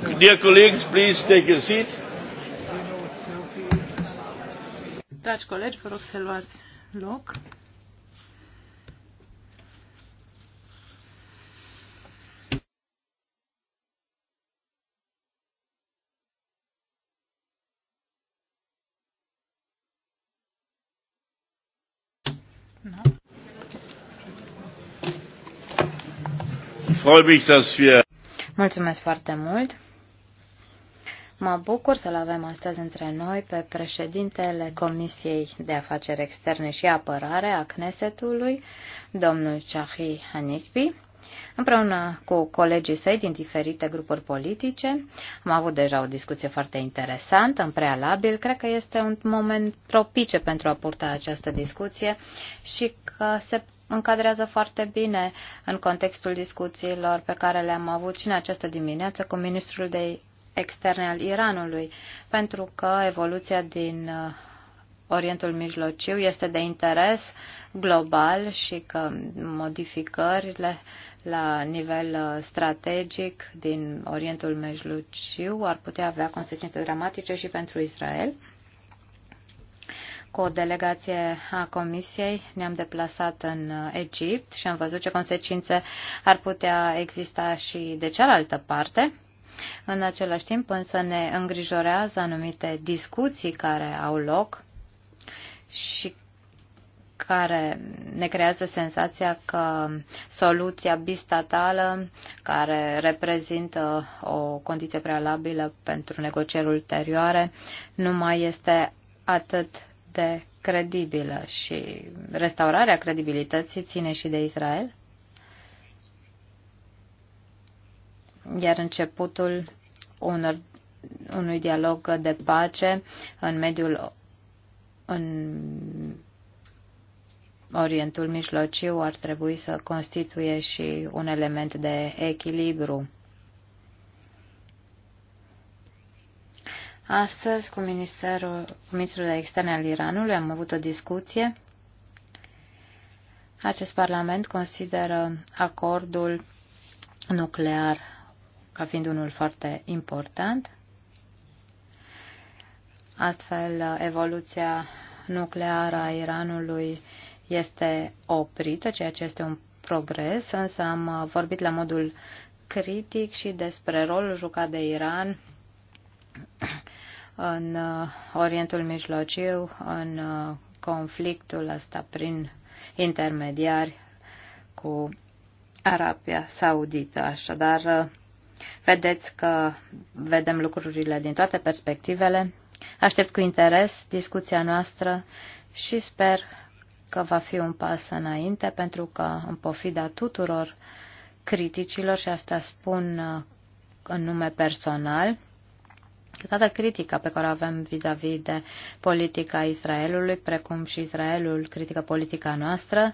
Dear colleagues, please take a seat. Dragi colegi, vă rog să luați loc. Mulțumesc foarte mult. Mă bucur să-l avem astăzi între noi pe președintele Comisiei de Afaceri Externe și Apărare a Knesetului, domnul Chahi Hanikbi. Împreună cu colegii săi din diferite grupuri politice, am avut deja o discuție foarte interesantă în prealabil. Cred că este un moment propice pentru a purta această discuție și că se încadrează foarte bine în contextul discuțiilor pe care le-am avut și în această dimineață cu ministrul de externe al Iranului, pentru că evoluția din uh, Orientul Mijlociu este de interes global și că modificările la nivel uh, strategic din Orientul Mijlociu ar putea avea consecințe dramatice și pentru Israel. Cu o delegație a Comisiei ne-am deplasat în uh, Egipt și am văzut ce consecințe ar putea exista și de cealaltă parte. În același timp însă ne îngrijorează anumite discuții care au loc și care ne creează senzația că soluția bistatală, care reprezintă o condiție prealabilă pentru negocieri ulterioare, nu mai este atât de credibilă și restaurarea credibilității ține și de Israel? iar începutul unor, unui dialog de pace în mediul în Orientul Mijlociu ar trebui să constituie și un element de echilibru. Astăzi, cu, ministerul, cu ministrul de externe al Iranului, am avut o discuție. Acest parlament consideră acordul nuclear ca fiind unul foarte important. Astfel, evoluția nucleară a Iranului este oprită, ceea ce este un progres, însă am vorbit la modul critic și despre rolul jucat de Iran în Orientul Mijlociu, în conflictul ăsta prin intermediari cu Arabia Saudită. Așadar, Vedeți că vedem lucrurile din toate perspectivele. Aștept cu interes discuția noastră și sper că va fi un pas înainte, pentru că, în pofida tuturor criticilor, și asta spun uh, în nume personal, toată critica pe care o avem vis-a-vis -vis de politica Israelului, precum și Israelul critică politica noastră,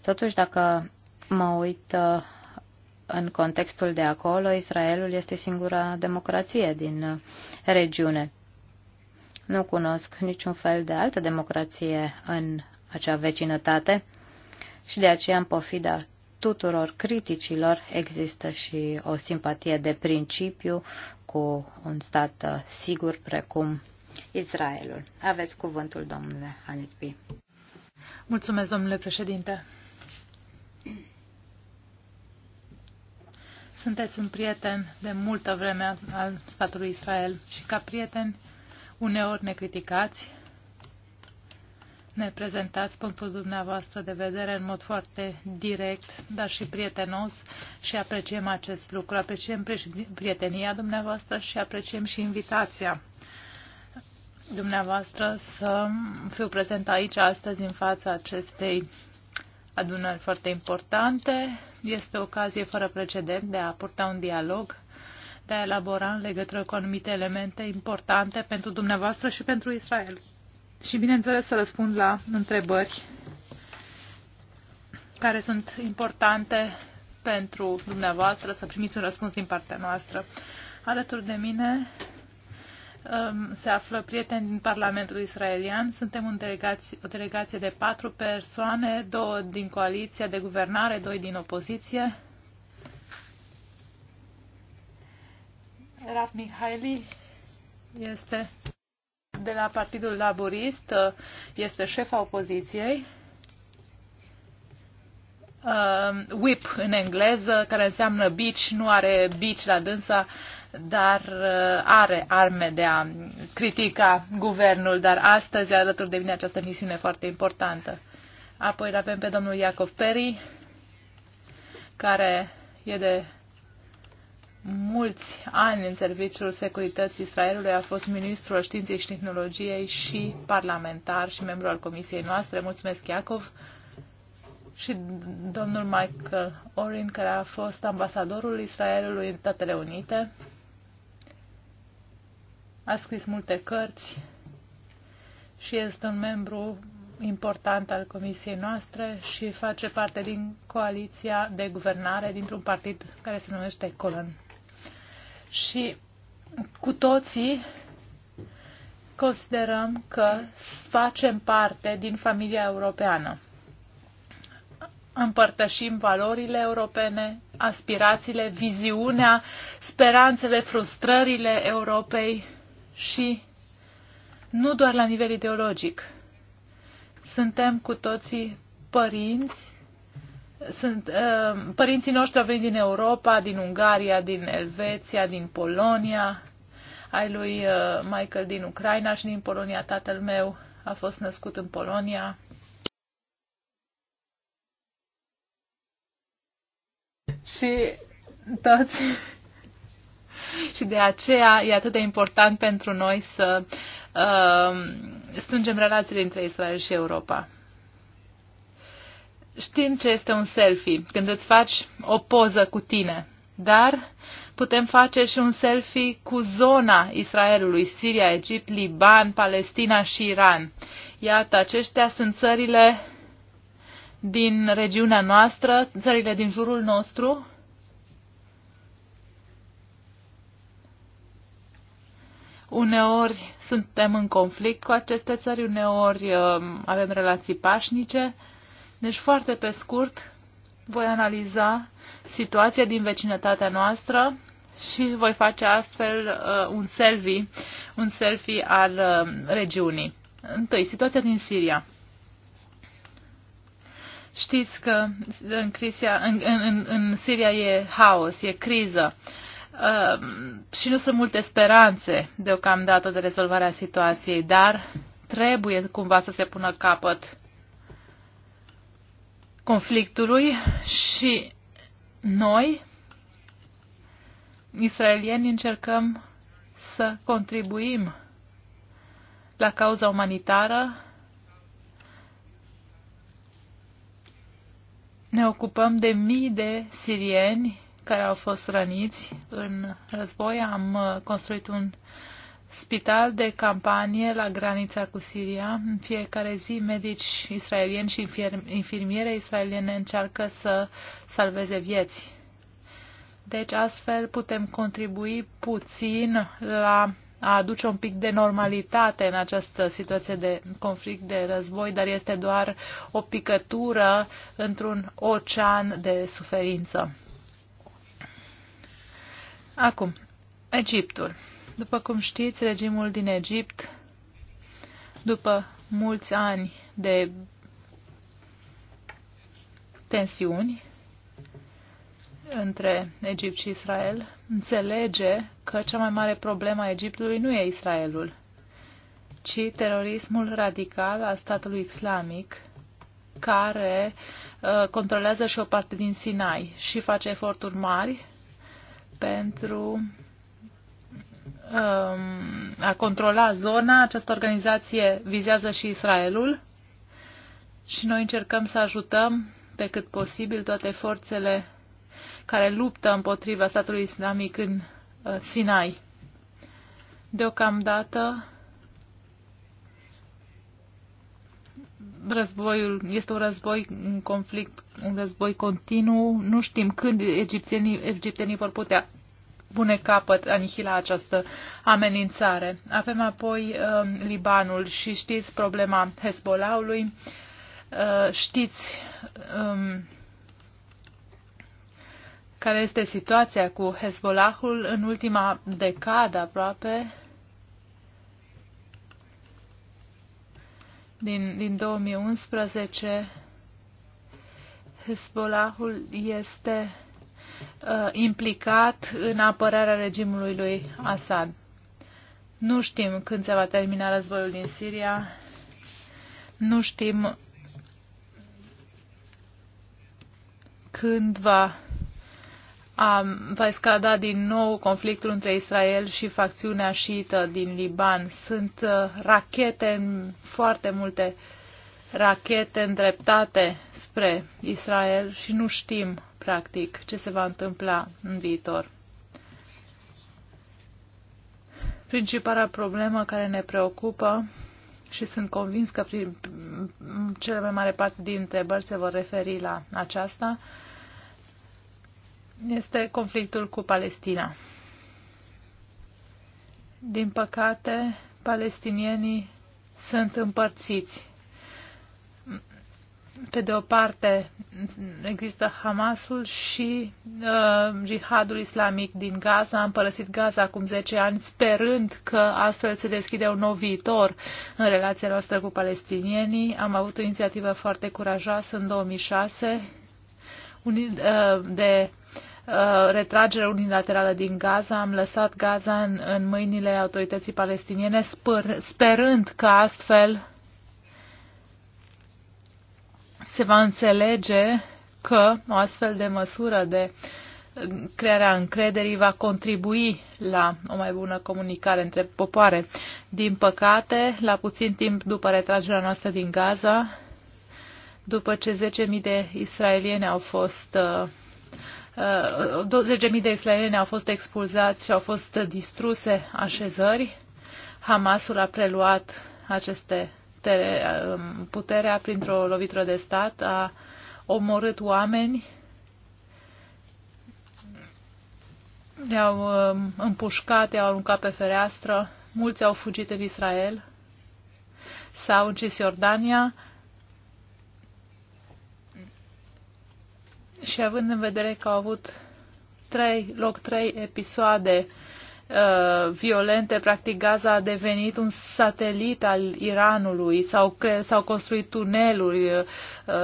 totuși, dacă mă uit uh, în contextul de acolo, Israelul este singura democrație din uh, regiune. Nu cunosc niciun fel de altă democrație în acea vecinătate și de aceea, în pofida tuturor criticilor, există și o simpatie de principiu cu un stat uh, sigur precum Israelul. Aveți cuvântul, domnule Hanitpi. Mulțumesc, domnule președinte. Sunteți un prieten de multă vreme al statului Israel și ca prieten uneori ne criticați, ne prezentați punctul dumneavoastră de vedere în mod foarte direct, dar și prietenos și apreciem acest lucru. Apreciem prietenia dumneavoastră și apreciem și invitația dumneavoastră să fiu prezent aici astăzi în fața acestei adunări foarte importante. Este o ocazie fără precedent de a purta un dialog, de a elabora în legătură cu anumite elemente importante pentru dumneavoastră și pentru Israel. Și, bineînțeles, să răspund la întrebări care sunt importante pentru dumneavoastră, să primiți un răspuns din partea noastră. Alături de mine se află prieteni din Parlamentul israelian. Suntem un delegație, o delegație de patru persoane, două din coaliția de guvernare, doi din opoziție. Raf Mihaili este de la Partidul Laborist, este șefa opoziției. Uh, whip în engleză, care înseamnă bici, nu are bici la dânsa. Uh, dar uh, are arme de a critica guvernul, dar astăzi alături de mine această misiune foarte importantă. Apoi îl avem pe domnul Iacov Peri, care e de mulți ani în serviciul securității Israelului, a fost ministrul științei și tehnologiei și parlamentar și membru al comisiei noastre. Mulțumesc, Iacov! și domnul Michael Orin, care a fost ambasadorul Israelului în Statele Unite a scris multe cărți și este un membru important al comisiei noastre și face parte din coaliția de guvernare dintr-un partid care se numește Colon. Și cu toții considerăm că facem parte din familia europeană. Împărtășim valorile europene, aspirațiile, viziunea, speranțele, frustrările Europei și nu doar la nivel ideologic. Suntem cu toții părinți sunt, uh, părinții noștri au venit din Europa, din Ungaria, din Elveția, din Polonia, ai lui uh, Michael din Ucraina și din Polonia. Tatăl meu a fost născut în Polonia. Și toți și de aceea e atât de important pentru noi să uh, strângem relațiile între Israel și Europa. Știm ce este un selfie, când îți faci o poză cu tine, dar putem face și un selfie cu zona Israelului, Siria, Egipt, Liban, Palestina și Iran. Iată, aceștia sunt țările din regiunea noastră, țările din jurul nostru, Uneori suntem în conflict cu aceste țări, uneori um, avem relații pașnice. Deci, foarte pe scurt, voi analiza situația din vecinătatea noastră și voi face astfel uh, un selfie, un selfie al um, regiunii. Întâi, situația din Siria. Știți că în, Crisia, în, în, în Siria e haos, e criză. Uh, Ehm, și nu sunt multe speranțe deocamdată de rezolvarea situației, dar trebuie cumva să se pună capăt conflictului și noi, israelieni, încercăm să contribuim la cauza umanitară. Ne ocupăm de mii de sirieni care au fost răniți în război. Am uh, construit un spital de campanie la granița cu Siria. În fiecare zi, medici israelieni și infirmiere israeliene încearcă să salveze vieți. Deci, astfel putem contribui puțin la a aduce un pic de normalitate în această situație de conflict, de război, dar este doar o picătură într-un ocean de suferință. Acum, Egiptul. După cum știți, regimul din Egipt, după mulți ani de tensiuni între Egipt și Israel, înțelege că cea mai mare problemă a Egiptului nu e Israelul, ci terorismul radical al statului islamic, care uh, controlează și o parte din Sinai și face eforturi mari pentru um, a controla zona. Această organizație vizează și Israelul și noi încercăm să ajutăm pe cât posibil toate forțele care luptă împotriva statului islamic în uh, Sinai. Deocamdată războiul este un război, un conflict, un război continuu. Nu știm când egiptenii, egiptenii vor putea pune capăt, anihila această amenințare. Avem apoi uh, Libanul și știți problema Hezbollahului, uh, știți um, care este situația cu Hezbollahul în ultima decadă aproape, din, din 2011, Hezbollahul este uh, implicat în apărarea regimului lui Assad. Nu știm când se va termina războiul din Siria, nu știm când va a, va escada din nou conflictul între Israel și facțiunea șiită din Liban. Sunt uh, rachete, foarte multe rachete îndreptate spre Israel și nu știm, practic, ce se va întâmpla în viitor. Principala problemă care ne preocupă și sunt convins că prin cele mai mare parte din întrebări se vor referi la aceasta, uh, este conflictul cu Palestina. Din păcate, palestinienii sunt împărțiți. Pe de o parte există Hamasul și uh, jihadul islamic din Gaza. Am părăsit Gaza acum 10 ani sperând că astfel se deschide un nou viitor în relația noastră cu palestinienii. Am avut o inițiativă foarte curajoasă în 2006 uh, de Uh, retragerea unilaterală din Gaza. Am lăsat Gaza în, în mâinile autorității palestiniene, spăr, sperând că astfel se va înțelege că o astfel de măsură de uh, crearea încrederii va contribui la o mai bună comunicare între popoare. Din păcate, la puțin timp după retragerea noastră din Gaza, după ce 10.000 de israelieni au fost uh, 20.000 uh, de israelieni au fost expulzați și au fost distruse așezări. Hamasul a preluat aceste um, puterea printr-o lovitură de stat, a omorât oameni, le-au um, împușcat, le au aruncat pe fereastră, mulți au fugit în Israel sau în Cisjordania, și având în vedere că au avut trei, loc trei episoade uh, violente, practic Gaza a devenit un satelit al Iranului, s-au, s-au construit tuneluri, uh,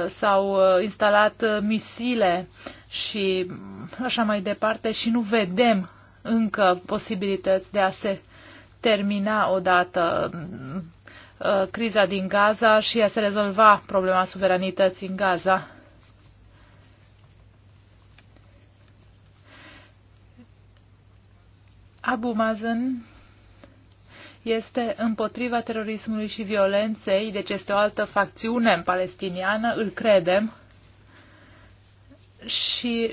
s-au uh, instalat misile și așa mai departe și nu vedem încă posibilități de a se termina odată criza din Gaza și a se rezolva problema suveranității în Gaza. Abu Mazen este împotriva terorismului și violenței, deci este o altă facțiune palestiniană, îl credem. Și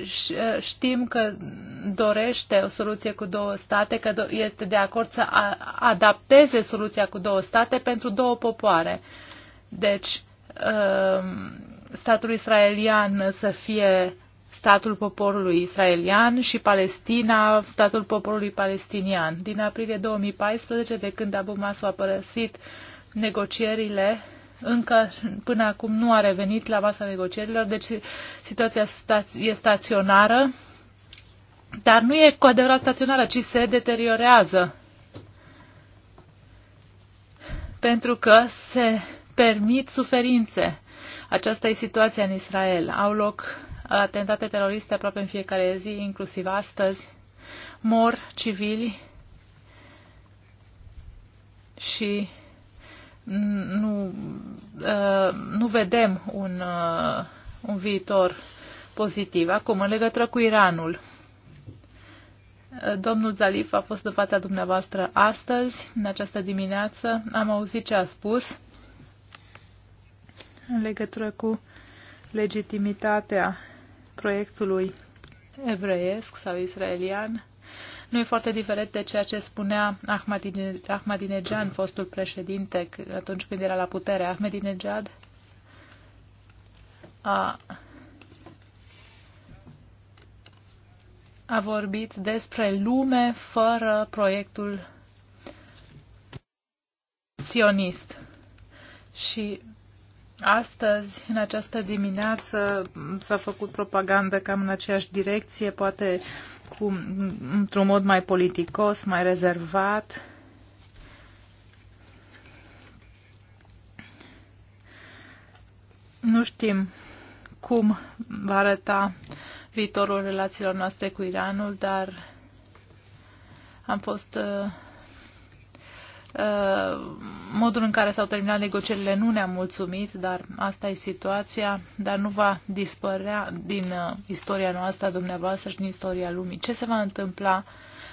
știm că dorește o soluție cu două state, că este de acord să adapteze soluția cu două state pentru două popoare. Deci, ă, statul israelian să fie statul poporului israelian și Palestina, statul poporului palestinian. Din aprilie 2014, de când Abu Masu a părăsit negocierile, încă până acum nu a revenit la masa negocierilor, deci situația e staționară, dar nu e cu adevărat staționară, ci se deteriorează. Pentru că se permit suferințe. Aceasta e situația în Israel. Au loc atentate teroriste aproape în fiecare zi, inclusiv astăzi. Mor civili și nu, uh, nu vedem un, uh, un viitor pozitiv. Acum, în legătură cu Iranul, domnul Zalif a fost în fața dumneavoastră astăzi, în această dimineață. Am auzit ce a spus în legătură cu legitimitatea proiectului evreiesc sau israelian nu e foarte diferit de ceea ce spunea Ahmadinejad, fostul președinte, atunci când era la putere. Ahmadinejad a, a vorbit despre lume fără proiectul sionist. Și Astăzi, în această dimineață, s-a făcut propagandă cam în aceeași direcție, poate cu, într-un mod mai politicos, mai rezervat. Nu știm cum va arăta viitorul relațiilor noastre cu Iranul, dar am fost uh, Uh, modul în care s-au terminat negocierile nu ne-a mulțumit, dar asta e situația, dar nu va dispărea din uh, istoria noastră, dumneavoastră și din istoria lumii. Ce se va întâmpla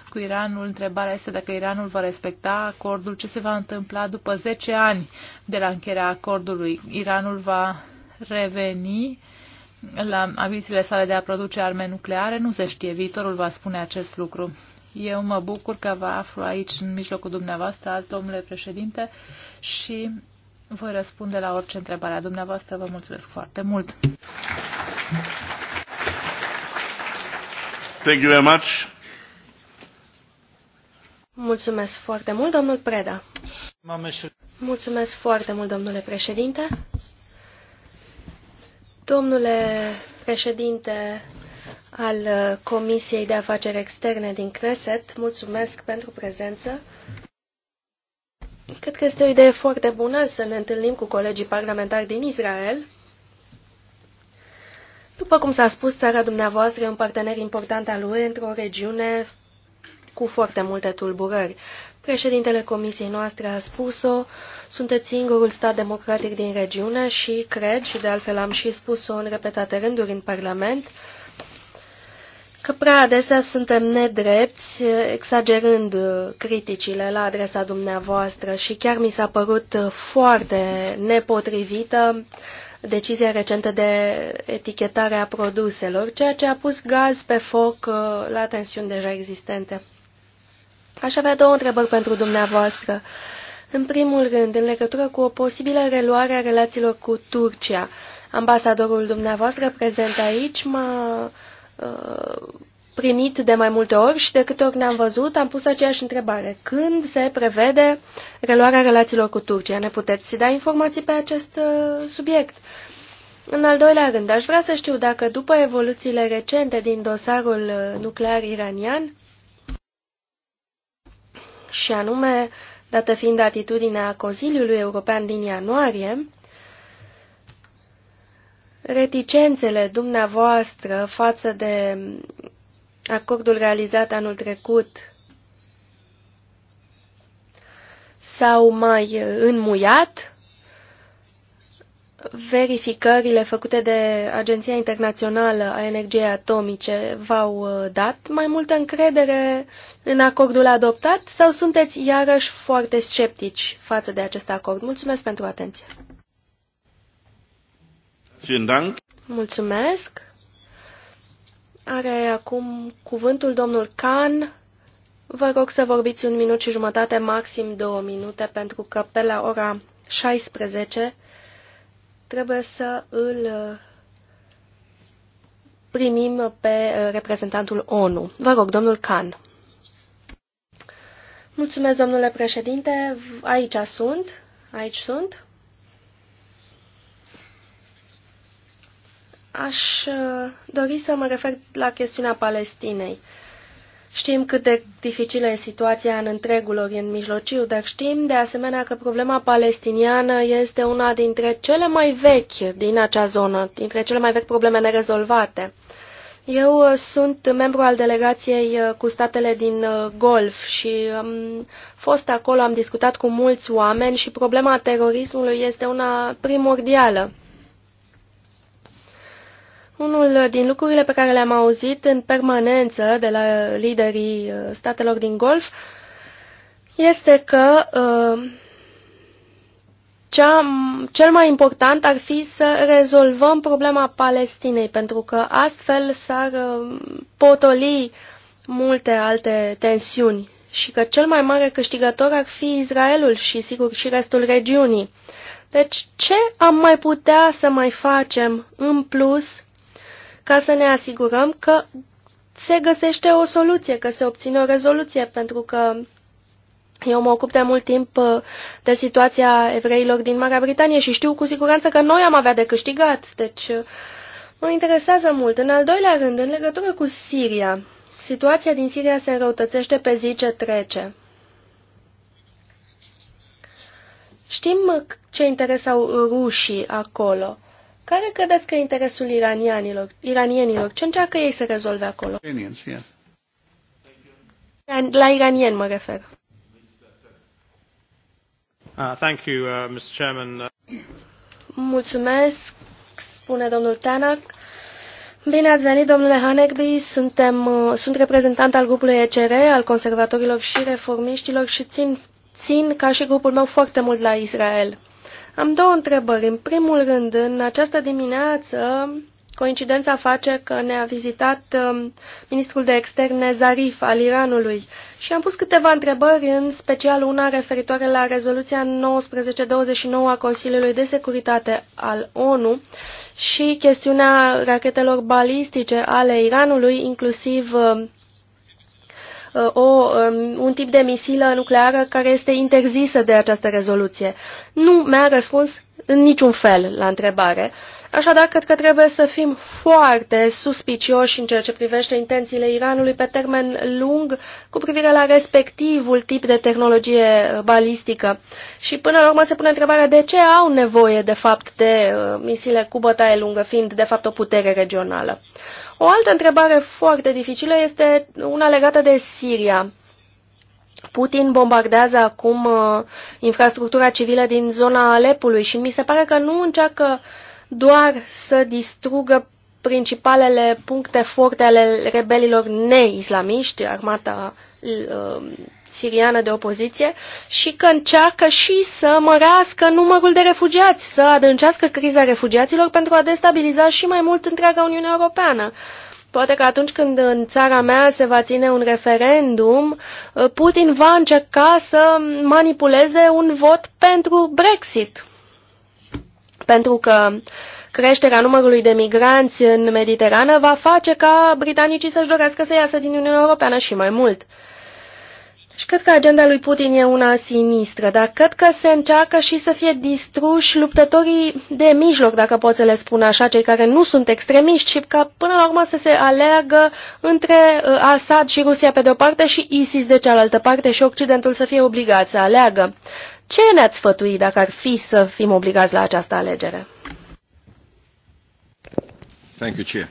cu Iranul? Întrebarea este dacă Iranul va respecta acordul, ce se va întâmpla după 10 ani de la încheierea acordului. Iranul va reveni la ambițiile sale de a produce arme nucleare? Nu se știe. Viitorul va spune acest lucru. Eu mă bucur că vă aflu aici, în mijlocul dumneavoastră, azi, domnule președinte, și voi răspunde la orice întrebare a dumneavoastră. Vă mulțumesc foarte mult! Thank you very much. Mulțumesc foarte mult, domnul Preda. Mulțumesc foarte mult, domnule președinte. Domnule președinte al uh, Comisiei de Afaceri Externe din Knesset. Mulțumesc pentru prezență. Cred că este o idee foarte bună să ne întâlnim cu colegii parlamentari din Israel. După cum s-a spus, țara dumneavoastră e un partener important al UE într-o regiune cu foarte multe tulburări. Președintele comisiei noastre a spus-o, sunteți singurul stat democratic din regiune și cred, și de altfel am și spus-o în repetate rânduri în Parlament, că prea adesea suntem nedrepti, eh, exagerând eh, criticile la adresa dumneavoastră și chiar mi s-a părut eh, foarte nepotrivită decizia recentă de etichetare a produselor, ceea ce a pus gaz pe foc la tensiuni deja existente. Aș avea două întrebări pentru dumneavoastră. În primul rând, în legătură cu o posibilă reluare a relațiilor cu Turcia, ambasadorul dumneavoastră prezent aici m-a Uh, primit de mai multe ori și de câte ori ne-am văzut, am pus aceeași întrebare. Când se prevede reluarea relațiilor cu Turcia? Ne puteți da informații pe acest uh, subiect? În al doilea rând, aș vrea să știu dacă după evoluțiile recente din dosarul uh, nuclear iranian, și anume, dată fiind atitudinea Consiliului European din ianuarie, Reticențele dumneavoastră față de acordul realizat anul trecut s-au mai înmuiat? Verificările făcute de Agenția Internațională a Energiei Atomice v-au uh, dat mai multă încredere în acordul adoptat sau sunteți iarăși foarte sceptici față de acest acord? Mulțumesc pentru atenție! Mulțumesc. Are acum cuvântul domnul Can. Vă rog să vorbiți un minut și jumătate, maxim două minute, pentru că pe la ora 16 trebuie să îl uh, primim pe uh, reprezentantul ONU. Vă rog, domnul Can. Mulțumesc, domnule președinte. Aici sunt. Aici sunt. Aș uh, dori să mă refer la chestiunea Palestinei. Știm cât de dificilă e situația în întregul Orient Mijlociu, dar știm de asemenea că problema palestiniană este una dintre cele mai vechi din acea zonă, dintre cele mai vechi probleme nerezolvate. Eu uh, sunt membru al delegației uh, cu statele din Golf și am fost acolo, am discutat cu mulți oameni și problema terorismului este una primordială unul din lucrurile pe care le-am auzit în permanență de la liderii uh, statelor din Golf este că uh, cea, cel mai important ar fi să rezolvăm problema Palestinei, pentru că astfel s-ar uh, potoli multe alte tensiuni și că cel mai mare câștigător ar fi Israelul și, sigur, și restul regiunii. Deci, ce am mai putea să mai facem în plus ca să ne asigurăm că se găsește o soluție, că se obține o rezoluție, pentru că eu mă ocup de mult timp uh, de situația evreilor din Marea Britanie și știu cu siguranță că noi am avea de câștigat, deci uh, mă interesează mult. În al doilea rând, în legătură cu Siria, situația din Siria se înrăutățește pe zi ce trece. Știm ce interes au rușii acolo. Care credeți că e interesul iranianilor? iranienilor? Ce încearcă ei să rezolve acolo? La Iranien mă refer. Uh, thank you, uh, Mr. Chairman. Uh, Mulțumesc, spune domnul Tanak. Bine ați venit, domnule Hanegbi. Suntem, uh, sunt reprezentant al grupului ECR, al conservatorilor și reformiștilor și țin, țin ca și grupul meu foarte mult la Israel. Am două întrebări. În primul rând, în această dimineață, coincidența face că ne-a vizitat um, ministrul de externe Zarif al Iranului și am pus câteva întrebări, în special una referitoare la rezoluția 1929 a Consiliului de Securitate al ONU și chestiunea rachetelor balistice ale Iranului, inclusiv um, o, um, un tip de misilă nucleară care este interzisă de această rezoluție. Nu mi-a răspuns în niciun fel la întrebare. Așadar, cred că trebuie să fim foarte suspicioși în ceea ce privește intențiile Iranului pe termen lung cu privire la respectivul tip de tehnologie balistică. Și până la urmă se pune întrebarea de ce au nevoie de fapt de uh, misile cu bătaie lungă, fiind de fapt o putere regională. O altă întrebare foarte dificilă este una legată de Siria. Putin bombardează acum uh, infrastructura civilă din zona Alepului și mi se pare că nu încearcă doar să distrugă principalele puncte forte ale rebelilor neislamiști, armata uh, siriană de opoziție și că încearcă și să mărească numărul de refugiați, să adâncească criza refugiaților pentru a destabiliza și mai mult întreaga Uniune Europeană. Poate că atunci când în țara mea se va ține un referendum, Putin va încerca să manipuleze un vot pentru Brexit. Pentru că creșterea numărului de migranți în Mediterană va face ca britanicii să-și dorească să iasă din Uniunea Europeană și mai mult. Și cred că agenda lui Putin e una sinistră, dar cred că se încearcă și să fie distruși luptătorii de mijloc, dacă pot să le spun așa, cei care nu sunt extremiști și ca până la urmă să se aleagă între uh, Assad și Rusia pe de-o parte și ISIS de cealaltă parte și Occidentul să fie obligat să aleagă. Ce ne-ați sfătui dacă ar fi să fim obligați la această alegere? Thank you, Chair.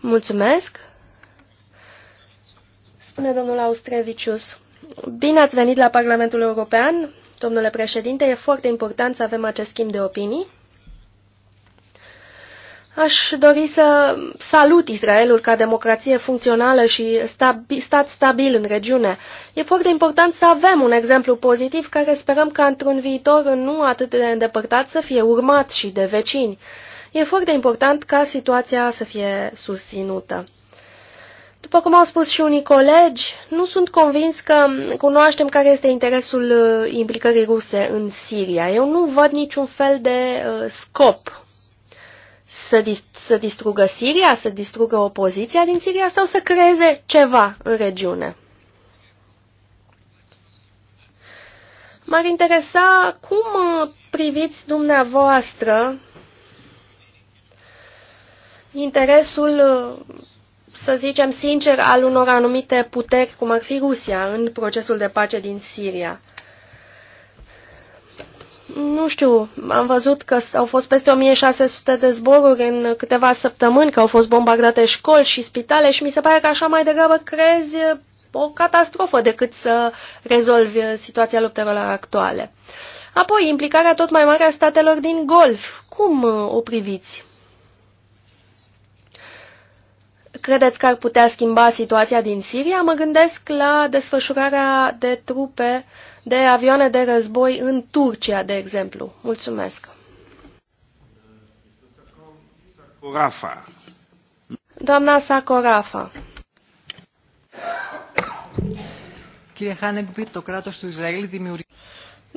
Mulțumesc. Spune domnul Austrevicius. Bine ați venit la Parlamentul European, domnule președinte. E foarte important să avem acest schimb de opinii. Aș dori să salut Israelul ca democrație funcțională și stabi, stat stabil în regiune. E foarte important să avem un exemplu pozitiv care sperăm ca într-un viitor nu atât de îndepărtat să fie urmat și de vecini. E foarte important ca situația să fie susținută. După cum au spus și unii colegi, nu sunt convins că cunoaștem care este interesul uh, implicării ruse în Siria. Eu nu văd niciun fel de uh, scop să, dis să distrugă Siria, să distrugă opoziția din Siria sau să creeze ceva în regiune. M-ar interesa cum uh, priviți dumneavoastră interesul să zicem sincer, al unor anumite puteri, cum ar fi Rusia, în procesul de pace din Siria. Nu știu, am văzut că au fost peste 1600 de zboruri în câteva săptămâni, că au fost bombardate școli și spitale și mi se pare că așa mai degrabă crezi o catastrofă decât să rezolvi situația luptelor actuale. Apoi, implicarea tot mai mare a statelor din Golf. Cum uh, o priviți? credeți că ar putea schimba situația din Siria? Mă gândesc la desfășurarea de trupe de avioane de război în Turcia, de exemplu. Mulțumesc. Sacorafa. Doamna Sakorafa.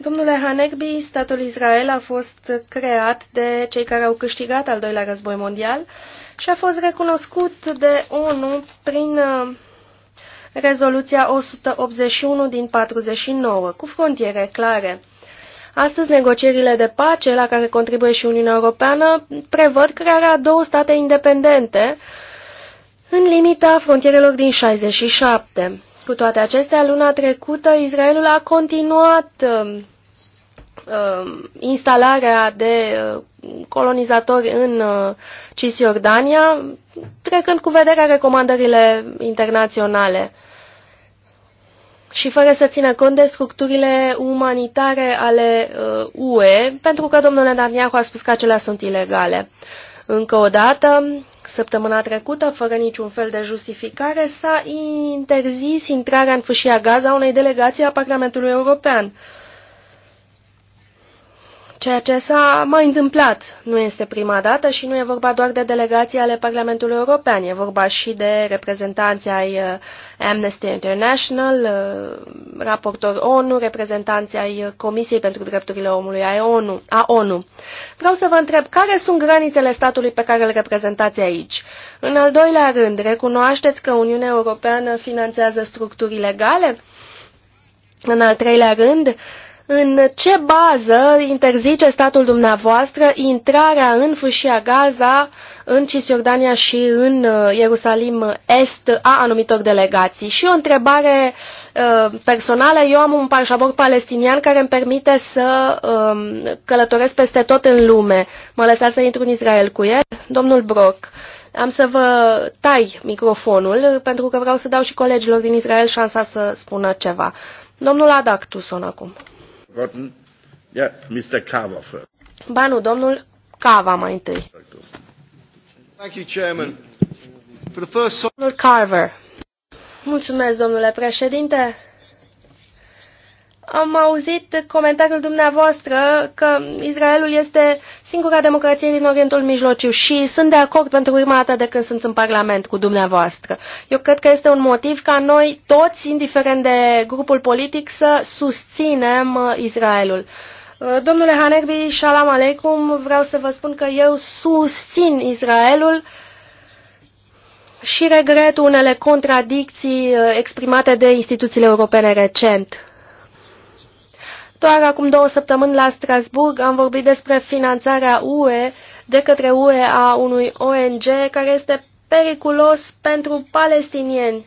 Domnule Hanegbi, statul Israel a fost creat de cei care au câștigat al doilea război mondial și a fost recunoscut de ONU prin uh, rezoluția 181 din 49, cu frontiere clare. Astăzi, negocierile de pace, la care contribuie și Uniunea Europeană, prevăd crearea două state independente în limita frontierelor din 67. Cu toate acestea, luna trecută, Israelul a continuat uh, instalarea de uh, colonizatori în uh, Cisjordania, trecând cu vederea recomandările internaționale și fără să țină cont de structurile umanitare ale UE, uh, pentru că domnul Netanyahu a spus că acelea sunt ilegale. Încă o dată, săptămâna trecută, fără niciun fel de justificare, s-a interzis intrarea în fâșia Gaza unei delegații a Parlamentului European. Ceea ce s-a mai întâmplat nu este prima dată și nu e vorba doar de delegații ale Parlamentului European, e vorba și de reprezentanți ai uh, Amnesty International, uh, raportor ONU, reprezentanți ai uh, Comisiei pentru Drepturile Omului a ONU. A ONU. Vreau să vă întreb care sunt granițele statului pe care îl reprezentați aici. În al doilea rând, recunoașteți că Uniunea Europeană finanțează structuri legale? În al treilea rând, în ce bază interzice statul dumneavoastră intrarea în fâșia Gaza, în Cisjordania și în uh, Ierusalim Est a anumitor delegații? Și o întrebare uh, personală. Eu am un pașabort palestinian care îmi permite să um, călătoresc peste tot în lume. Mă lăsa să intru în Israel cu el? Domnul Brock, am să vă tai microfonul pentru că vreau să dau și colegilor din Israel șansa să spună ceva. Domnul Adactus, acum forgotten. Yeah, Mr. Cava first. Ba nu, domnul Cava mai întâi. Thank you, Chairman. For the first... Domnul Carver. Mulțumesc, domnule președinte. Am auzit comentariul dumneavoastră că Israelul este singura democrație din Orientul Mijlociu și sunt de acord pentru prima dată de când sunt în Parlament cu dumneavoastră. Eu cred că este un motiv ca noi toți, indiferent de grupul politic, să susținem uh, Israelul. Uh, domnule Hanerbi, shalom aleikum, vreau să vă spun că eu susțin Israelul și regret unele contradicții uh, exprimate de instituțiile europene recent doar acum două săptămâni la Strasburg am vorbit despre finanțarea UE de către UE a unui ONG care este periculos pentru palestinieni.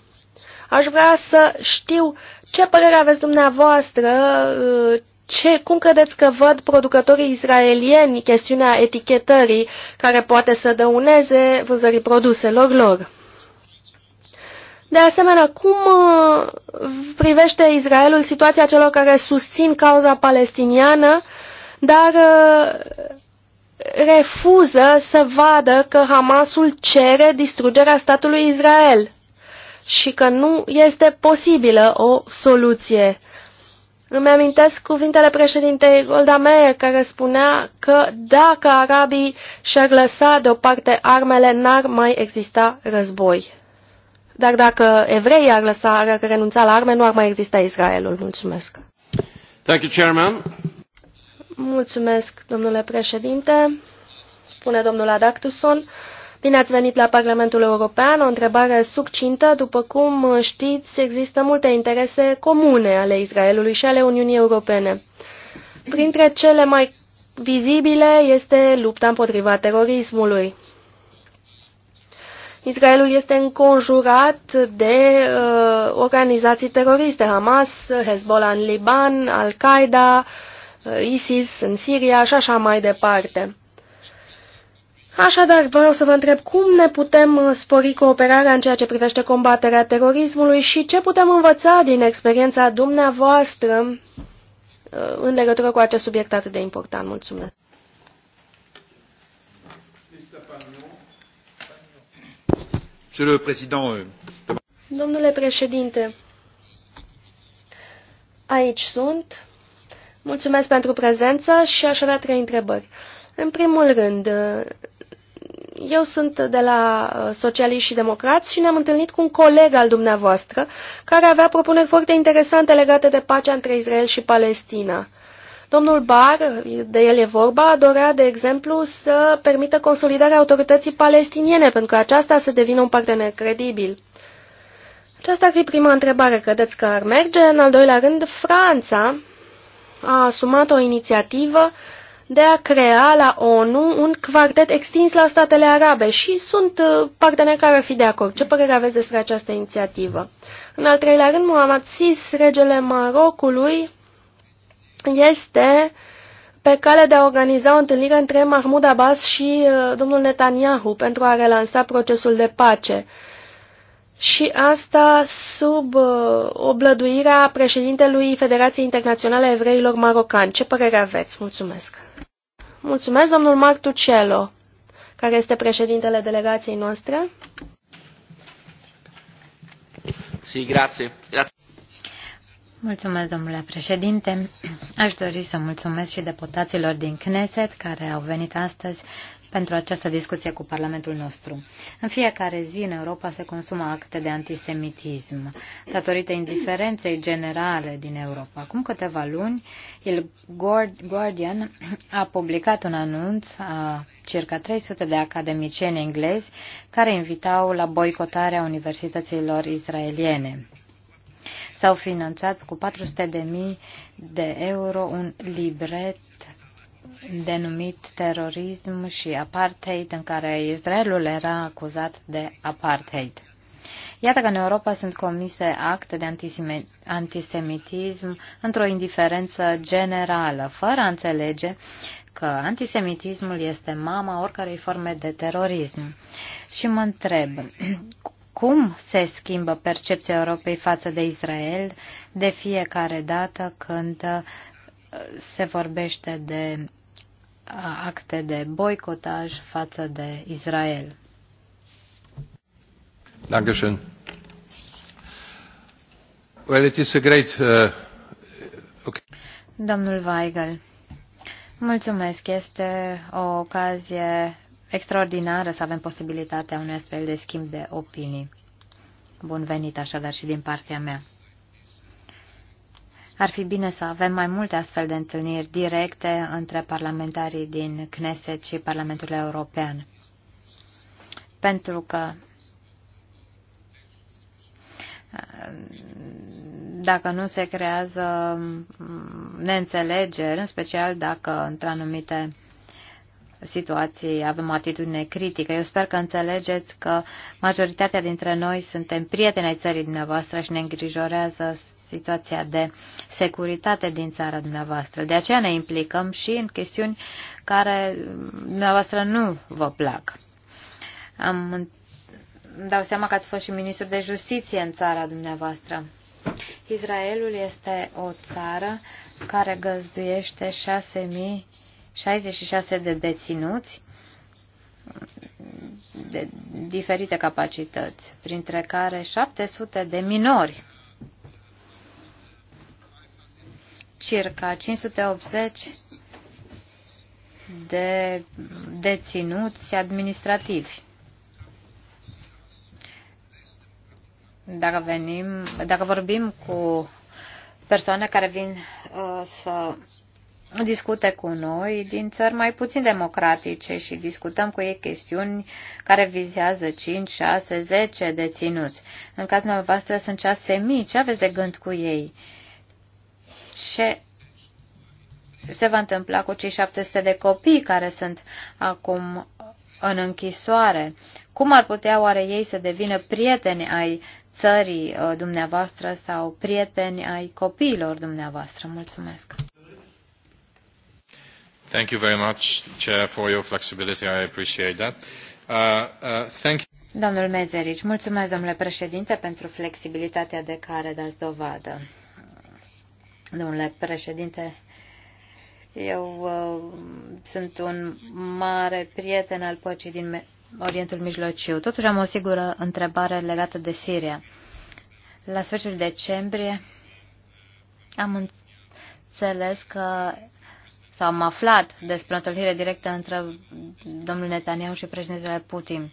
Aș vrea să știu ce părere aveți dumneavoastră, uh, ce, cum credeți că văd producătorii israelieni chestiunea etichetării care poate să dăuneze vânzării produselor lor? De asemenea, cum uh, privește Israelul situația celor care susțin cauza palestiniană, dar uh, refuză să vadă că Hamasul cere distrugerea statului Israel și că nu este posibilă o soluție. Îmi amintesc cuvintele președintei Golda Meir, care spunea că dacă arabii și-ar lăsa deoparte armele, n-ar mai exista război. Dar dacă evreii ar lăsa, ar renunța la arme, nu ar mai exista Israelul. Mulțumesc. Thank you, Chairman. Mulțumesc, domnule președinte. Spune domnul Adactuson. Bine ați venit la Parlamentul European. O întrebare succintă. După cum știți, există multe interese comune ale Israelului și ale Uniunii Europene. Printre cele mai vizibile este lupta împotriva terorismului. Israelul este înconjurat de uh, organizații teroriste, Hamas, Hezbollah în Liban, Al-Qaeda, uh, ISIS în Siria și așa mai departe. Așadar, vreau să vă întreb cum ne putem uh, spori cooperarea în ceea ce privește combaterea terorismului și ce putem învăța din experiența dumneavoastră uh, în legătură cu acest subiect atât de important. Mulțumesc! Euh, Domnule președinte, aici sunt. Mulțumesc pentru prezență și aș avea trei întrebări. În primul rând, uh, eu sunt de la uh, Socialiști și Democrați și ne-am întâlnit cu un coleg al dumneavoastră care avea propuneri foarte interesante legate de pacea între Israel și Palestina. Domnul Bar, de el e vorba, dorea, de exemplu, să permită consolidarea autorității palestiniene, pentru că aceasta să devină un partener credibil. Aceasta ar fi prima întrebare. Credeți că ar merge? În al doilea rând, Franța a asumat o inițiativă de a crea la ONU un quartet extins la statele arabe și sunt uh, parteneri care ar fi de acord. Ce părere aveți despre această inițiativă? În al treilea rând, Muhammad Sis, regele Marocului, este pe cale de a organiza o întâlnire între Mahmoud Abbas și uh, domnul Netanyahu pentru a relansa procesul de pace. Și asta sub uh, oblăduirea președintelui Federației Internaționale Evreilor Marocani. Ce părere aveți? Mulțumesc! Mulțumesc, domnul Tucelo, care este președintele delegației noastre. Sí, grazie. grazie. Mulțumesc, domnule președinte. Aș dori să mulțumesc și deputaților din Knesset care au venit astăzi pentru această discuție cu Parlamentul nostru. În fiecare zi în Europa se consumă acte de antisemitism, datorită indiferenței generale din Europa. Acum câteva luni, Il Guardian a publicat un anunț a circa 300 de academicieni englezi care invitau la boicotarea universităților israeliene s-au finanțat cu 400.000 de euro un libret denumit terorism și apartheid, în care Israelul era acuzat de apartheid. Iată că în Europa sunt comise acte de antisemitism într-o indiferență generală, fără a înțelege că antisemitismul este mama oricărei forme de terorism. Și mă întreb, cum se schimbă percepția Europei față de Israel de fiecare dată când uh, se vorbește de uh, acte de boicotaj față de Israel. Dankeschön. Well, it is a great, uh, okay. Domnul Weigel, mulțumesc. Este o ocazie extraordinară să avem posibilitatea unui astfel de schimb de opinii. Bun venit așadar și din partea mea. Ar fi bine să avem mai multe astfel de întâlniri directe între parlamentarii din Knesset și Parlamentul European. Pentru că dacă nu se creează neînțelegeri, în special dacă într-anumite situației avem o atitudine critică. Eu sper că înțelegeți că majoritatea dintre noi suntem prieteni ai țării dumneavoastră și ne îngrijorează situația de securitate din țara dumneavoastră. De aceea ne implicăm și în chestiuni care dumneavoastră nu vă plac. Am, îmi dau seama că ați fost și ministru de justiție în țara dumneavoastră. Israelul este o țară care găzduiește 6000 66 de deținuți de diferite capacități, printre care 700 de minori. Circa 580 de deținuți administrativi. Dacă, venim, dacă vorbim cu persoane care vin uh, să discute cu noi din țări mai puțin democratice și discutăm cu ei chestiuni care vizează 5, 6, 10 deținuți. În cazul dumneavoastră sunt șase mii. Ce aveți de gând cu ei? Ce se va întâmpla cu cei 700 de copii care sunt acum în închisoare? Cum ar putea oare ei să devină prieteni ai țării uh, dumneavoastră sau prieteni ai copiilor dumneavoastră? Mulțumesc! Thank you very much, Chair, for your flexibility. I appreciate that. Uh, uh, thank you. Domnul Mezeric, mulțumesc, domnule președinte, pentru flexibilitatea de care dați dovadă. Domnule președinte, eu uh, sunt un mare prieten al păcii din Orientul Mijlociu. Totuși am o sigură întrebare legată de Siria. La sfârșitul decembrie am înțeles că sau am aflat despre o întâlnire directă între domnul Netanyahu și președintele Putin.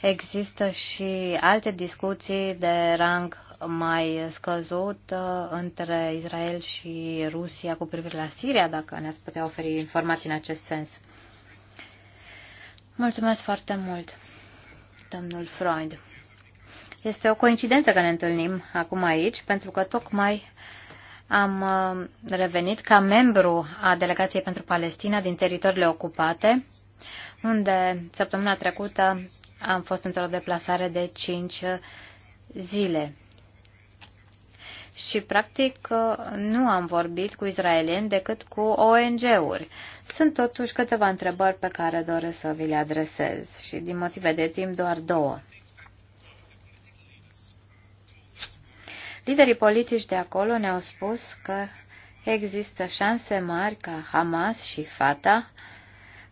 Există și alte discuții de rang mai scăzut uh, între Israel și Rusia cu privire la Siria, dacă ne-ați putea oferi informații în acest sens. Mulțumesc foarte mult, domnul Freud. Este o coincidență că ne întâlnim acum aici, pentru că tocmai uh, am uh, revenit ca membru a Delegației pentru Palestina din teritoriile ocupate, unde săptămâna trecută am fost într-o deplasare de 5 zile. Și, practic, nu am vorbit cu israelieni decât cu ONG-uri. Sunt totuși câteva întrebări pe care doresc să vi le adresez și, din motive de timp, doar două. Liderii politici de acolo ne-au spus că există șanse mari ca Hamas și fata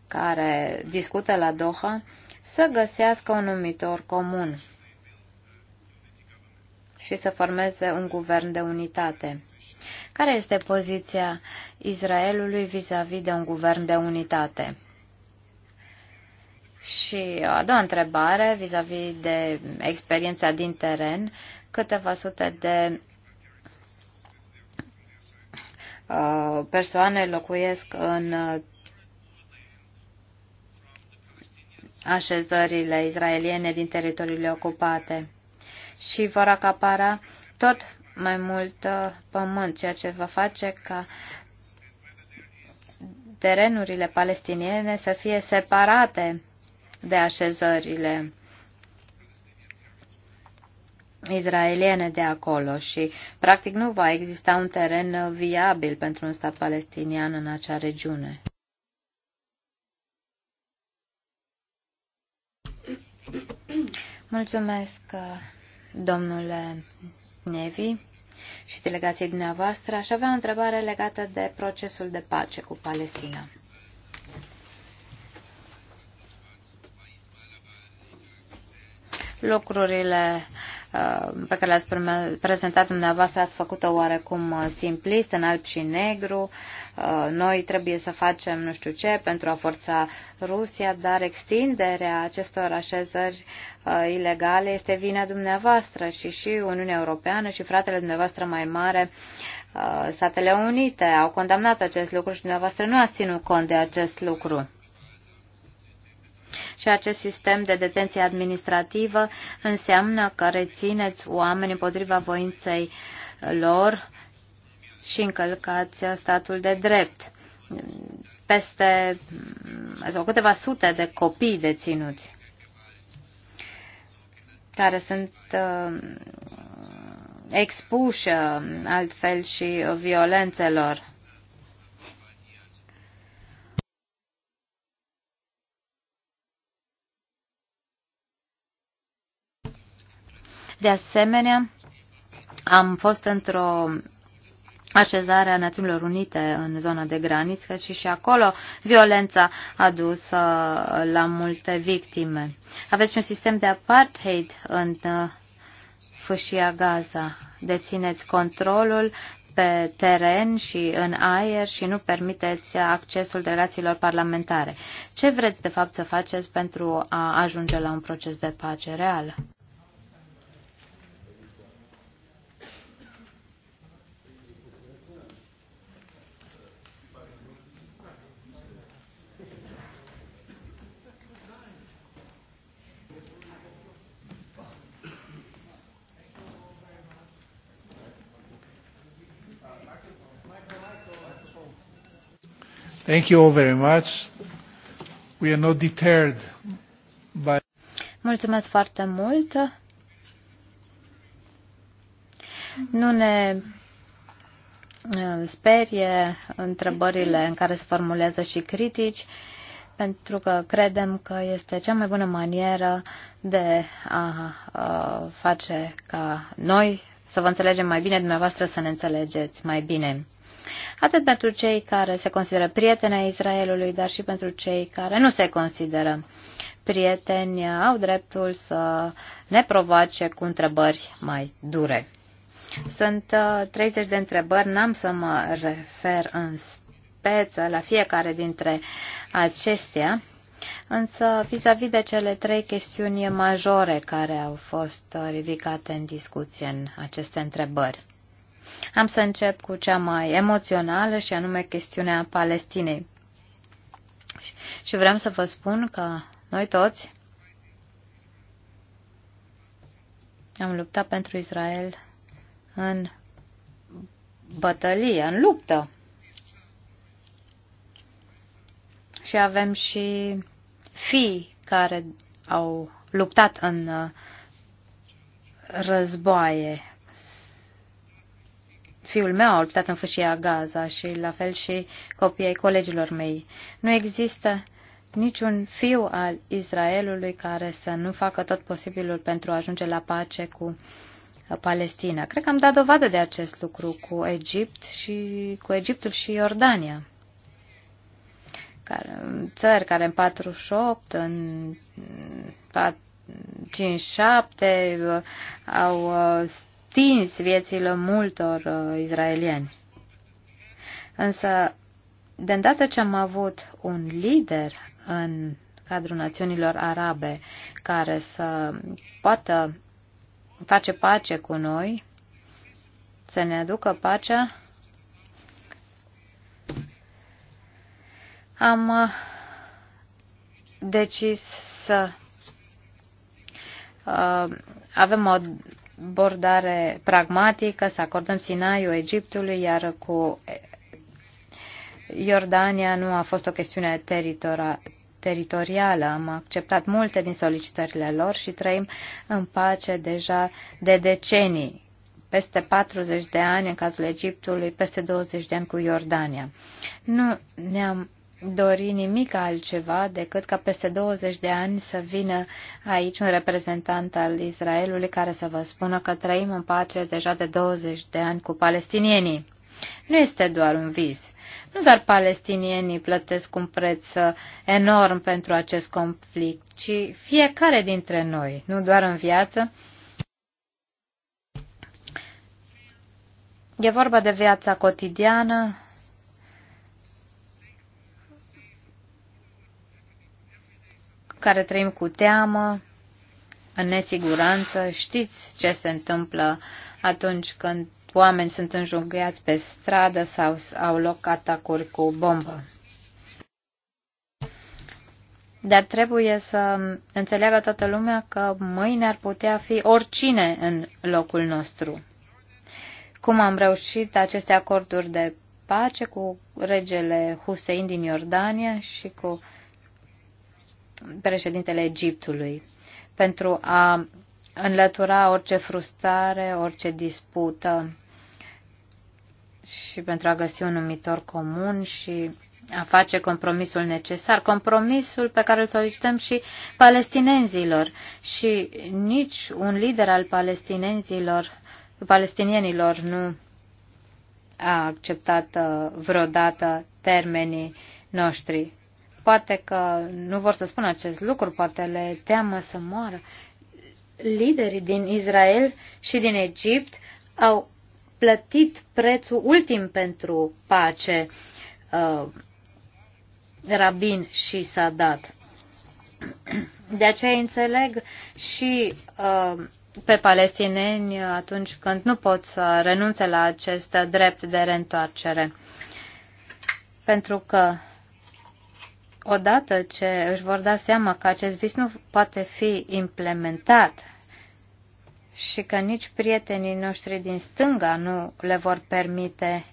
care discută la Doha, să găsească un numitor comun și să formeze un guvern de unitate. Care este poziția Israelului vis-a-vis -vis de un guvern de unitate? Și a doua întrebare, vis-a-vis -vis de experiența din teren, câteva sute de uh, persoane locuiesc în uh, așezările izraeliene din teritoriile ocupate și vor acapara tot mai mult uh, pământ, ceea ce va face ca terenurile palestiniene să fie separate de așezările izraeliene de acolo și practic nu va exista un teren viabil pentru un stat palestinian în acea regiune. Mulțumesc, domnule Nevi și delegației dumneavoastră. Aș avea o întrebare legată de procesul de pace cu Palestina. Lucrurile Uh, pe care le-ați prezentat dumneavoastră ați făcut-o oarecum uh, simplist, în alb și negru. Uh, noi trebuie să facem nu știu ce pentru a forța Rusia, dar extinderea acestor așezări ilegale este vina dumneavoastră și și Uniunea Europeană și fratele dumneavoastră mai mare, Statele Unite, au condamnat acest lucru și dumneavoastră nu ați ținut cont de acest lucru și acest sistem de detenție administrativă înseamnă că rețineți oameni împotriva voinței lor și încălcați statul de drept. Peste mm, sau câteva sute de copii deținuți care sunt uh, expuși uh, altfel și violențelor. De asemenea, am fost într-o așezare a Națiunilor Unite în zona de graniță și și acolo violența a dus uh, la multe victime. Aveți un sistem de apartheid în uh, fâșia Gaza. Dețineți controlul pe teren și în aer și nu permiteți accesul delegațiilor parlamentare. Ce vreți de fapt să faceți pentru a ajunge la un proces de pace real? Thank you all very much. We are not deterred by... Mulțumesc foarte mult. Nu ne uh, sperie întrebările în care se formulează și critici, pentru că credem că este cea mai bună manieră de a, a uh, face ca noi să vă înțelegem mai bine, dumneavoastră să ne înțelegeți mai bine atât pentru cei care se consideră prieteni ai Israelului, dar și pentru cei care nu se consideră prieteni, au dreptul să ne provoace cu întrebări mai dure. Sunt 30 uh, de întrebări, n-am să mă refer în speță la fiecare dintre acestea, însă vis-a-vis -vis de cele trei chestiuni majore care au fost uh, ridicate în discuție în aceste întrebări. Am să încep cu cea mai emoțională și anume chestiunea Palestinei. Și vreau să vă spun că noi toți am luptat pentru Israel în bătălie, în luptă. Și avem și fii care au luptat în uh, războaie fiul meu a luptat în fâșia Gaza și la fel și copiii ai colegilor mei. Nu există niciun fiu al Israelului care să nu facă tot posibilul pentru a ajunge la pace cu Palestina. Cred că am dat dovadă de acest lucru cu Egipt și cu Egiptul și Iordania. Care, țări care în 48, în 5-7 au uh, stins viețile multor uh, izraelieni. Însă, de îndată ce am avut un lider în cadrul națiunilor arabe care să poată face pace cu noi, să ne aducă pacea, am uh, decis să uh, avem o abordare pragmatică, să acordăm Sinaiul Egiptului, iar cu Iordania nu a fost o chestiune teritorială teritorială. Am acceptat multe din solicitările lor și trăim în pace deja de decenii, peste 40 de ani în cazul Egiptului, peste 20 de ani cu Iordania. Nu ne-am dori nimic altceva decât ca peste 20 de ani să vină aici un reprezentant al Israelului care să vă spună că trăim în pace deja de 20 de ani cu palestinienii. Nu este doar un vis. Nu doar palestinienii plătesc un preț enorm pentru acest conflict, ci fiecare dintre noi, nu doar în viață. E vorba de viața cotidiană, care trăim cu teamă, în nesiguranță. Știți ce se întâmplă atunci când oameni sunt înjunghiați pe stradă sau au loc atacuri cu bombă. Dar trebuie să înțeleagă toată lumea că mâine ar putea fi oricine în locul nostru. Cum am reușit aceste acorduri de pace cu regele Hussein din Iordania și cu președintele Egiptului pentru a înlătura orice frustrare, orice dispută și pentru a găsi un numitor comun și a face compromisul necesar, compromisul pe care îl solicităm și palestinenzilor. Și nici un lider al palestinenzilor, palestinienilor nu a acceptat uh, vreodată termenii noștri. Poate că nu vor să spună acest lucru, poate le teamă să moară. Liderii din Israel și din Egipt au plătit prețul ultim pentru pace, uh, Rabin și Sadat. De aceea înțeleg și uh, pe palestineni atunci când nu pot să renunțe la acest drept de reîntoarcere. Pentru că odată ce își vor da seama că acest vis nu poate fi implementat și că nici prietenii noștri din stânga nu le vor permite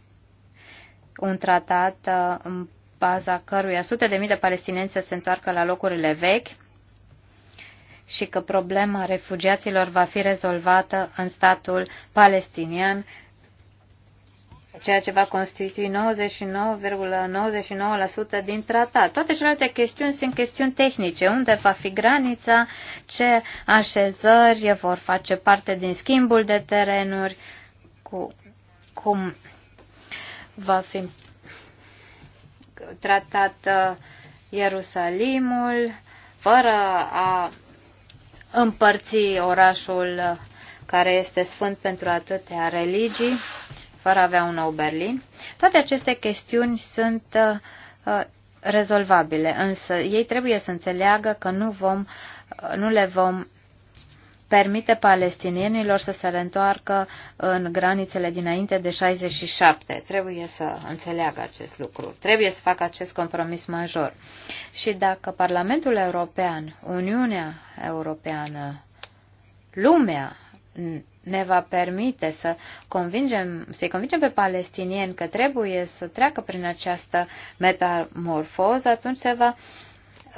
un tratat uh, în baza căruia sute de mii de palestinieni se întoarcă la locurile vechi și că problema refugiaților va fi rezolvată în statul palestinian ceea ce va constitui 99,99% ,99 din tratat. Toate celelalte chestiuni sunt chestiuni tehnice. Unde va fi granița, ce așezări vor face parte din schimbul de terenuri, cu, cum va fi tratat uh, Ierusalimul, fără a împărți orașul uh, care este sfânt pentru atâtea religii fără a avea un nou Berlin. Toate aceste chestiuni sunt uh, rezolvabile, însă ei trebuie să înțeleagă că nu, vom, uh, nu le vom permite palestinienilor să se reîntoarcă în granițele dinainte de 67. Trebuie să înțeleagă acest lucru. Trebuie să facă acest compromis major. Și dacă Parlamentul European, Uniunea Europeană, lumea ne va permite să convingem, să-i convingem pe palestinieni că trebuie să treacă prin această metamorfoză, atunci se va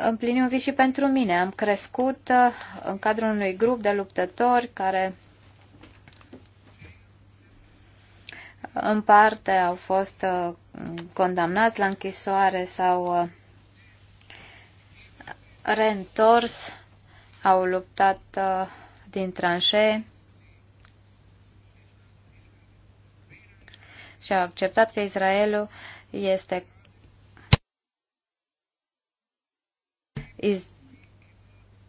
împlini un vis și pentru mine. Am crescut uh, în cadrul unui grup de luptători care în parte au fost uh, condamnați la închisoare sau uh, reîntors, au luptat din tranșee și au acceptat că Israelul este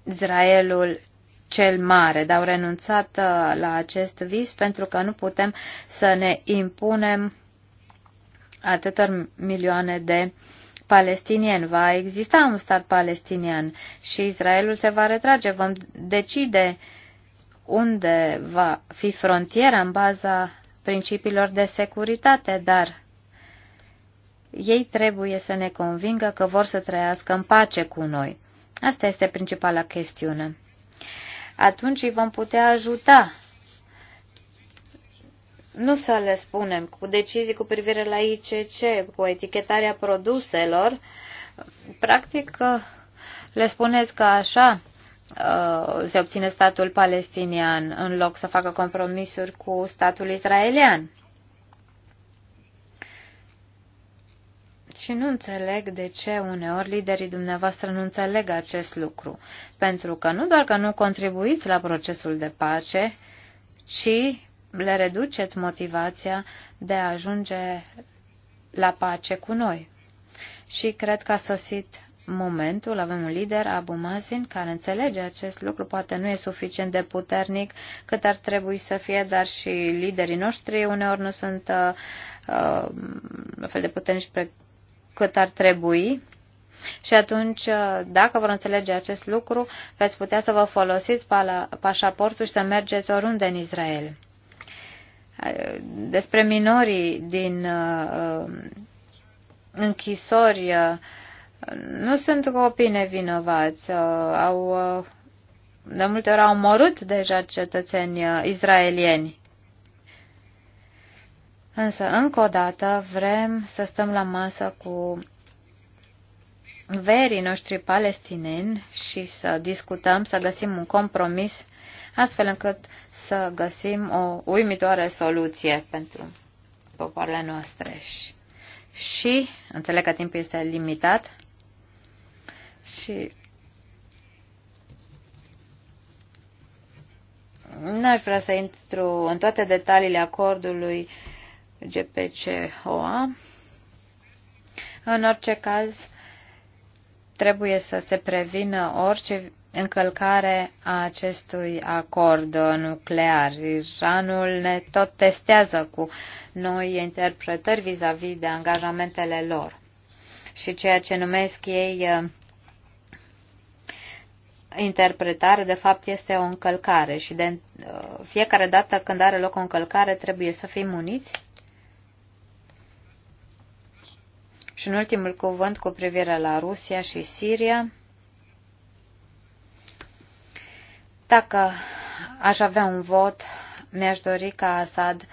Israelul cel mare, dar au renunțat uh, la acest vis pentru că nu putem să ne impunem atâtor milioane de palestinieni. Va exista un stat palestinian și Israelul se va retrage. Vom decide unde va fi frontiera în baza principiilor de securitate, dar ei trebuie să ne convingă că vor să trăiască în pace cu noi. Asta este principala chestiune. Atunci îi vom putea ajuta. Nu să le spunem cu decizii cu privire la ICC, cu etichetarea produselor. Practic, le spuneți că așa Uh, se obține statul palestinian în loc să facă compromisuri cu statul israelian. Și nu înțeleg de ce uneori liderii dumneavoastră nu înțeleg acest lucru, pentru că nu doar că nu contribuiți la procesul de pace, ci le reduceți motivația de a ajunge la pace cu noi. Și cred că a sosit momentul avem un lider, Abu Mazin, care înțelege acest lucru, poate nu e suficient de puternic cât ar trebui să fie, dar și liderii noștri uneori nu sunt uh, uh fel de puternici pe cât ar trebui. Și atunci, uh, dacă vor înțelege acest lucru, veți putea să vă folosiți pașaportul și să mergeți oriunde în Israel. Despre minorii din uh, uh închisori uh, nu sunt copii nevinovați. Au, de multe ori au omorât deja cetățeni izraelieni. Însă, încă o dată, vrem să stăm la masă cu verii noștri palestineni și să discutăm, să găsim un compromis, astfel încât să găsim o uimitoare soluție pentru popoarele noastre. Și, înțeleg că timpul este limitat, și n-aș vrea să intru în toate detaliile acordului GPCOA. În orice caz, trebuie să se prevină orice încălcare a acestui acord nuclear. Iranul ne tot testează cu noi interpretări vis-a-vis -vis de angajamentele lor. Și ceea ce numesc ei interpretare, de fapt, este o încălcare și de uh, fiecare dată când are loc o încălcare trebuie să fim uniți. Și în ultimul cuvânt cu privire la Rusia și Siria. Dacă aș avea un vot, mi-aș dori ca Assad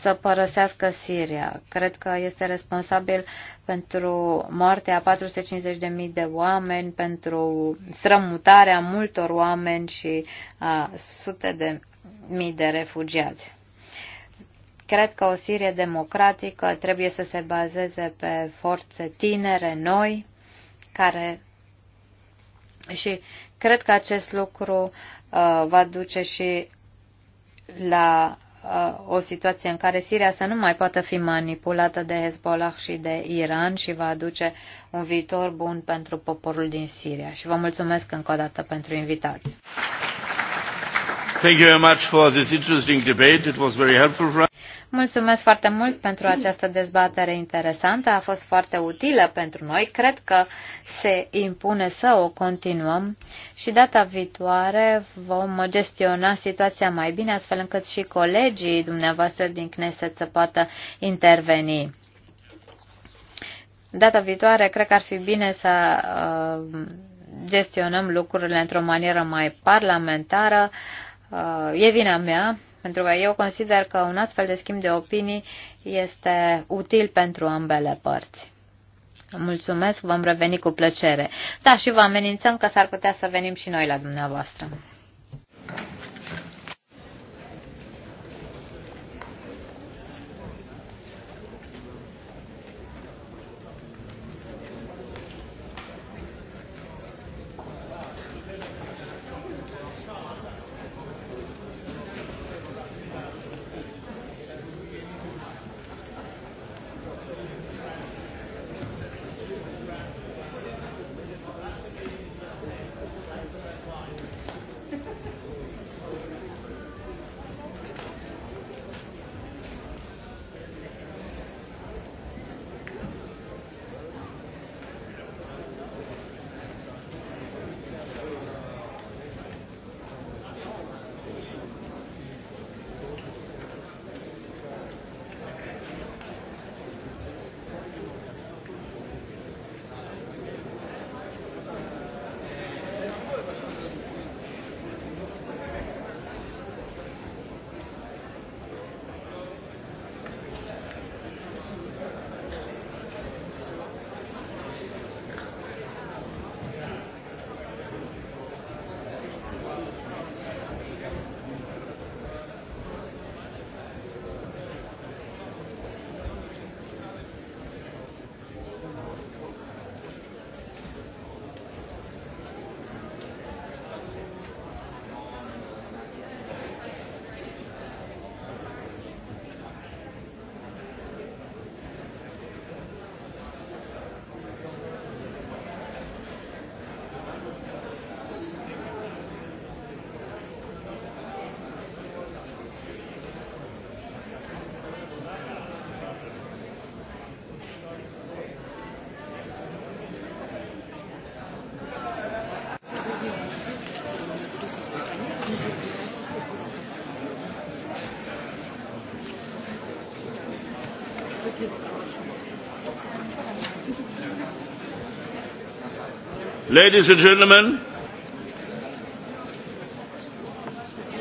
să părăsească Siria. Cred că este responsabil pentru moartea a 450.000 de oameni, pentru strămutarea multor oameni și a sute de mii de refugiați. Cred că o Sirie democratică trebuie să se bazeze pe forțe tinere, noi, care și cred că acest lucru uh, va duce și la Uh, o situație în care Siria să nu mai poată fi manipulată de Hezbollah și de Iran și va aduce un viitor bun pentru poporul din Siria. Și vă mulțumesc încă o dată pentru invitație. Thank you very much for this interesting debate. It was very helpful for us. Mulțumesc foarte mult pentru această dezbatere interesantă, a fost foarte utilă pentru noi. Cred că se impune să o continuăm și data viitoare vom gestiona situația mai bine, astfel încât și colegii dumneavoastră din Knesset să poată interveni. Data viitoare cred că ar fi bine să uh, gestionăm lucrurile într-o manieră mai parlamentară. Uh, e vina mea pentru că eu consider că un astfel de schimb de opinii este util pentru ambele părți. Mulțumesc, vom reveni cu plăcere. Da, și vă amenințăm că s-ar putea să venim și noi la dumneavoastră. Ladies and gentlemen,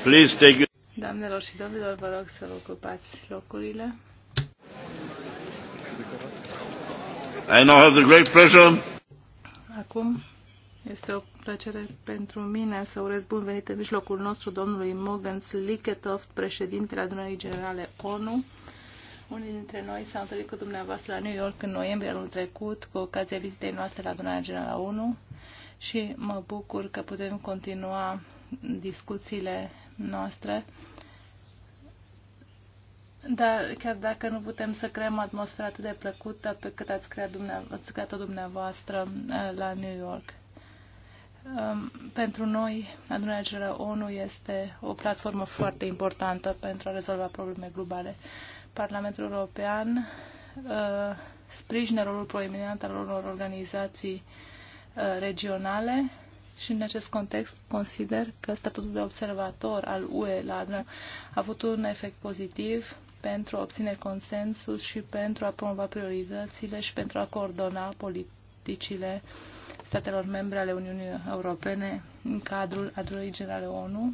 please take your... Doamnelor și domnilor, vă rog să vă ocupați locurile. I now have the great pleasure. Acum este o plăcere pentru mine să urez bun venit în mijlocul nostru domnului Mogan Sliketoft, președintele adunării generale ONU. Unii dintre noi s-au întâlnit cu dumneavoastră la New York în noiembrie anul trecut, cu ocazia vizitei noastre la adunarea generală a ONU și mă bucur că putem continua discuțiile noastre. Dar chiar dacă nu putem să creăm atmosfera atât de plăcută pe cât ați creat dumneavoastră, creat-o dumneavoastră uh, la New York. Um, pentru noi, adunarea generală ONU este o platformă foarte importantă pentru a rezolva probleme globale. Parlamentul European uh, sprijină rolul proeminent al unor organizații uh, Uh, regionale și în acest context consider că statutul de observator al UE la a avut un efect pozitiv pentru a obține consensul și pentru a promova prioritățile și pentru a coordona politicile statelor membre ale Uniunii Europene în cadrul adunării generale ONU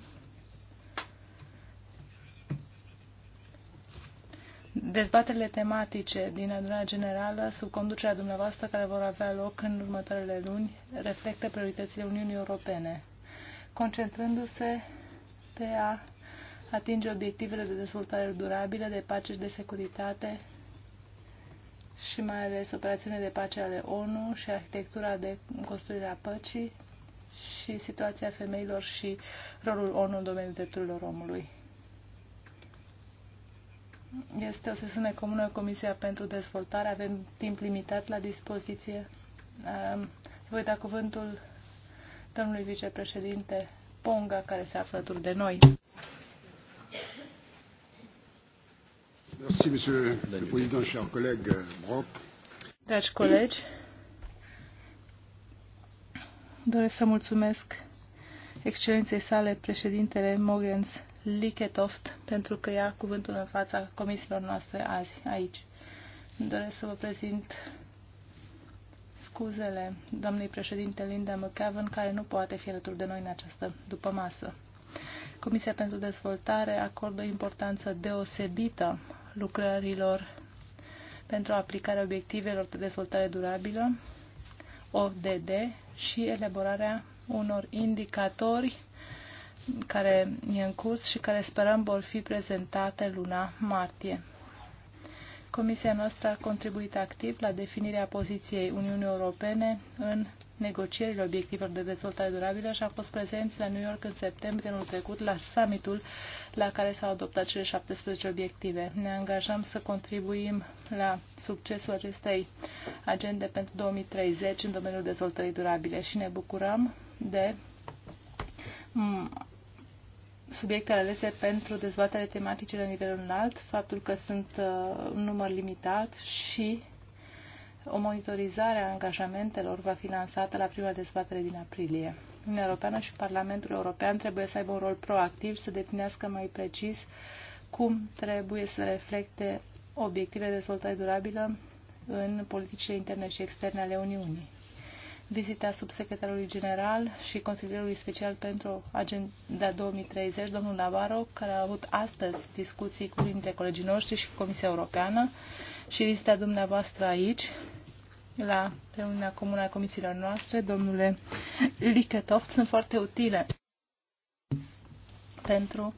dezbaterile tematice din adunarea generală sub conducerea dumneavoastră care vor avea loc în următoarele luni reflectă prioritățile Uniunii Europene, concentrându-se pe a atinge obiectivele de dezvoltare durabilă, de pace și de securitate și mai ales operațiunile de pace ale ONU și arhitectura de construire a păcii și situația femeilor și rolul ONU în domeniul drepturilor omului. Este o sesiune comună Comisia pentru Dezvoltare. Avem timp limitat la dispoziție. Voi da cuvântul domnului vicepreședinte Ponga, care se află alături de noi. Merci, monsieur le président, cher collègue Brock. Dragi colegi, doresc să mulțumesc excelenței sale președintele Mogens Lichetoft pentru că ia cuvântul în fața comisiilor noastre azi, aici. Îmi doresc să vă prezint scuzele doamnei președinte Linda McCavan, care nu poate fi alături de noi în această dupămasă. Comisia pentru Dezvoltare acordă importanță deosebită lucrărilor pentru aplicarea obiectivelor de dezvoltare durabilă, ODD, și elaborarea unor indicatori care e în curs și care sperăm vor fi prezentate luna martie. Comisia noastră a contribuit activ la definirea poziției Uniunii Europene în negocierile obiectivelor de dezvoltare durabilă și a fost prezenți la New York în septembrie anul trecut la summitul la care s-au adoptat cele 17 obiective. Ne angajăm să contribuim la succesul acestei agende pentru 2030 în domeniul dezvoltării durabile și ne bucurăm de subiectele alese pentru dezbatere tematice la nivel înalt, faptul că sunt uh, un număr limitat și o monitorizare a angajamentelor va fi lansată la prima dezbatere din aprilie. Uniunea Europeană și Parlamentul European trebuie să aibă un rol proactiv, să definească mai precis cum trebuie să reflecte obiectivele de dezvoltare durabilă în politicile interne și externe ale Uniunii vizita subsecretarului general și consilierului special pentru Agenda 2030, domnul Navarro, care a avut astăzi discuții cu dintre colegii noștri și cu Comisia Europeană și vizita dumneavoastră aici, la reuniunea comună a comisiilor noastre, domnule Lichetoft, sunt foarte utile pentru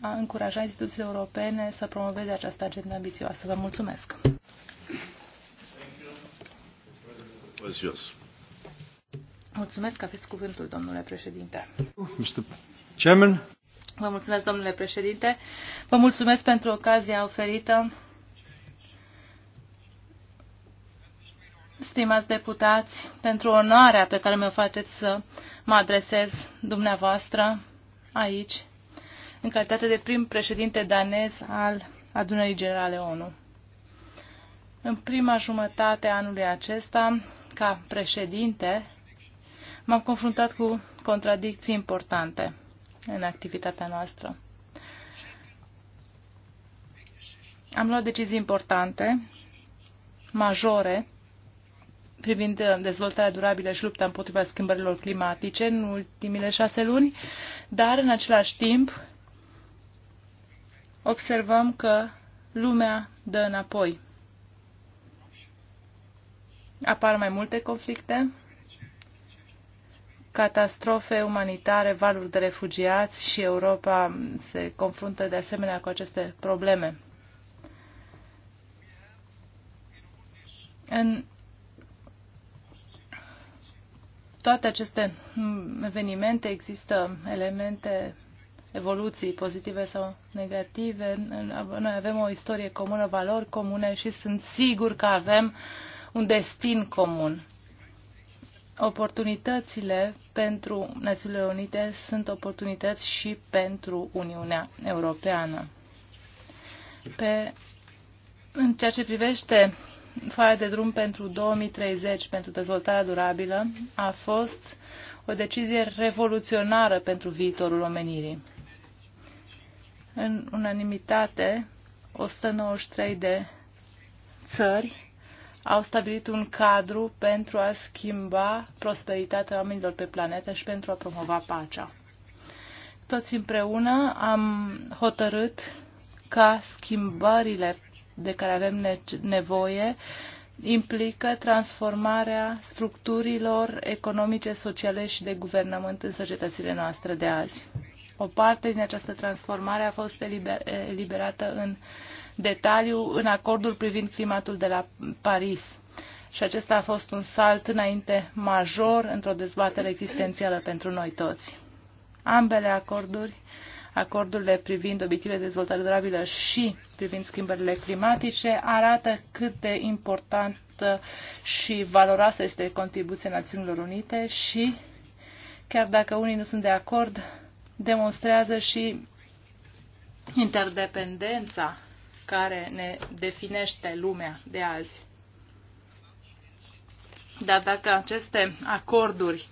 a încuraja instituțiile europene să promoveze această agendă ambițioasă. Vă mulțumesc! Mulțumesc că aveți cuvântul, domnule președinte. Mr. Chairman. Vă mulțumesc, domnule președinte. Vă mulțumesc pentru ocazia oferită. Stimați deputați, pentru onoarea pe care mi-o faceți să mă adresez dumneavoastră aici, în calitate de prim președinte danez al Adunării Generale ONU. În prima jumătate a anului acesta, ca președinte, m-am confruntat cu contradicții importante în activitatea noastră. Am luat decizii importante, majore, privind dezvoltarea durabilă și lupta împotriva schimbărilor climatice în ultimile șase luni, dar în același timp observăm că lumea dă înapoi apar mai multe conflicte, catastrofe umanitare, valuri de refugiați și Europa se confruntă de asemenea cu aceste probleme. În toate aceste evenimente există elemente, evoluții pozitive sau negative. Noi avem o istorie comună, valori comune și sunt sigur că avem uh, un destin comun. Oportunitățile pentru Națiunile Unite sunt oportunități și pentru Uniunea Europeană. Pe, în ceea ce privește foaia de drum pentru 2030 pentru dezvoltarea durabilă a fost o decizie revoluționară pentru viitorul omenirii. În unanimitate, 193 de țări au stabilit un cadru pentru a schimba prosperitatea oamenilor pe planetă și pentru a promova pacea. Toți împreună am hotărât ca schimbările de care avem nevoie implică transformarea structurilor economice, sociale și de guvernământ în societățile noastre de azi. O parte din această transformare a fost eliber, eliberată în uh, detaliu în acordul privind climatul de la Paris. Și acesta a fost un salt înainte major într-o dezbatere existențială pentru noi toți. Ambele acorduri, acordurile privind obiectivele de dezvoltare durabilă și privind schimbările climatice, arată cât de importantă și valoroasă este contribuția Națiunilor Unite și, chiar dacă unii nu sunt de acord, demonstrează și interdependența care ne definește lumea de azi. Dar dacă aceste acorduri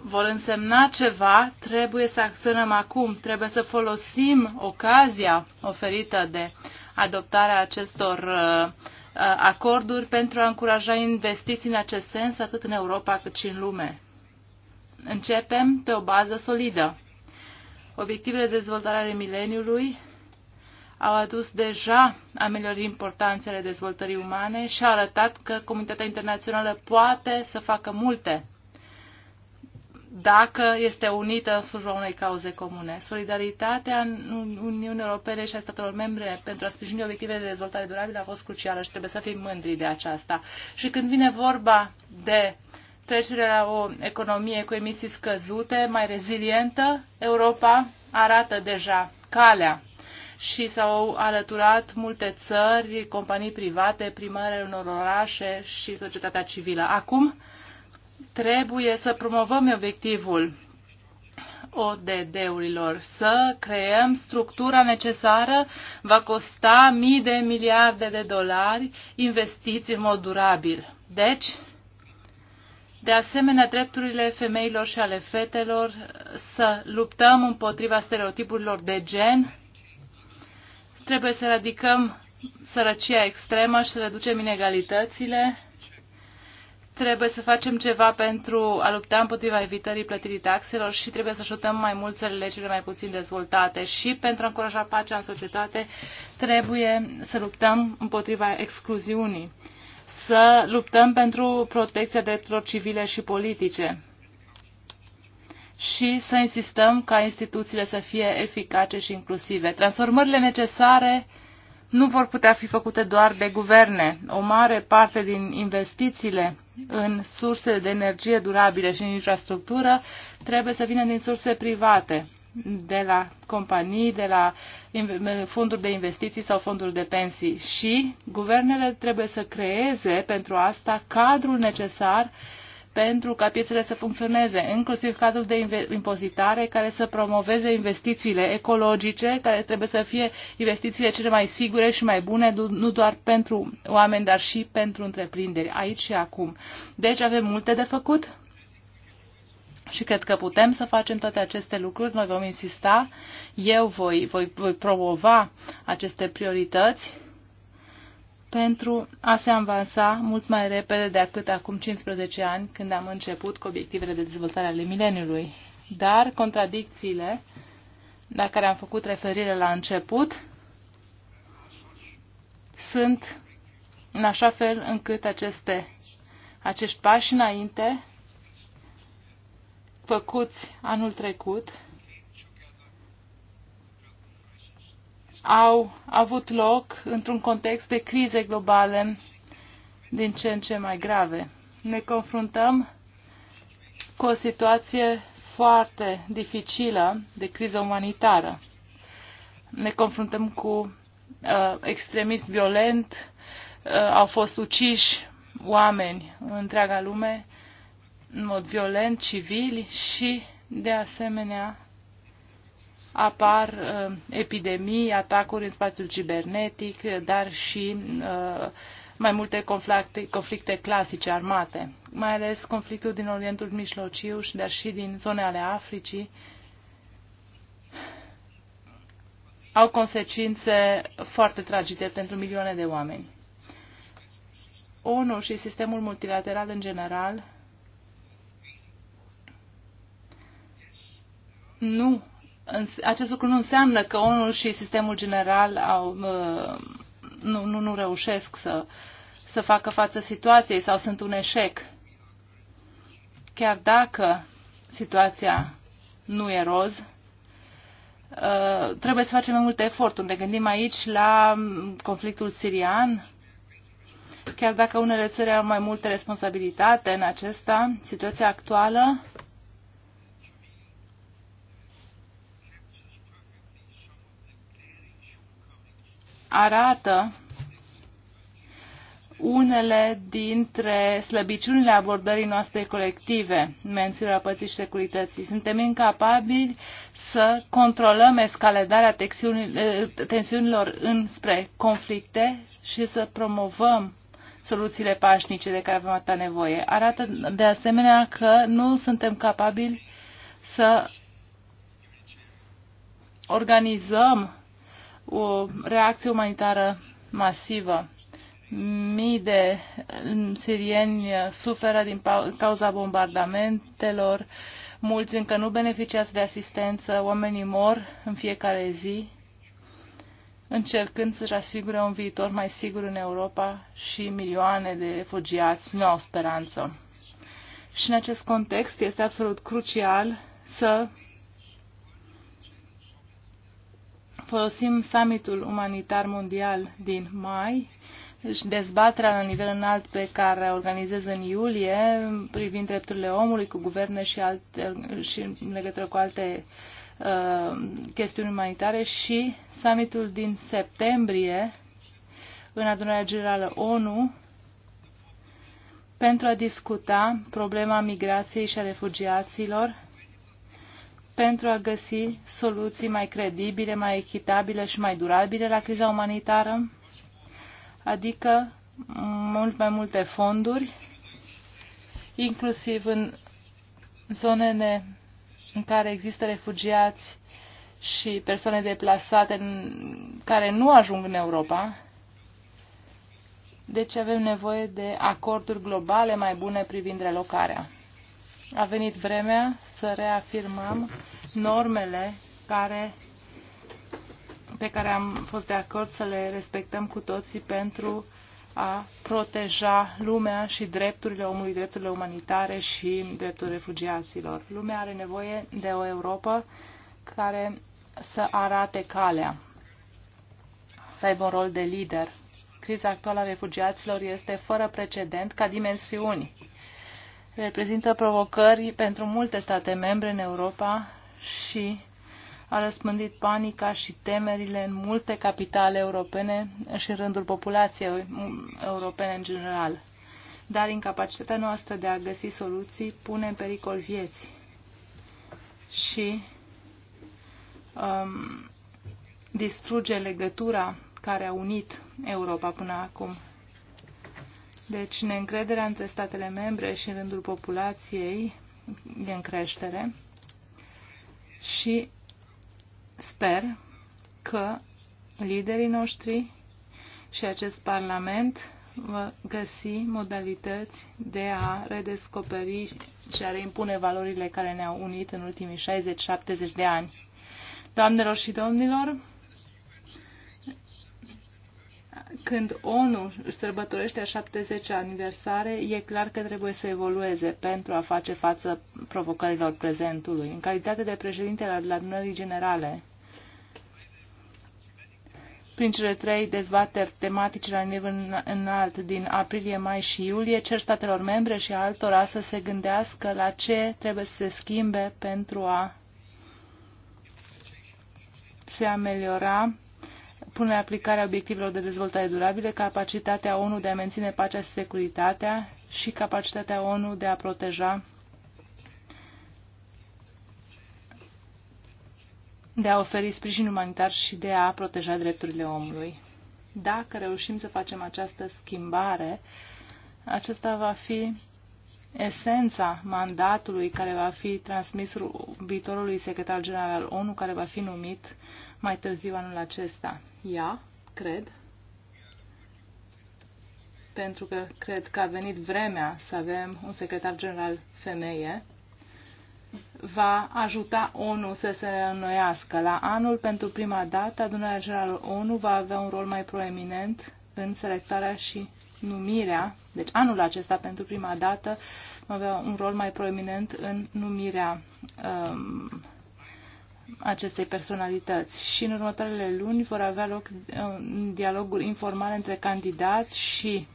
vor însemna ceva, trebuie să acționăm acum, trebuie să folosim ocazia oferită de adoptarea acestor uh, uh, acorduri pentru a încuraja investiții în acest sens, atât în Europa cât și în lume. Începem pe o bază solidă. Obiectivele de dezvoltare ale mileniului au adus deja ameliorări importanțe ale dezvoltării umane și a arătat că comunitatea internațională poate să facă multe dacă este unită în slujba unei cauze comune. Solidaritatea în Uniunii Europene și a statelor membre pentru a sprijini obiectivele de dezvoltare durabilă a fost crucială și trebuie să fim mândri de aceasta. Și când vine vorba de trecerea la o economie cu emisii scăzute, mai rezilientă, Europa arată deja calea și s-au alăturat multe țări, companii private, primările unor orașe și societatea civilă. Acum trebuie să promovăm obiectivul ODD-urilor, să creăm structura necesară, va costa mii de miliarde de dolari investiți în mod durabil. Deci, de asemenea, drepturile femeilor și ale fetelor, să luptăm împotriva stereotipurilor de gen, Trebuie să radicăm sărăcia extremă și să reducem inegalitățile. Trebuie să facem ceva pentru a lupta împotriva evitării plătirii taxelor și trebuie să ajutăm mai mult țările cele mai puțin dezvoltate. Și pentru a încuraja pacea în societate, trebuie să luptăm împotriva excluziunii, să luptăm pentru protecția drepturilor civile și politice și să insistăm ca instituțiile să fie eficace și inclusive. Transformările necesare nu vor putea fi făcute doar de guverne. O mare parte din investițiile în surse de energie durabile și în infrastructură trebuie să vină din surse private, de la companii, de la fonduri de investiții sau fonduri de pensii. Și guvernele trebuie să creeze pentru asta cadrul necesar uh, pentru ca piețele să funcționeze, inclusiv cadrul de impozitare care să promoveze investițiile ecologice, care trebuie să fie investițiile cele mai sigure și mai bune, nu doar pentru oameni, dar și pentru întreprinderi, aici și acum. Deci avem multe de făcut și cred că putem să facem toate aceste lucruri. Noi vom insista, eu voi, voi, voi promova aceste priorități pentru a se avansa mult mai repede decât acum 15 ani, când am început cu obiectivele de dezvoltare ale mileniului. Dar contradicțiile la care am făcut referire la început sunt în așa fel încât aceste, acești pași înainte făcuți anul trecut au avut loc într-un context de crize globale din ce în ce mai grave. Ne confruntăm cu o situație foarte dificilă de criză umanitară. Ne confruntăm cu uh, extremist violent, uh, au fost uciși oameni în întreaga lume în mod violent, civili și, de asemenea, apar uh, epidemii, atacuri în spațiul cibernetic, dar și uh, mai multe conflicte, conflicte clasice armate, mai ales conflictul din Orientul Mijlociu, dar și din zone ale Africii, au consecințe foarte tragice pentru milioane de oameni. ONU și sistemul multilateral în general nu acest lucru nu înseamnă că ONU și sistemul general au, nu, nu, nu reușesc să, să facă față situației sau sunt un eșec. Chiar dacă situația nu e roz, uh, trebuie să facem mai multe eforturi. Ne gândim aici la conflictul sirian, chiar dacă unele țări au mai multe responsabilitate în acesta, situația actuală arată unele dintre slăbiciunile abordării noastre colective, mențiunea pății și securității. Suntem incapabili să controlăm escaladarea eh, tensiunilor înspre conflicte și să promovăm soluțiile pașnice de care avem atâta nevoie. Arată de asemenea că nu suntem capabili să organizăm o reacție umanitară masivă. Mii de mm, sirieni eh, suferă din cauza bombardamentelor, mulți încă nu beneficiază de asistență, oamenii mor în fiecare zi, încercând să-și asigure un viitor mai sigur în Europa și milioane de refugiați nu au speranță. Și în acest context este absolut crucial să folosim summitul umanitar mondial din mai și dezbaterea la nivel înalt pe care o organizez în iulie privind drepturile omului cu guverne și, alte, și în legătură cu alte uh, chestiuni umanitare și summitul din septembrie în adunarea generală ONU pentru a discuta problema migrației și a refugiaților pentru a găsi soluții mai credibile, mai echitabile și mai durabile la criza umanitară, adică mult mai multe fonduri, inclusiv în zonele în care există refugiați și persoane deplasate care nu ajung în Europa. Deci avem nevoie de acorduri globale mai bune privind relocarea a venit vremea să reafirmăm normele care, pe care am fost de acord să le respectăm cu toții pentru a proteja lumea și drepturile omului, drepturile umanitare și dreptul refugiaților. Lumea are nevoie de o Europa care să arate calea, să aibă un rol de lider. Criza actuală a refugiaților este fără precedent ca dimensiuni reprezintă provocări pentru multe state membre în Europa și a răspândit panica și temerile în multe capitale europene și în rândul populației europene în general. Dar incapacitatea noastră de a găsi soluții pune în pericol vieți și um, distruge legătura care a unit Europa până acum. Deci neîncrederea între statele membre și în rândul populației e în creștere și sper că liderii noștri și acest Parlament va găsi modalități de a redescoperi și a reimpune valorile care ne-au unit în ultimii 60-70 de ani. Doamnelor și domnilor, când ONU își sărbătorește a 70 aniversare, e clar că trebuie să evolueze pentru a face față provocărilor prezentului. În calitate de președinte al adunării generale, prin cele trei dezbateri tematice la nivel înalt din aprilie, mai și iulie, cer statelor membre și altora să se gândească la ce trebuie să se schimbe pentru a se ameliora pune aplicarea obiectivelor de dezvoltare durabile, capacitatea ONU de a menține pacea și securitatea și capacitatea ONU de a proteja, de a oferi sprijin umanitar și de a proteja drepturile omului. Dacă reușim să facem această schimbare, acesta va fi esența mandatului care va fi transmis viitorului secretar general al ONU, care va fi numit mai târziu anul acesta. Ea, cred, pentru că cred că a venit vremea să avem un secretar general femeie, va ajuta ONU să se reînnoiască. La anul, pentru prima dată, adunarea generală ONU va avea un rol mai proeminent în selectarea și numirea, deci anul acesta, pentru prima dată, va avea un rol mai proeminent în numirea um, acestei personalități și în următoarele luni vor avea loc uh, dialoguri informale între candidați și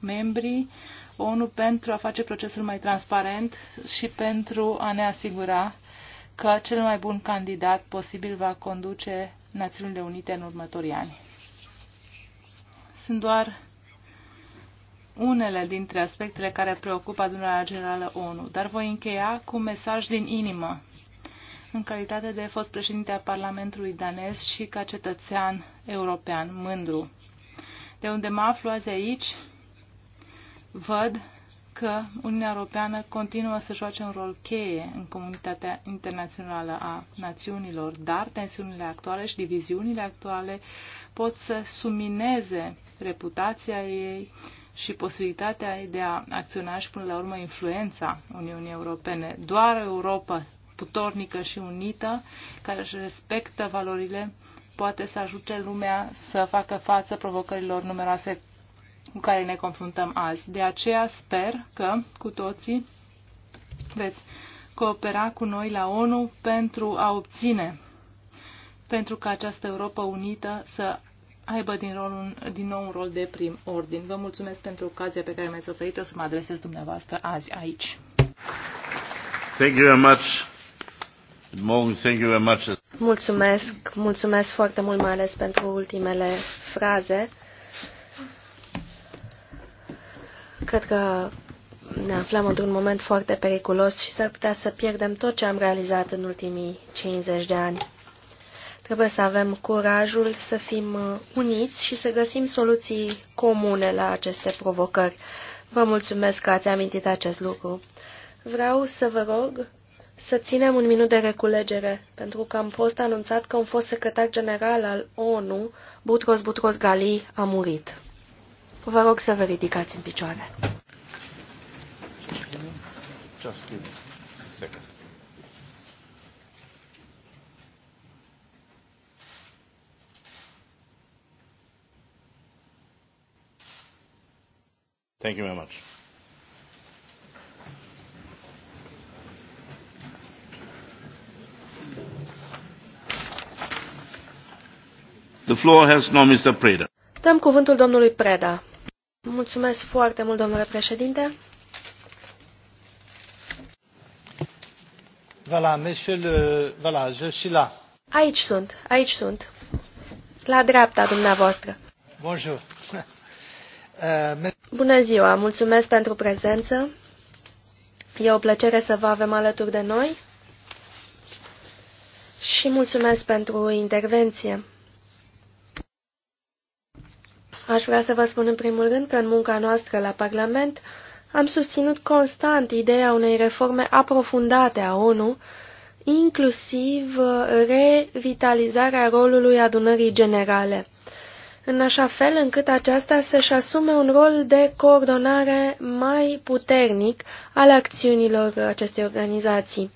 membrii ONU pentru a face procesul mai transparent și pentru a ne asigura că cel mai bun candidat posibil va conduce Națiunile Unite în următorii ani. Sunt doar unele dintre aspectele care preocupă adunarea generală ONU, dar voi încheia cu un mesaj din inimă în calitate de fost președinte al Parlamentului danez și ca cetățean european mândru. De unde mă aflu azi aici, văd că Uniunea Europeană continuă să joace un rol cheie în comunitatea internațională a națiunilor, dar tensiunile actuale și diviziunile actuale pot să sumineze reputația ei și posibilitatea ei de a acționa și până la urmă influența Uniunii Europene. Doar Europa puternică și unită, care își respectă valorile, poate să ajute lumea să facă față provocărilor numeroase cu care ne confruntăm azi. De aceea sper că cu toții veți coopera cu noi la ONU pentru a obține, pentru ca această Europa unită să aibă din, rol, din nou un rol de prim ordin. Vă mulțumesc pentru ocazia pe care mi-ați oferit-o să mă adresez dumneavoastră azi aici. Thank you very much. Mulțumesc, mulțumesc foarte mult, mai ales pentru ultimele fraze. Cred că ne aflăm într-un moment foarte periculos și s-ar putea să pierdem tot ce am realizat în ultimii 50 de ani. Trebuie să avem curajul să fim uniți și să găsim soluții comune la aceste provocări. Vă mulțumesc că ați amintit acest lucru. Vreau să vă rog să ținem un minut de reculegere, pentru că am fost anunțat că un fost secretar general al ONU, Butros Butros Gali, a murit. Vă rog să vă ridicați în picioare. Thank you very much. The floor has now Mr. Preda. Dăm cuvântul domnului Preda. Mulțumesc foarte mult, domnule președinte. Voilà, monsieur le... Voilà, je suis là. Aici sunt, aici sunt. La dreapta dumneavoastră. Bonjour. Euh, Bună ziua, mulțumesc pentru prezență. E o plăcere să vă avem alături de noi și mulțumesc pentru intervenție. Aș vrea să vă spun în primul rând că în munca noastră la Parlament am susținut constant ideea unei reforme aprofundate a ONU, inclusiv uh, revitalizarea rolului adunării generale, în așa fel încât aceasta să-și asume un rol de coordonare mai puternic al acțiunilor acestei organizații.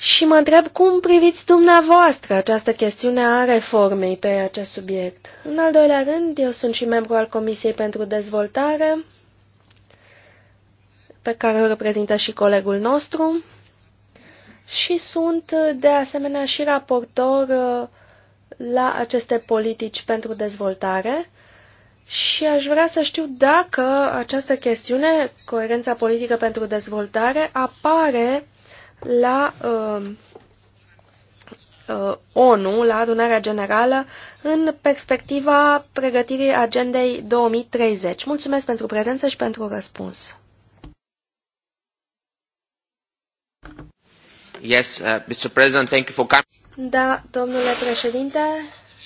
Și mă întreb cum priviți dumneavoastră această chestiune a reformei pe acest subiect. În al doilea rând, eu sunt și membru al Comisiei pentru Dezvoltare, pe care o reprezintă și colegul nostru, și sunt de asemenea și raportor uh, la aceste politici pentru dezvoltare și aș vrea să știu dacă această chestiune, coerența politică pentru dezvoltare, apare la uh, uh, ONU, la adunarea generală, în perspectiva pregătirii agendei 2030. Mulțumesc pentru prezență și pentru răspuns. Yes, uh, Mr. President, thank you for coming. Da, domnule președinte,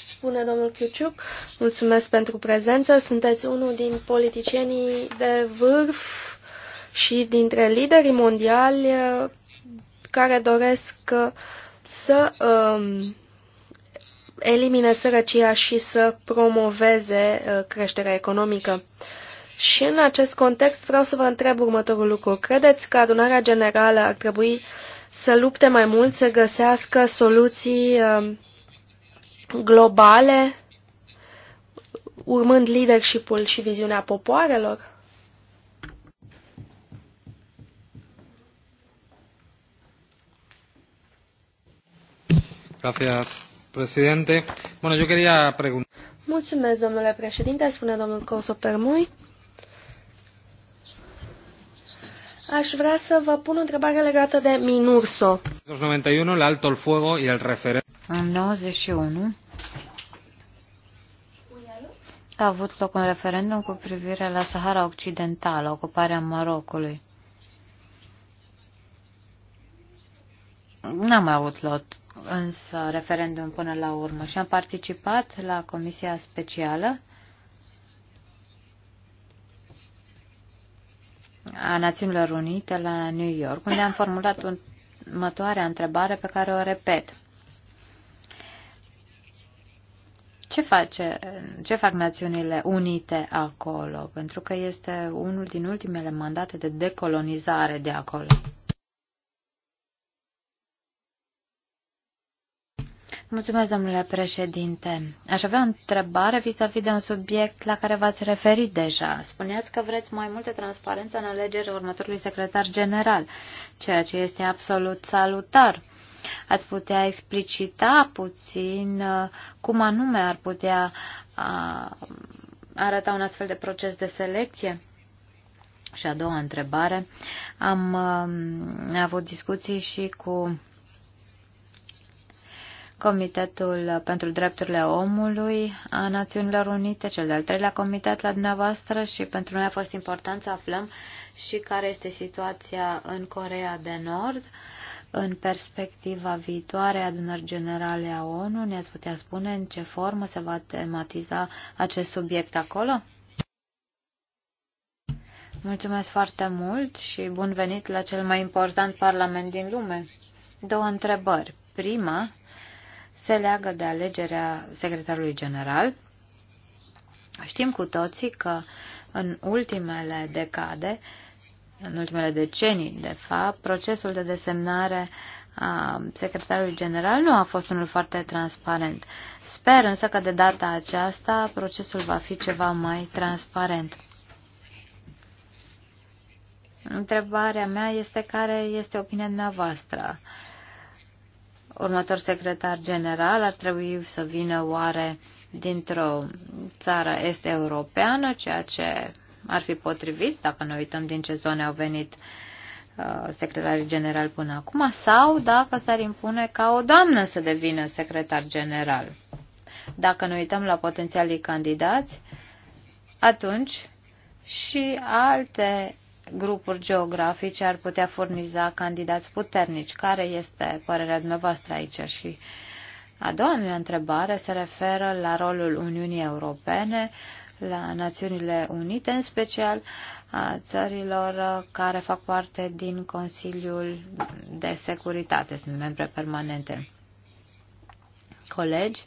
spune domnul Chiuciuc, mulțumesc pentru prezență. Sunteți unul din politicienii de vârf și dintre liderii mondiali care doresc uh, să um, elimine sărăcia și să promoveze uh, creșterea economică. Și în acest context vreau să vă întreb următorul lucru. Credeți că adunarea generală ar trebui să lupte mai mult, să găsească soluții um, globale, urmând leadership-ul și viziunea popoarelor? Bueno, yo quería preguntar. Mulțumesc, domnule președinte, spune domnul Coso Permui. Aș vrea să vă pun o întrebare legată de Minurso. În 91 a avut loc un referendum cu privire la Sahara Occidentală, ocuparea Marocului. N-am mai avut loc însă referendum până la urmă și am participat la comisia specială a Națiunilor Unite la New York, unde am formulat următoarea întrebare pe care o repet. Ce, face, ce fac Națiunile Unite acolo? Pentru că este unul din ultimele mandate de decolonizare de acolo. Mulțumesc, domnule președinte. Aș avea o întrebare vis-a-vis -vis de un subiect la care v-ați referit deja. Spuneați că vreți mai multă transparență în alegerea următorului secretar general, ceea ce este absolut salutar. Ați putea explicita puțin uh, cum anume ar putea uh, arăta un astfel de proces de selecție? Și a doua întrebare. Am uh, avut discuții și cu Comitetul pentru Drepturile Omului a Națiunilor Unite, cel de-al treilea comitet la dumneavoastră și pentru noi a fost important să aflăm și care este situația în Corea de Nord în perspectiva viitoare a adunării generale a ONU. Ne-ați putea spune în ce formă se va tematiza acest subiect acolo? Mulțumesc foarte mult și bun venit la cel mai important parlament din lume. Două întrebări. Prima, se leagă de alegerea secretarului general. Știm cu toții că în ultimele decade, în ultimele decenii, de fapt, procesul de desemnare a secretarului general nu a fost unul foarte transparent. Sper însă că de data aceasta procesul va fi ceva mai transparent. Întrebarea mea este care este opinia dumneavoastră următor secretar general ar trebui să vină oare dintr-o țară est-europeană, ceea ce ar fi potrivit, dacă ne uităm din ce zone au venit uh, secretarii general până acum, sau dacă s-ar impune ca o doamnă să devină secretar general. Dacă ne uităm la potențialii candidați, atunci și alte grupuri geografice ar putea furniza candidați puternici. Care este părerea dumneavoastră aici? Și a doua mea întrebare se referă la rolul Uniunii Europene, la Națiunile Unite, în special a țărilor care fac parte din Consiliul de Securitate, sunt membre permanente. Colegi,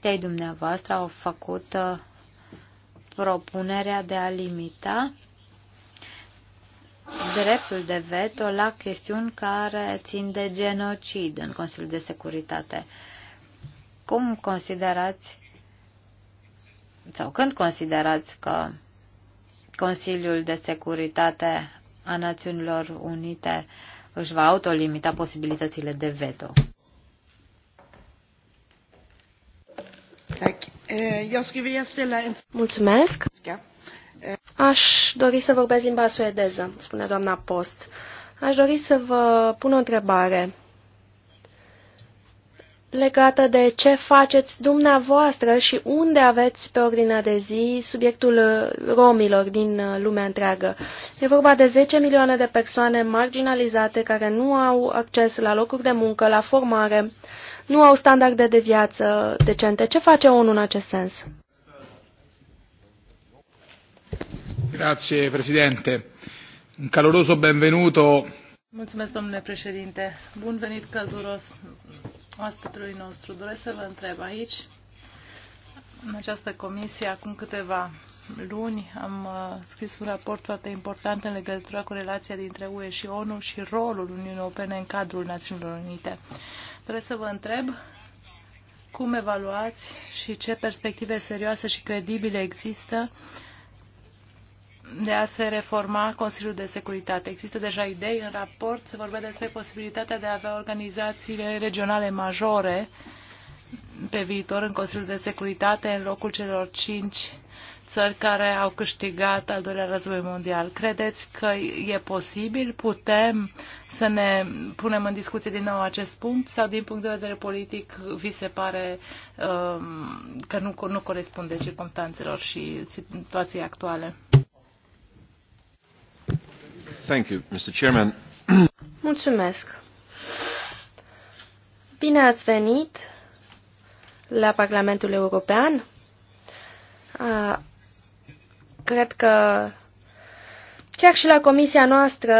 de-ai dumneavoastră au făcut uh, propunerea de a limita dreptul de veto la chestiuni care țin de genocid în Consiliul de Securitate. Cum considerați sau când considerați că Consiliul de Securitate a Națiunilor Unite își va autolimita posibilitățile de veto? Eh, Mulțumesc. Aș dori să vorbesc limba suedeză, spune doamna Post. Aș dori să vă pun o întrebare legată de ce faceți dumneavoastră și unde aveți pe ordinea de zi subiectul romilor din lumea întreagă. E vorba de 10 milioane de persoane marginalizate care nu au acces la locuri de muncă, la formare, nu au standarde de viață decente. Ce face ONU în acest sens? Grazie, Presidente. Un caloroso benvenuto. Mulțumesc, domnule președinte. Bun venit călduros oaspetului nostru. Doresc să vă întreb aici, în această comisie, acum câteva luni, am uh, scris un raport foarte important în legătură cu relația dintre UE și ONU și rolul Uniunii Europene în cadrul Națiunilor Unite. Doresc să vă întreb cum evaluați și ce perspective serioase și credibile există uh, de a se reforma Consiliul de Securitate. Există deja idei în raport, se vorbea despre posibilitatea de a avea organizațiile regionale majore pe viitor în Consiliul de Securitate în locul celor cinci țări care au câștigat al doilea război mondial. Credeți că e posibil? Putem să ne punem în discuție din nou acest punct sau din punct de vedere politic vi se pare um, că nu, nu corespunde circumstanțelor și situației actuale? Mulțumesc. Bine ați venit la Parlamentul European. cred că chiar și la comisia noastră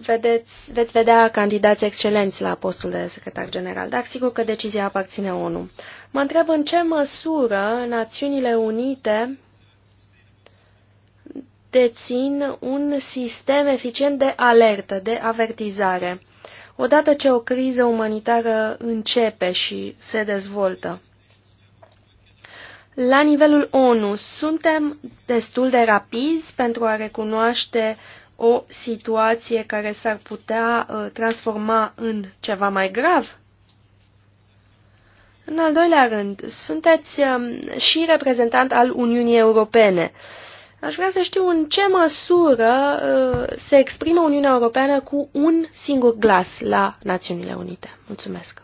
vedeți, veți vedea candidați excelenți la postul de secretar general, dar sigur că decizia aparține ONU. Mă întreb în ce măsură Națiunile Unite dețin un sistem eficient de alertă, de avertizare, odată ce o criză umanitară începe și se dezvoltă. La nivelul ONU, suntem destul de rapizi pentru a recunoaște o situație care s-ar putea uh, transforma în ceva mai grav? În al doilea rând, sunteți um, și reprezentant al Uniunii Europene. Aș vrea să știu în ce măsură uh, se exprimă Uniunea Europeană cu un singur glas la Națiunile Unite. Mulțumesc!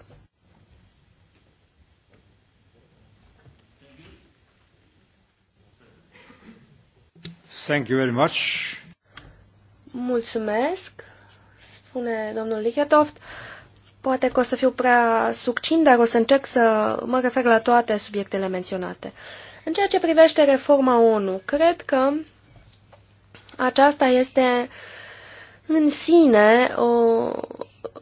Thank you very much. Mulțumesc, spune domnul Lichetoft. Poate că o să fiu prea succint, dar o să încerc să mă refer la toate subiectele menționate. Uh, în ceea ce privește reforma ONU, cred că aceasta este în sine o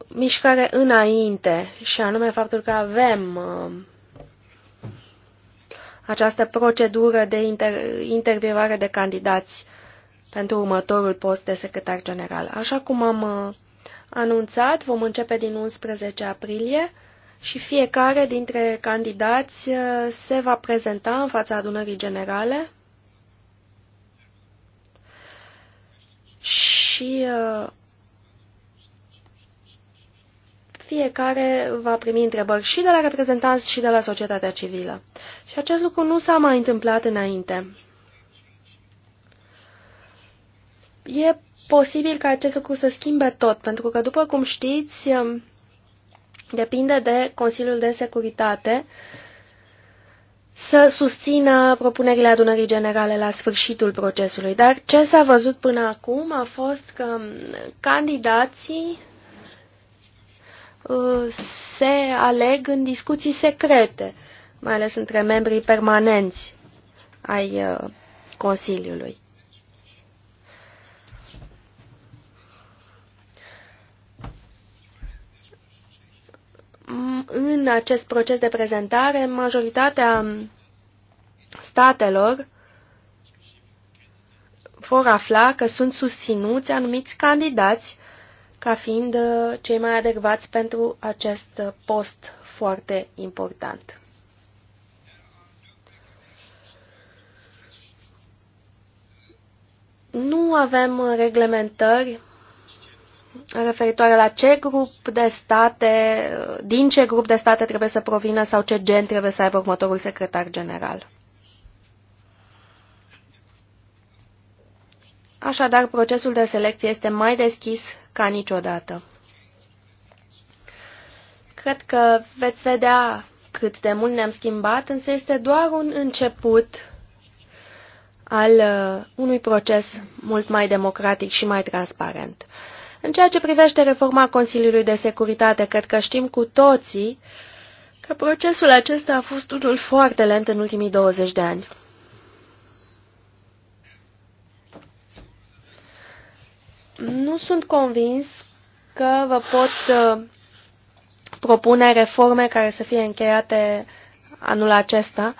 mișcare înainte, și anume faptul că avem uh, această procedură de inter intervievare de candidați pentru următorul post de secretar general. Așa cum am uh, anunțat, vom începe din 11 aprilie și fiecare dintre candidați uh, se va prezenta în fața adunării generale și uh, fiecare va primi întrebări și de la reprezentanți și de la societatea civilă. Și acest lucru nu s-a mai întâmplat înainte. E posibil ca acest lucru să schimbe tot, pentru că, după cum știți, um, depinde de Consiliul de Securitate să susțină propunerile adunării generale la sfârșitul procesului. Dar ce s-a văzut până acum a fost că candidații uh, se aleg în discuții secrete, mai ales între membrii permanenți ai uh, Consiliului. în acest proces de prezentare, majoritatea statelor vor afla că sunt susținuți anumiți candidați ca fiind uh, cei mai adecvați pentru acest post foarte important. Nu avem reglementări referitoare la ce grup de state, din ce grup de state trebuie să provină sau ce gen trebuie să aibă următorul secretar general. Așadar, procesul de selecție este mai deschis ca niciodată. Cred că veți vedea cât de mult ne-am schimbat, însă este doar un început al uh, unui proces mult mai democratic și mai transparent. În ceea ce privește reforma Consiliului de Securitate, cred că știm cu toții că procesul acesta a fost unul foarte lent în ultimii 20 de ani. Nu sunt convins că vă pot uh, propune reforme care să fie încheiate anul acesta,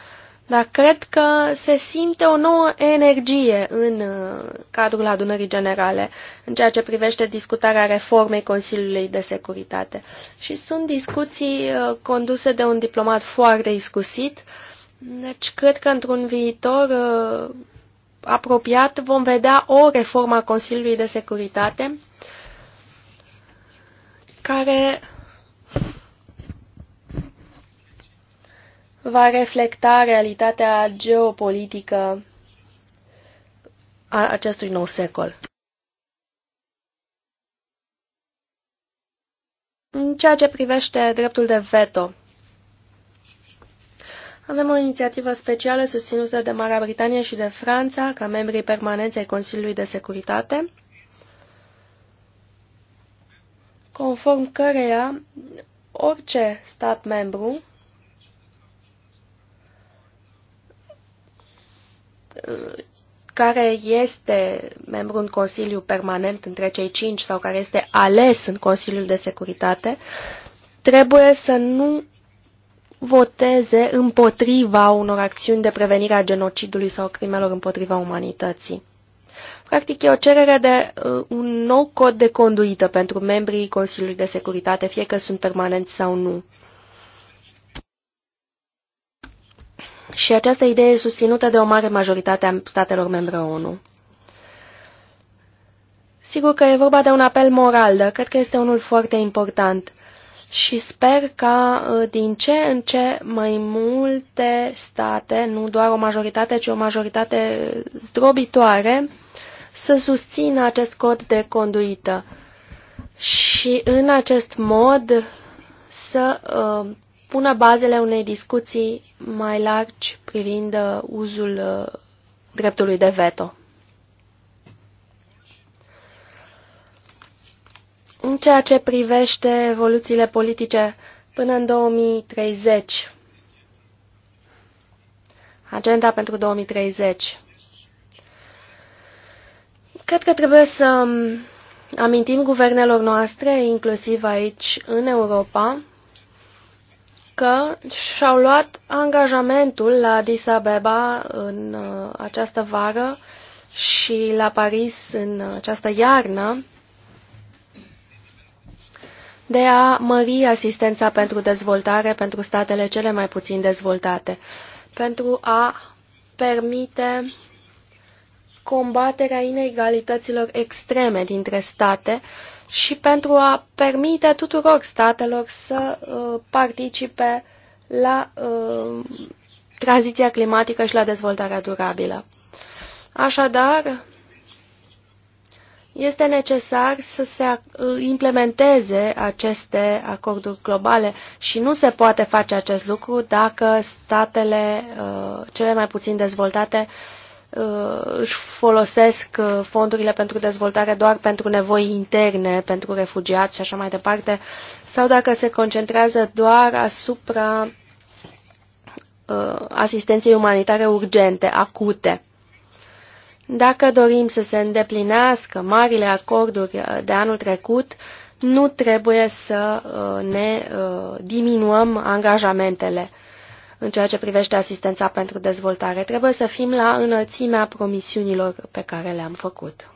dar cred că se simte o nouă energie în uh, cadrul adunării generale în ceea ce privește discutarea reformei Consiliului de Securitate. Și sunt discuții uh, conduse de un diplomat foarte iscusit, deci cred că într-un viitor uh, apropiat vom vedea o reformă a Consiliului de Securitate care va reflecta realitatea geopolitică a acestui nou secol. În ceea ce privește dreptul de veto, avem o inițiativă specială susținută de Marea Britanie și de Franța ca membrii permanenți ai Consiliului de Securitate, conform căreia orice stat membru care este membru în Consiliu Permanent între cei cinci sau care este ales în Consiliul de Securitate, trebuie să nu voteze împotriva unor acțiuni de prevenire a genocidului sau crimelor împotriva umanității. Practic, e o cerere de uh, un nou cod de conduită pentru membrii Consiliului de Securitate, fie că sunt permanenți sau nu. Și această idee e susținută de o mare majoritate a statelor membre ONU. Sigur că e vorba de un apel moral, dar cred că este unul foarte important și sper ca uh, din ce în ce mai multe state, nu doar o majoritate, ci o majoritate zdrobitoare, să susțină acest cod de conduită și în acest mod să uh, pună bazele unei discuții mai largi privind uh, uzul uh, dreptului de veto. În ceea ce privește evoluțiile politice până în 2030, agenda pentru 2030, cred că trebuie să um, amintim guvernelor noastre, inclusiv aici în Europa, că și-au luat angajamentul la Addis Abeba în uh, această vară și la Paris în această iarnă de a mări asistența pentru dezvoltare pentru statele cele mai puțin dezvoltate, pentru a permite combaterea inegalităților extreme dintre state și pentru a permite tuturor statelor să uh, participe la uh, tranziția climatică și la dezvoltarea durabilă. Așadar, este necesar să se uh, implementeze aceste acorduri globale și nu se poate face acest lucru dacă statele uh, cele mai puțin dezvoltate Uh, își folosesc uh, fondurile pentru dezvoltare doar pentru nevoi interne, pentru refugiați și așa mai departe, sau dacă se concentrează doar asupra uh, asistenței umanitare urgente, acute. Dacă dorim să se îndeplinească marile acorduri de anul trecut, nu trebuie să ne diminuăm angajamentele în ceea ce privește asistența pentru dezvoltare. Trebuie să fim la înălțimea promisiunilor pe care le-am făcut.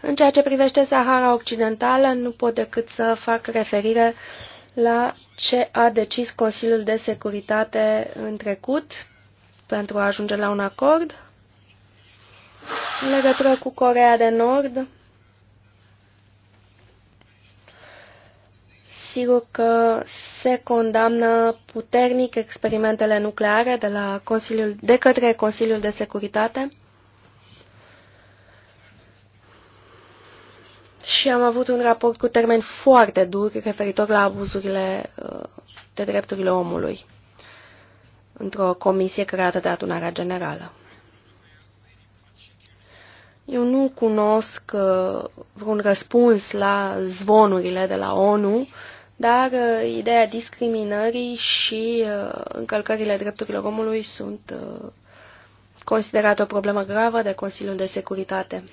În ceea ce privește Sahara Occidentală, nu pot decât să fac referire la ce a decis Consiliul de Securitate în trecut pentru a ajunge la un acord în legătură cu Corea de Nord. Sigur că se condamnă puternic experimentele nucleare de, la Consiliul, de către Consiliul de Securitate. Și am avut un raport cu termen foarte dur referitor la abuzurile uh, de drepturile omului într-o comisie creată de adunarea generală. Eu nu cunosc uh, vreun răspuns la zvonurile de la ONU dar uh, ideea discriminării și uh, încălcările drepturilor omului sunt uh, considerate o problemă gravă de Consiliul de Securitate.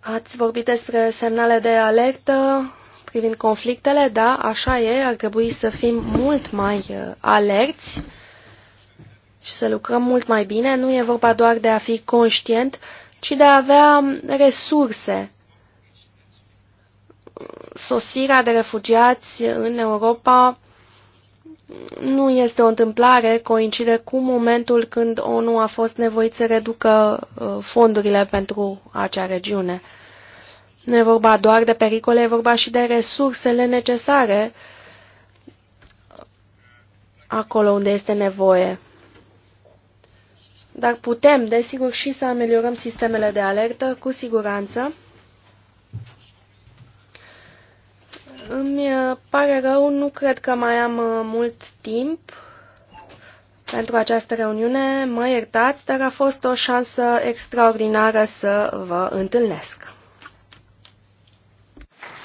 Ați vorbit despre semnale de alertă privind conflictele, da, așa e, ar trebui să fim mult mai uh, alerți și să lucrăm mult mai bine. Nu e vorba doar de a fi conștient, ci de a avea resurse sosirea de refugiați în Europa nu este o întâmplare, coincide cu momentul când ONU a fost nevoit să reducă uh, fondurile pentru acea regiune. Nu e vorba doar de pericole, e vorba și de resursele necesare acolo unde este nevoie. Dar putem, desigur, și să ameliorăm sistemele de alertă, cu siguranță. Îmi uh, pare rău, nu cred că mai am uh, mult timp pentru această reuniune. Mă iertați, dar a fost o șansă extraordinară să vă întâlnesc.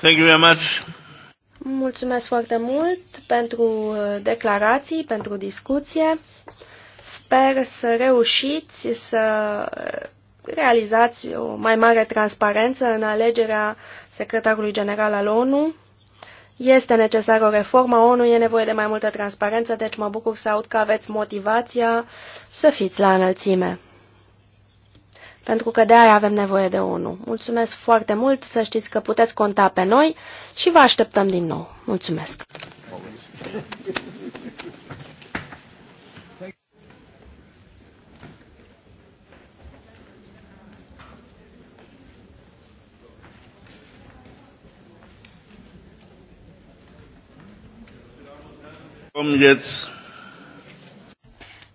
Thank you very much. Mulțumesc foarte mult pentru uh, declarații, pentru discuție. Sper să reușiți să realizați o mai mare transparență în alegerea secretarului general al ONU. Este necesară o reformă ONU, e nevoie de mai multă transparență, deci mă bucur să aud că aveți motivația să fiți la înălțime. Pentru că de aia avem nevoie de ONU. Mulțumesc foarte mult, să știți că puteți conta pe noi și vă așteptăm din nou. Mulțumesc!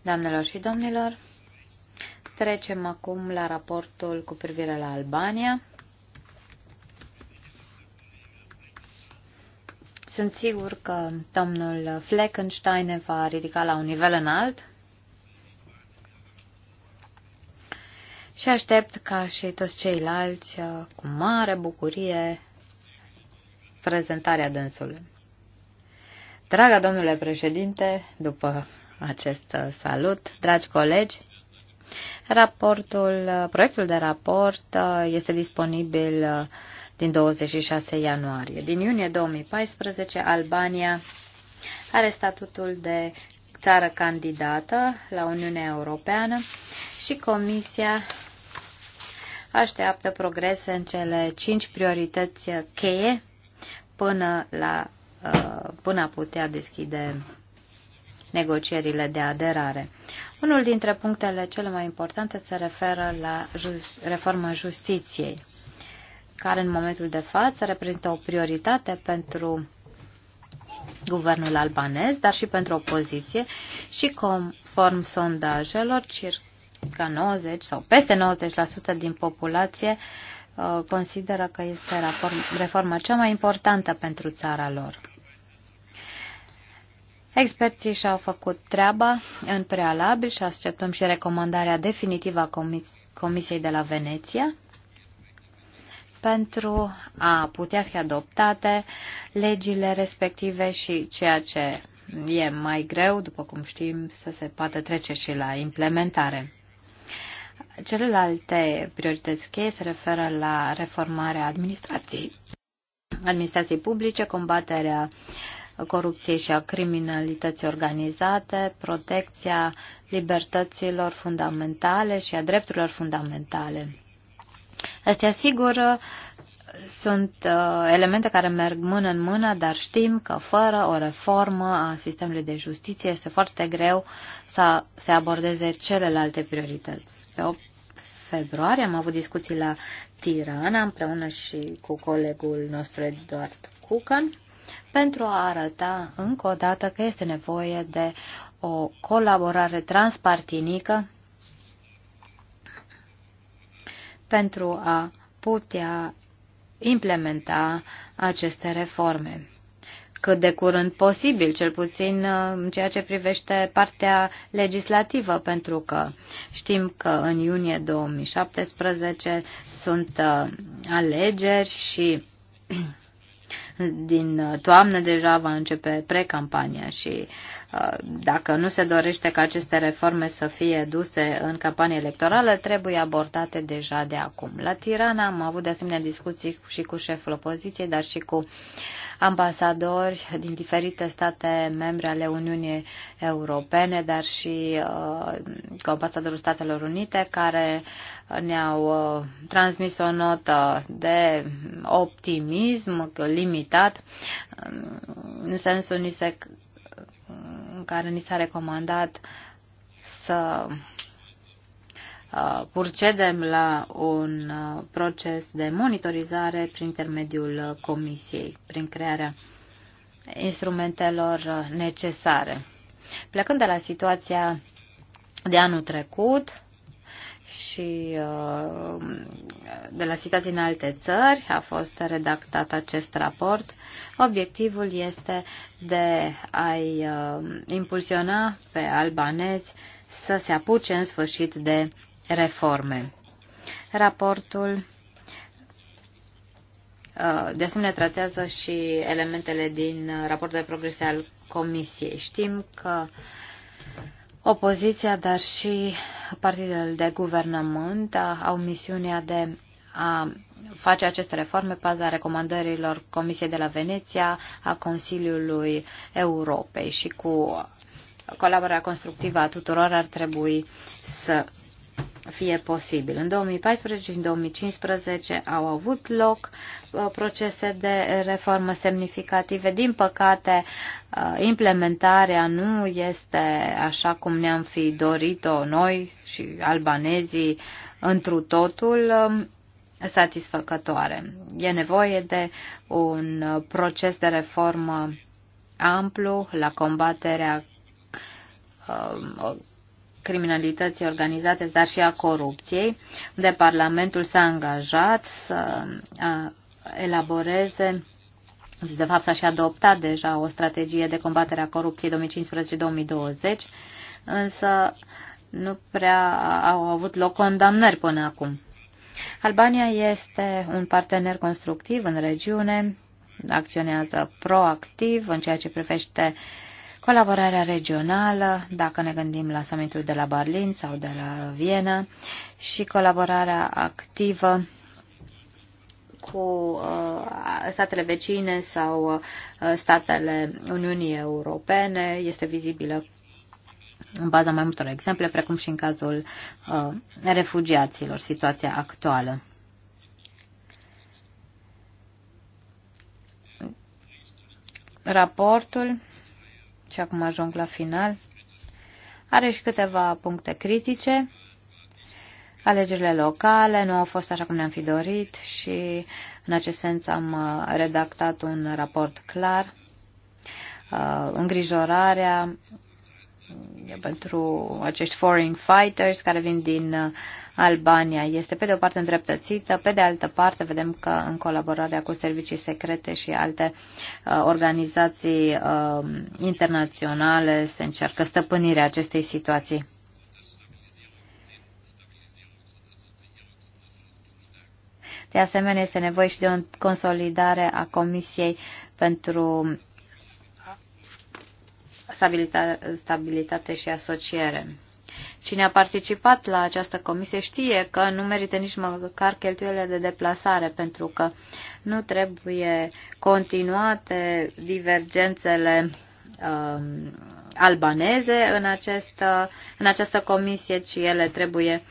Doamnelor și domnilor, trecem acum la raportul cu privire la Albania. Sunt sigur că domnul Fleckenstein va ridica la un nivel înalt și aștept ca și toți ceilalți cu mare bucurie prezentarea dânsului. Dragă domnule președinte, după acest salut, dragi colegi, raportul, proiectul de raport uh, este disponibil uh, din 26 ianuarie. Din iunie 2014, Albania are statutul de țară candidată la Uniunea Europeană și Comisia așteaptă progrese în cele cinci priorități cheie până la Uh, până a putea deschide negocierile de aderare. Unul dintre punctele cele mai importante se referă la just, reforma justiției, care în momentul de față reprezintă o prioritate pentru guvernul albanez, dar și pentru opoziție și conform sondajelor, circa 90 sau peste 90% din populație uh, consideră că este reforma cea mai importantă pentru țara lor. Experții și-au făcut treaba în prealabil și așteptăm și recomandarea definitivă a Comis Comisiei de la Veneția pentru a putea fi adoptate legile respective și ceea ce e mai greu, după cum știm, să se poată trece și la implementare. Celelalte priorități cheie se referă la reformarea administrației, administrației publice, combaterea corupției și a criminalității organizate, protecția libertăților fundamentale și a drepturilor fundamentale. Astea, sigur, sunt uh, elemente care merg mână în mână, dar știm că fără o reformă a sistemului de justiție este foarte greu să se abordeze celelalte priorități. Pe 8 februarie am avut discuții la Tirana împreună și cu colegul nostru Eduard Cucan pentru a arăta încă o dată că este nevoie de o colaborare transpartinică pentru a putea implementa aceste reforme cât de curând posibil, cel puțin uh, în ceea ce privește partea legislativă, pentru că știm că în iunie 2017 sunt uh, alegeri și din toamnă deja va începe precampania și dacă nu se dorește ca aceste reforme să fie duse în campanie electorală, trebuie abordate deja de acum. La Tirana am avut de asemenea discuții și cu șeful opoziției, dar și cu ambasadori din diferite state membre ale Uniunii Europene, dar și uh, cu ambasadorul Statelor Unite, care ne-au uh, transmis o notă de optimism limitat, în sensul ni se în care ni s-a recomandat să uh, procedem la un uh, proces de monitorizare prin intermediul uh, Comisiei, prin crearea instrumentelor necesare. Plecând de la situația de anul trecut, și uh, de la situații în alte țări a fost redactat acest raport. Obiectivul este de a-i uh, impulsiona pe albanezi să se apuce în sfârșit de reforme. Raportul uh, de asemenea tratează și elementele din raportul de progrese al Comisiei. Știm că uh, Opoziția, dar și partidele de guvernământ au misiunea de a face aceste reforme pe baza recomandărilor Comisiei de la Veneția, a Consiliului Europei și cu colaborarea constructivă a tuturor ar trebui să fie posibil. În 2014 și în 2015 au avut loc uh, procese de reformă semnificative. Din păcate, uh, implementarea nu este așa cum ne-am fi dorit-o noi și albanezii întru totul um, satisfăcătoare. E nevoie de un proces de reformă amplu la combaterea um, criminalității organizate, dar și a corupției, unde Parlamentul s-a angajat să elaboreze de fapt, s-a și adoptat deja o strategie de combatere a corupției 2015-2020, însă nu prea au avut loc condamnări până acum. Albania este un partener constructiv în regiune, acționează proactiv în ceea ce privește Colaborarea regională, dacă ne gândim la summitul de la Berlin sau de la Viena, și colaborarea activă cu uh, statele vecine sau uh, statele Uniunii Europene este vizibilă în baza mai multor exemple, precum și în cazul uh, refugiaților, situația actuală. Raportul și acum ajung la final, are și câteva puncte critice. Alegerile locale nu au fost așa cum ne-am fi dorit și în acest sens am uh, redactat un raport clar. Uh, îngrijorarea uh, pentru acești foreign fighters care vin din Albania este pe de o parte îndreptățită, pe de altă parte vedem că în colaborarea cu servicii secrete și alte uh, organizații uh, internaționale se încearcă stăpânirea acestei situații. De asemenea, este nevoie și de o consolidare a Comisiei pentru stabilitate, stabilitate și asociere. Cine a participat la această comisie știe că nu merită nici măcar cheltuielile de deplasare, pentru că nu trebuie continuate divergențele um, albaneze în, acest, în această comisie, ci ele trebuie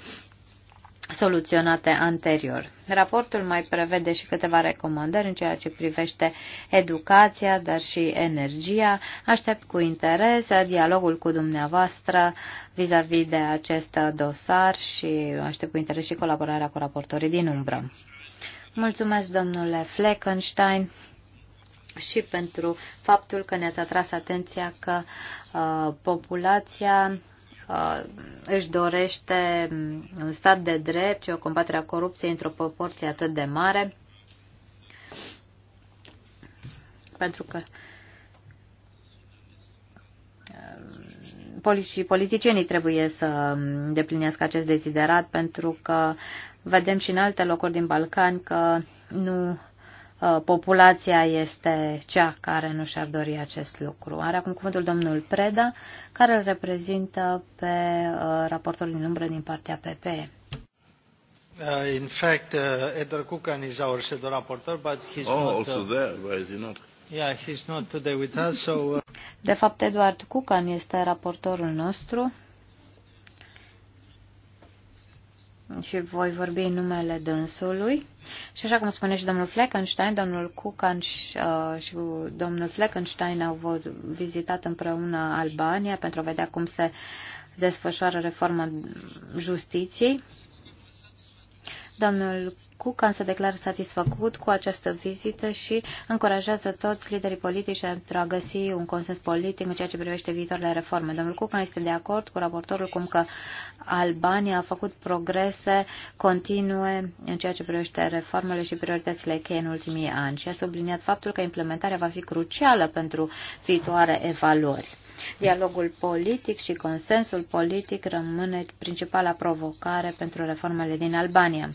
soluționate anterior. Raportul mai prevede și câteva recomandări în ceea ce privește educația, dar și energia. Aștept cu interes dialogul cu dumneavoastră vis-a-vis -vis de acest dosar și aștept cu interes și colaborarea cu raportorii din umbră. Mulțumesc, domnule Fleckenstein și pentru faptul că ne-ați atras atenția că uh, populația Uh, își dorește un stat de drept și o combatere a corupției într-o proporție atât de mare, pentru că um, și politicienii trebuie să deplinească acest deziderat, pentru că vedem și în alte locuri din Balcani că nu Uh, populația este cea care nu și-ar dori acest lucru. Are acum cuvântul domnul Preda, care îl reprezintă pe uh, raportul din umbră din partea PPE. Uh, in fact, uh, Edgar Kukan is our shadow rapporteur, but he's oh, not... also uh, there, but is he not? Yeah, he's not today with us, so... Uh... De fapt, Edward Kukan este raportorul nostru. și voi vorbi în numele dânsului. Și așa cum spune și domnul Fleckenstein, domnul Cucan uh, și, domnul Fleckenstein au vizitat împreună Albania pentru a vedea cum se desfășoară reforma justiției Domnul Cucan se declară satisfăcut cu această vizită și încurajează toți liderii politici pentru a găsi un consens politic în ceea ce privește viitoarele reforme. Domnul Cucan este de acord cu raportorul cum că Albania a făcut progrese continue în ceea ce privește reformele și prioritățile cheie în ultimii ani și a subliniat faptul că implementarea va fi crucială pentru viitoare evaluări. Dialogul politic și consensul politic rămâne principala provocare pentru reformele din Albania.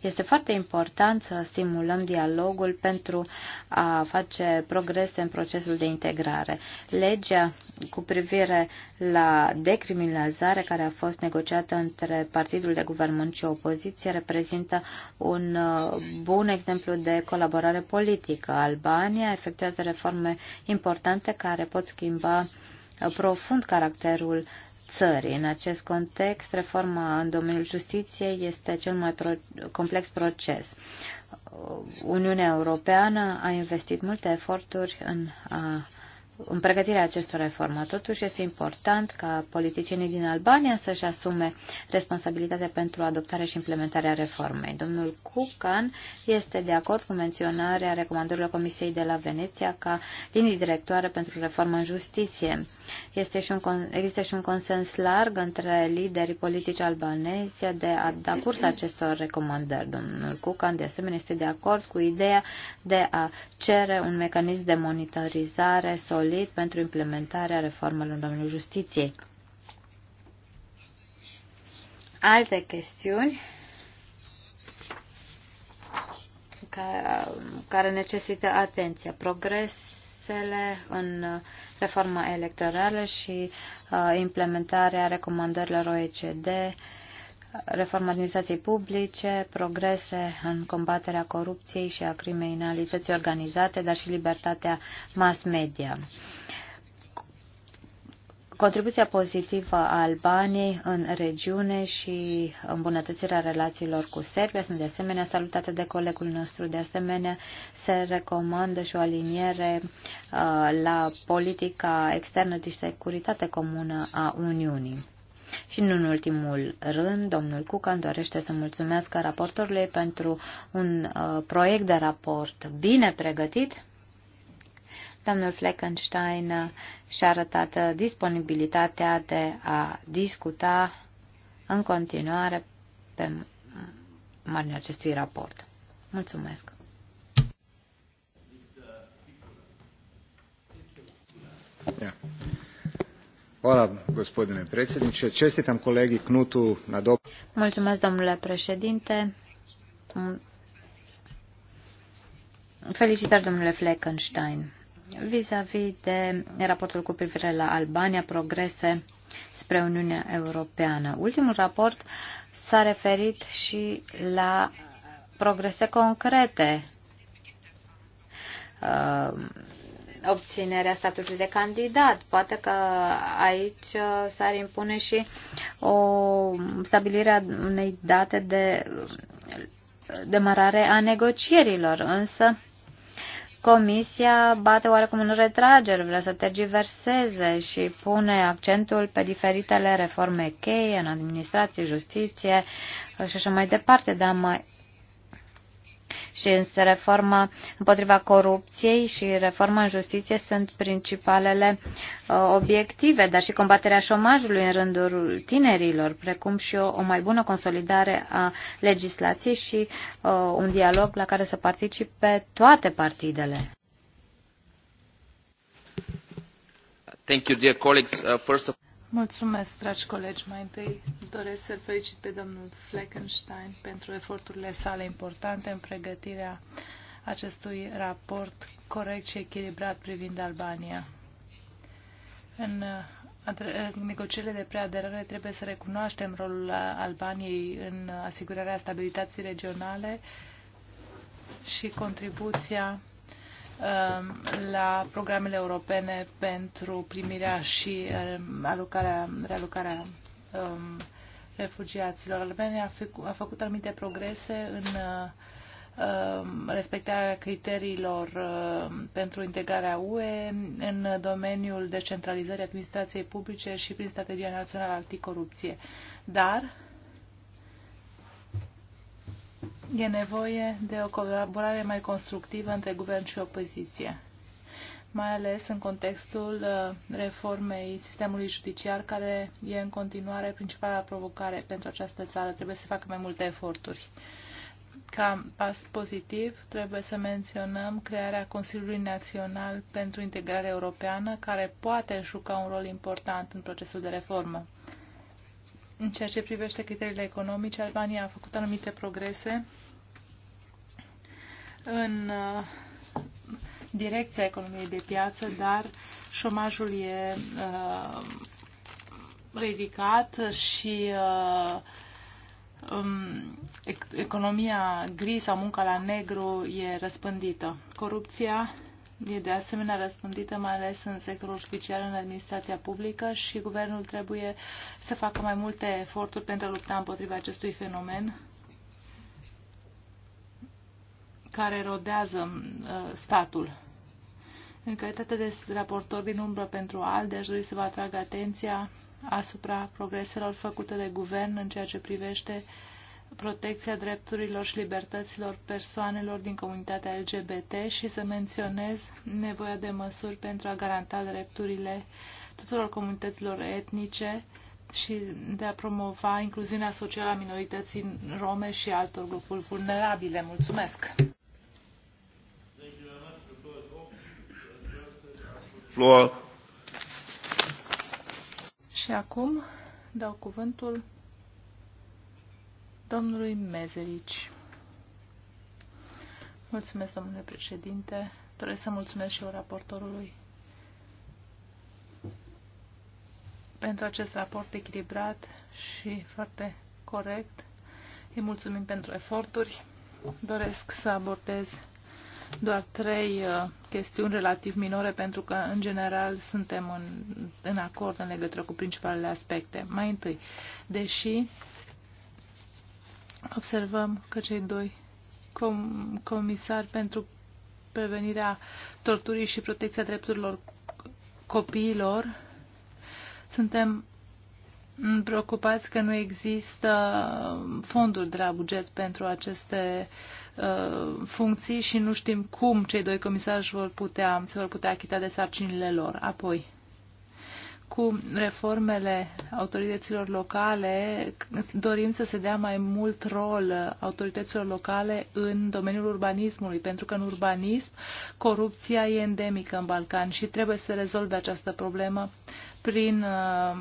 Este foarte important să stimulăm dialogul pentru a face progrese în procesul de integrare. Legea cu privire la decriminalizare care a fost negociată între Partidul de Guvernământ și opoziție reprezintă un uh, bun exemplu de colaborare politică. Albania efectuează reforme importante care pot schimba profund caracterul țării. În acest context, reforma în domeniul justiției este cel mai pro complex proces. Uniunea Europeană a investit multe eforturi în a în pregătirea acestor reforme, Totuși este important ca politicienii din Albania să-și asume responsabilitatea pentru adoptarea și implementarea reformei. Domnul Cucan este de acord cu menționarea recomandărilor Comisiei de la Veneția ca linii directoare pentru reformă în justiție. Este și un, există și un consens larg între liderii politici albanezi de a da curs acestor recomandări. Domnul Cucan, de asemenea, este de acord cu ideea de a cere un mecanism de monitorizare sau solid pentru implementarea reformelor în domeniul justiției. Alte chestiuni care necesită atenție. Progresele în reforma electorală și uh, implementarea recomandărilor OECD reforma administrației publice, progrese în combaterea corupției și a criminalității organizate, dar și libertatea mass media. Contribuția pozitivă a Albaniei în regiune și îmbunătățirea relațiilor cu Serbia sunt de asemenea salutate de colegul nostru. De asemenea, se recomandă și o aliniere uh, la politica externă de securitate comună a Uniunii. Și nu în ultimul rând, domnul Cucan dorește să mulțumesc raportorului pentru un uh, proiect de raport bine pregătit. Domnul Fleckenstein și-a arătat disponibilitatea de a discuta în continuare pe marginea acestui raport. Mulțumesc! Yeah. Hvala, gospodine predsjedniče. Čestitam kolegi Knutu na dobro. Mulțumesc, domnule președinte. Felicitări, domnule Fleckenstein. Vis-a-vis -vis de raportul cu privire la Albania, progrese spre Uniunea Europeană. Ultimul raport s-a referit și la progrese concrete uh, obținerea statutului de candidat. Poate că aici uh, s-ar impune și o stabilire a unei date de uh, demarare a negocierilor, însă Comisia bate oarecum în retragere, vrea să tergiverseze și pune accentul pe diferitele reforme cheie în administrație, justiție și așa mai departe, dar mai și însă reforma împotriva corupției și reforma în justiție sunt principalele uh, obiective, dar și combaterea șomajului în rândul tinerilor, precum și o, o mai bună consolidare a legislației și uh, un dialog la care să participe toate partidele. Thank you, dear colleagues. Uh, first of Mulțumesc, dragi colegi. Mai întâi doresc să felicit pe domnul Fleckenstein pentru eforturile sale importante în pregătirea acestui raport corect și echilibrat privind Albania. În negocierile de preaderare trebuie să recunoaștem rolul Albaniei în asigurarea stabilității regionale și contribuția Um, la programele europene pentru primirea și um, alocarea, realocarea um, refugiaților. Albania a făcut anumite progrese în uh, um, respectarea criteriilor um, pentru integrarea UE în domeniul decentralizării administrației publice și prin strategia națională anticorupție. Dar E nevoie de o colaborare mai constructivă între guvern și opoziție, mai ales în contextul uh, reformei sistemului judiciar, care e în continuare principala provocare pentru această țară. Trebuie să facă mai multe eforturi. Ca pas pozitiv, trebuie să menționăm crearea Consiliului Național pentru Integrare Europeană, care poate juca un rol important în procesul de reformă. În ceea ce privește criteriile economice, Albania a făcut anumite progrese în uh, direcția economiei de piață, dar șomajul e uh, ridicat și uh, um, economia gri sau munca la negru e răspândită. Corupția E de asemenea răspândită mai ales în sectorul judiciar, în administrația publică și guvernul trebuie să facă mai multe eforturi pentru a lupta împotriva acestui fenomen care rodează uh, statul. În calitate de raportor din umbră pentru ALDE, aș dori să vă atrag atenția asupra progreselor făcute de guvern în ceea ce privește uh, protecția drepturilor și libertăților persoanelor din comunitatea LGBT și să menționez nevoia de măsuri pentru a garanta drepturile tuturor comunităților etnice și de a promova incluziunea socială a minorității rome și altor grupuri vulnerabile. Mulțumesc! Floor. Și acum dau cuvântul domnului Mezerici. Mulțumesc, domnule președinte. Doresc să mulțumesc și eu raportorului pentru acest raport echilibrat și foarte corect. Îi mulțumim pentru eforturi. Doresc să abordez doar trei uh, chestiuni relativ minore, pentru că, în general, suntem în, în acord în legătură cu principalele aspecte. Mai întâi, deși observăm că cei doi com comisari pentru prevenirea torturii și protecția drepturilor copiilor suntem preocupați că nu există fonduri de la buget pentru aceste uh, funcții și nu știm cum cei doi comisari vor putea, se vor putea achita de sarcinile lor. Apoi, cu reformele autorităților locale, dorim să se dea mai mult rol autorităților locale în domeniul urbanismului, pentru că în urbanism corupția e endemică în Balcan și trebuie să se rezolve această problemă prin uh,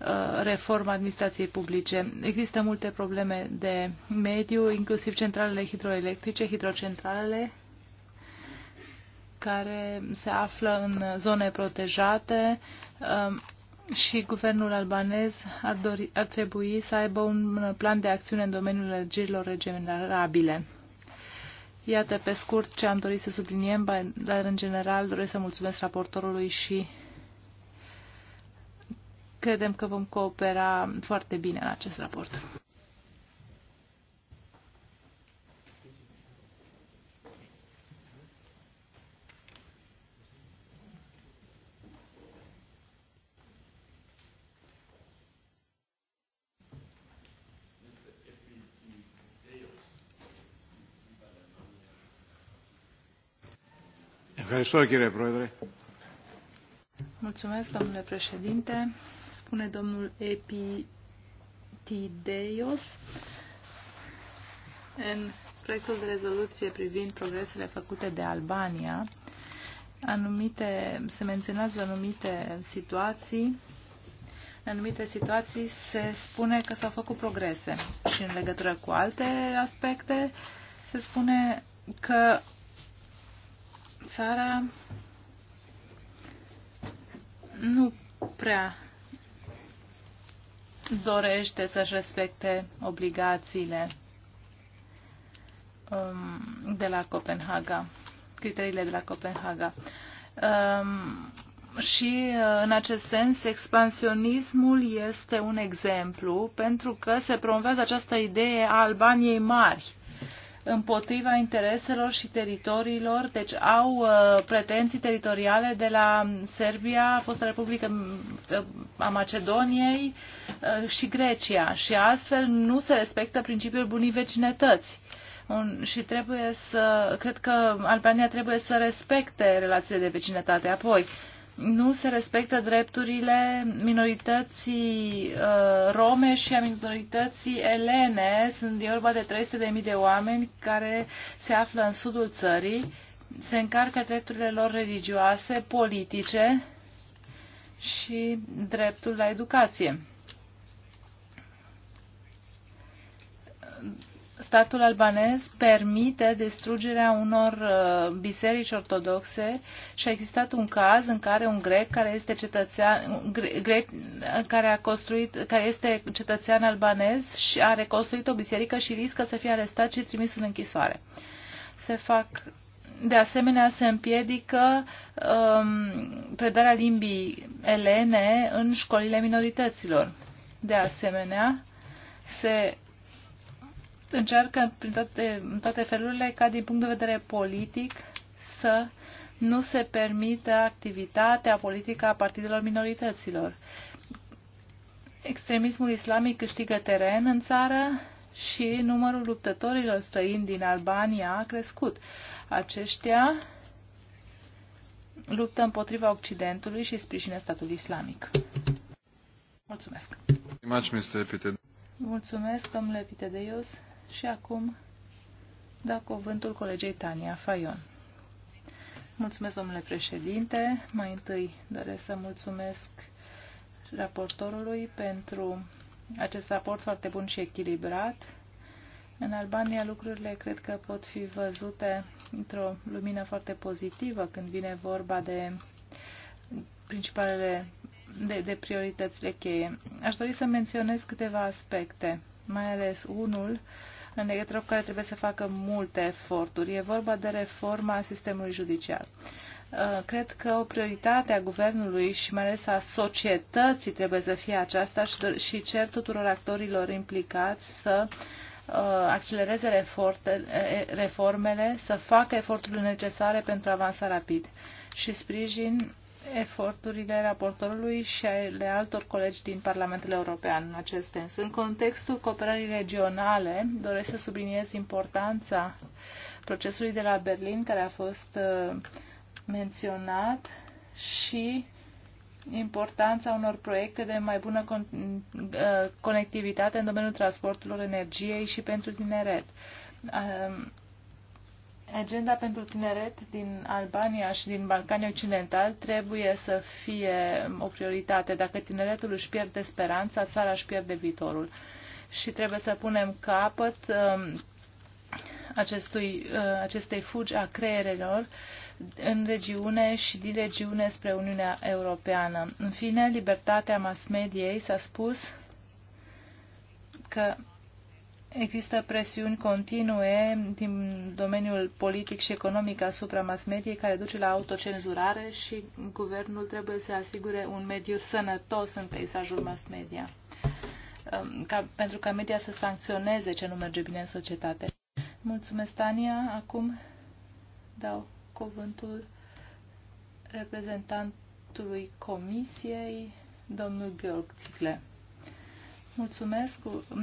uh, reforma administrației publice. Există multe probleme de mediu, inclusiv centralele hidroelectrice, hidrocentralele, care se află în zone protejate, Um, și guvernul albanez ar, dori, ar trebui să aibă un plan de acțiune în domeniul energiilor regenerabile. Iată pe scurt ce am dorit să subliniem, dar în general doresc să mulțumesc raportorului și credem că vom coopera foarte bine în acest raport. Mulțumesc, domnule președinte. Spune domnul Epitideios în proiectul de rezoluție privind progresele făcute de Albania. Anumite, se menționează anumite situații în anumite situații se spune că s-au făcut progrese și în legătură cu alte aspecte se spune că țara nu prea dorește să-și respecte obligațiile um, de la Copenhaga, criteriile de la Copenhaga. Um, și uh, în acest sens expansionismul este un exemplu pentru că se promovează această idee a Albaniei mari împotriva intereselor și teritoriilor, deci au uh, pretenții teritoriale de la Serbia, fosta Republică uh, a Macedoniei uh, și Grecia și astfel nu se respectă principiul bunii vecinătăți. Un, și trebuie să, cred că Albania trebuie să respecte relațiile de vecinătate. Apoi, uh, nu se respectă drepturile minorității uh, rome și a minorității elene. Sunt de vorba de 300.000 de oameni care se află în sudul țării. Se încarcă drepturile lor religioase, politice și dreptul la educație statul albanez permite distrugerea unor uh, biserici ortodoxe și a existat un caz în care un grec care este cetățean grec, care a construit care este cetățean albanez și a reconstruit o biserică și riscă să fie arestat și trimis în închisoare. Se fac de asemenea, se împiedică um, predarea limbii elene în școlile minorităților. De asemenea, se încearcă prin toate, în toate felurile ca din punct de vedere politic să nu se permită activitatea politică a partidelor minorităților. Extremismul islamic câștigă teren în țară și numărul luptătorilor străini din Albania a crescut. Aceștia luptă împotriva Occidentului și sprijină statul islamic. Mulțumesc! Mulțumesc, domnule Pitedeus! Și acum da cuvântul colegei Tania Fayon. Mulțumesc, domnule președinte. Mai întâi doresc să mulțumesc raportorului pentru acest raport foarte bun și echilibrat. În Albania lucrurile cred că pot fi văzute într-o lumină foarte pozitivă când vine vorba de principalele de, de prioritățile cheie. Aș dori să menționez câteva aspecte, mai ales unul uh, în legătură cu care trebuie să facă multe eforturi. E vorba de reforma sistemului judiciar. Uh, cred că o prioritate a guvernului și mai ales a societății trebuie să fie aceasta și cer tuturor actorilor implicați să uh, accelereze reformele, să facă eforturile necesare pentru a avansa rapid și sprijin eforturile raportorului și ale altor colegi din Parlamentul European în acest sens. În contextul cooperării regionale, doresc să subliniez importanța procesului de la Berlin, care a fost uh, menționat, și importanța unor proiecte de mai bună uh, conectivitate în domeniul transporturilor, energiei și pentru tineret uh, Agenda pentru tineret din Albania și din Balcanii Occidental trebuie să fie o prioritate. Dacă tineretul își pierde speranța, țara își pierde viitorul. Și trebuie să punem capăt um, acestui, uh, acestei fugi a creierelor în regiune și din regiune spre Uniunea Europeană. În fine, libertatea mass mediei s-a spus că Există presiuni continue din domeniul politic și economic asupra mass mediei care duce la autocenzurare și guvernul trebuie să asigure un mediu sănătos în peisajul mass media. Um, ca, pentru ca media să sancționeze ce nu merge bine în societate. Mulțumesc, Tania. Acum dau cuvântul reprezentantului Comisiei, domnul Georg Zicle. Mulțumesc.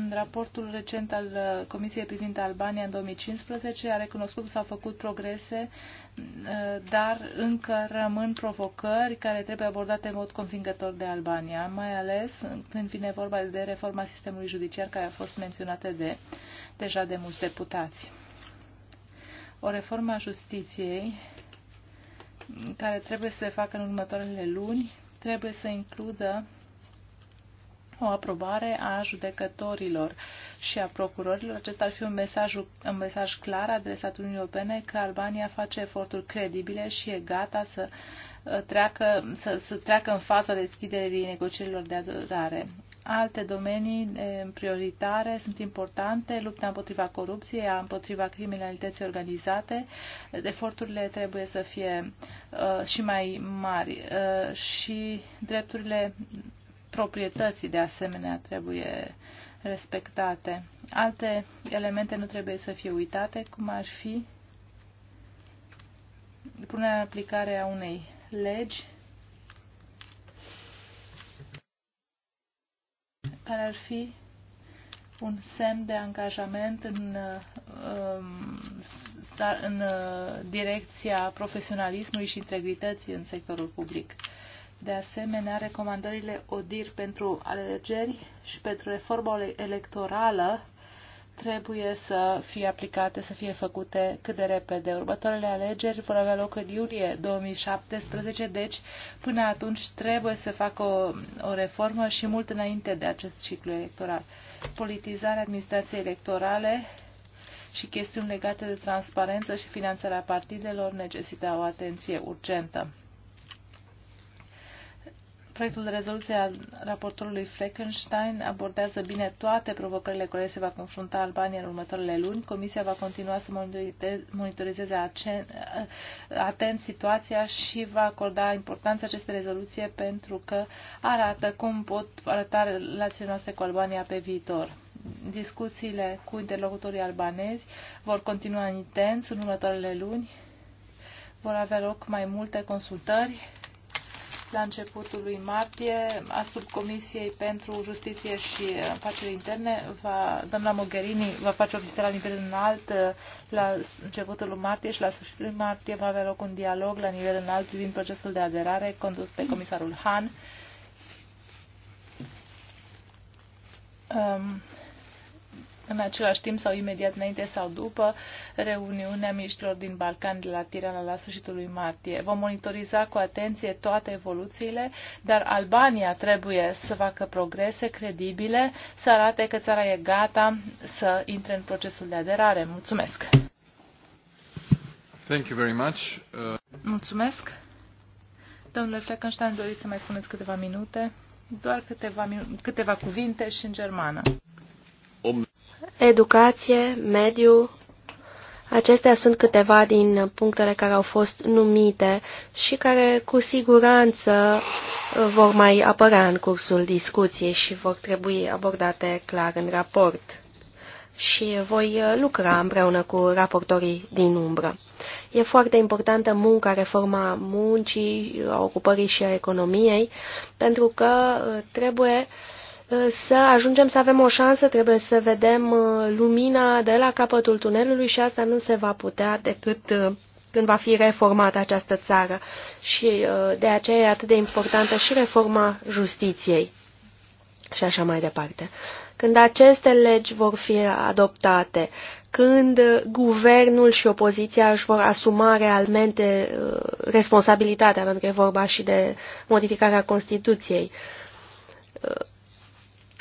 Raportul recent al Comisiei privind Albania în 2015 a recunoscut că s-au făcut progrese, dar încă rămân provocări care trebuie abordate în mod convingător de Albania, mai ales când vine vorba de reforma sistemului judiciar care a fost menționată de, deja de mulți deputați. O reformă a justiției care trebuie să se facă în următoarele luni trebuie să includă o aprobare a judecătorilor și a procurorilor. Acesta ar fi un mesaj, un mesaj clar adresat Uniunii Europene că Albania face eforturi credibile și e gata să uh, treacă, să, să treacă în faza deschiderii negocierilor de aderare. Alte domenii eh, prioritare sunt importante, lupta împotriva corupției, împotriva criminalității organizate. Eforturile trebuie să fie uh, și mai mari uh, și drepturile proprietății, de asemenea, trebuie respectate. Alte elemente nu trebuie să fie uitate, cum ar fi punerea în aplicare a unei legi care ar fi un semn de angajament în, um, în uh, direcția profesionalismului și integrității în sectorul public de asemenea recomandările ODIR pentru alegeri și pentru reforma electorală trebuie să fie aplicate, să fie făcute cât de repede. Următoarele alegeri vor avea loc în iulie 2017, deci până atunci trebuie să facă o, o reformă și mult înainte de acest ciclu electoral. Politizarea administrației electorale și chestiuni legate de transparență și finanțarea partidelor necesită o atenție urgentă. Proiectul de rezoluție al raportorului Fleckenstein abordează bine toate provocările cu care se va confrunta Albania în următoarele luni. Comisia va continua să monitorizeze atent situația și va acorda importanță acestei rezoluție pentru că arată cum pot arăta relațiile noastre cu Albania pe viitor. Discuțiile cu interlocutorii albanezi vor continua intens în următoarele luni. Vor avea loc mai multe consultări la începutul lui martie a subcomisiei pentru justiție și uh, afaceri interne. Va, doamna Mogherini va face o vizită la nivel înalt uh, la începutul lui martie și la sfârșitul lui martie va avea loc un dialog la nivel înalt privind procesul de aderare condus de comisarul Han. Um, în același timp sau imediat înainte sau după reuniunea miștilor din Balcani de la Tirana la sfârșitul lui martie. Vom monitoriza cu atenție toate evoluțiile, dar Albania trebuie să facă progrese credibile, să arate că țara e gata să intre în procesul de aderare. Mulțumesc! Thank you very much. Uh... Mulțumesc! Domnule Fleckenstein, doriți să mai spuneți câteva minute? Doar câteva, câteva cuvinte și în germană educație, mediu. Acestea sunt câteva din punctele care au fost numite și care cu siguranță uh, vor mai apărea în cursul discuției și vor trebui abordate clar în raport. Și voi uh, lucra împreună cu raportorii din umbră. E foarte importantă munca, reforma muncii, a ocupării și a economiei, pentru că uh, trebuie uh, să ajungem să avem o șansă, trebuie să vedem uh, lumina de la capătul tunelului și asta nu se va putea decât uh, când va fi reformată această țară. Și uh, de aceea e atât de importantă și reforma justiției și așa mai departe. Când aceste legi vor fi adoptate, când guvernul și opoziția își vor asuma realmente responsabilitatea, pentru că e vorba și de modificarea Constituției,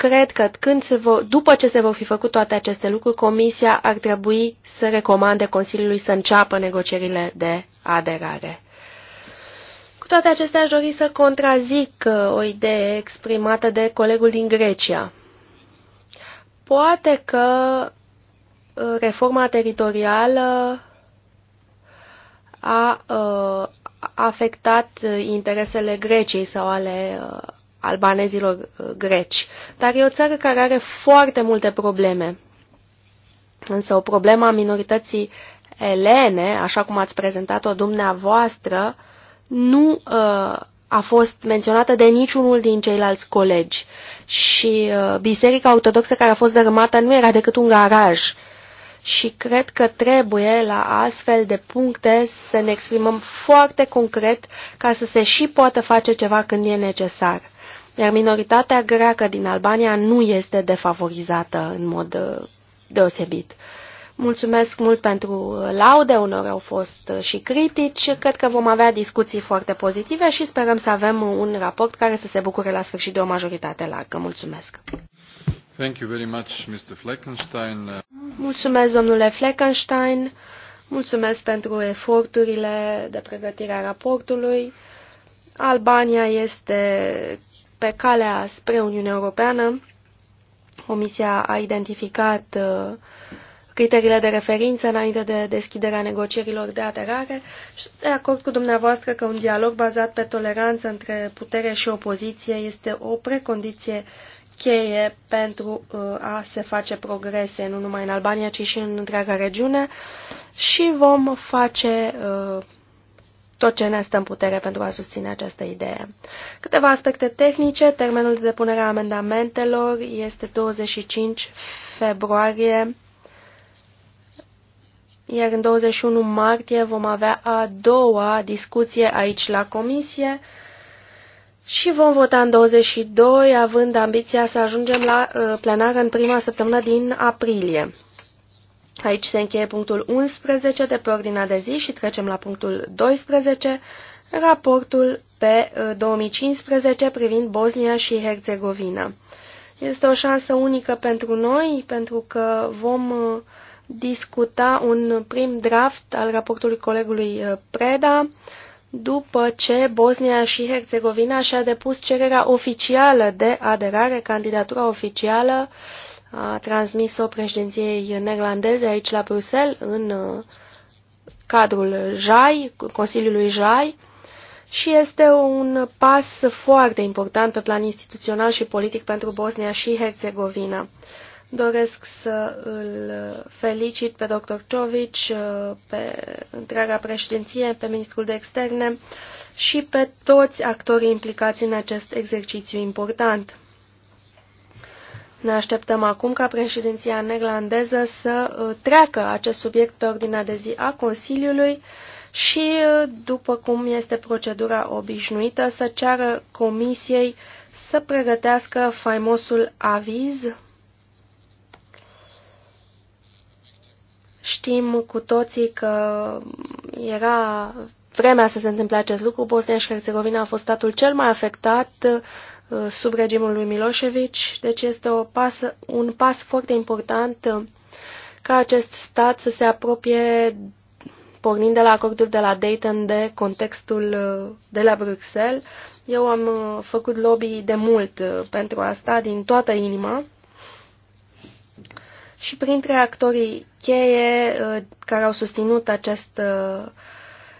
cred că când se vor, după ce se vor fi făcut toate aceste lucruri, Comisia ar trebui să recomande Consiliului să înceapă negocierile de aderare. Cu toate acestea, aș dori să contrazic uh, o idee exprimată de colegul din Grecia. Poate că uh, reforma teritorială a uh, afectat interesele Greciei sau ale albanezilor uh, greci. Dar e o țară care are foarte multe probleme. Însă o problemă a minorității elene, așa cum ați prezentat-o dumneavoastră, nu uh, a fost menționată de niciunul din ceilalți colegi. Și uh, biserica ortodoxă care a fost dărâmată nu era decât un garaj. Și cred că trebuie la astfel de puncte să ne exprimăm foarte concret ca să se și poată face ceva când e necesar iar minoritatea greacă din Albania nu este defavorizată în mod uh, deosebit. Mulțumesc mult pentru laude, unor au fost uh, și critici. Cred că vom avea discuții foarte pozitive și sperăm să avem un raport care să se bucure la sfârșit de o majoritate largă. Mulțumesc! Thank you very much, Mr. Fleckenstein. Mulțumesc, domnule Fleckenstein. Mulțumesc pentru eforturile de pregătire a raportului. Albania este pe calea spre Uniunea Europeană. Comisia a identificat uh, criteriile de referință înainte de deschiderea negocierilor de aderare și de acord cu dumneavoastră că un dialog bazat pe toleranță între putere și opoziție este o precondiție cheie pentru uh, a se face progrese, nu numai în Albania, ci și în întreaga regiune și vom face uh, tot ce ne stă în putere pentru a susține această idee. Câteva aspecte tehnice. Termenul de depunere a amendamentelor este 25 februarie, iar în 21 martie vom avea a doua discuție aici la comisie și vom vota în 22, având ambiția să ajungem la uh, plenară în prima săptămână din aprilie. Aici se încheie punctul 11 de pe ordinea de zi și trecem la punctul 12, raportul pe 2015 uh, privind Bosnia și Herzegovina. Este o șansă unică pentru noi, pentru că vom uh, discuta un prim draft al raportului colegului uh, Preda, după ce Bosnia și Herzegovina și-a depus cererea oficială de aderare, candidatura oficială uh, a transmis-o președinției neerlandeze aici la Bruxelles, în uh, cadrul JAI, Consiliului JAI, și este un pas foarte important pe plan instituțional și politic pentru Bosnia și Herțegovina. Doresc să îl felicit pe dr. Ciovic, uh, pe întreaga președinție, pe ministrul de externe și pe toți actorii implicați în acest exercițiu important. Ne așteptăm acum ca președinția neerlandeză să uh, treacă acest subiect pe ordinea de zi a Consiliului și, uh, după cum este procedura obișnuită, să ceară Comisiei să pregătească faimosul aviz. Știm cu toții că era vremea să se întâmple acest lucru. Bosnia și Herțegovina a fost statul cel mai afectat Uh, sub regimul lui Milosevic, deci este o pas, un pas foarte important uh, ca acest stat să se apropie, pornind de la acordul de la Dayton, de contextul uh, de la Bruxelles. Eu am făcut lobby de mult pentru asta, din toată inima. Și printre actorii cheie care au susținut acest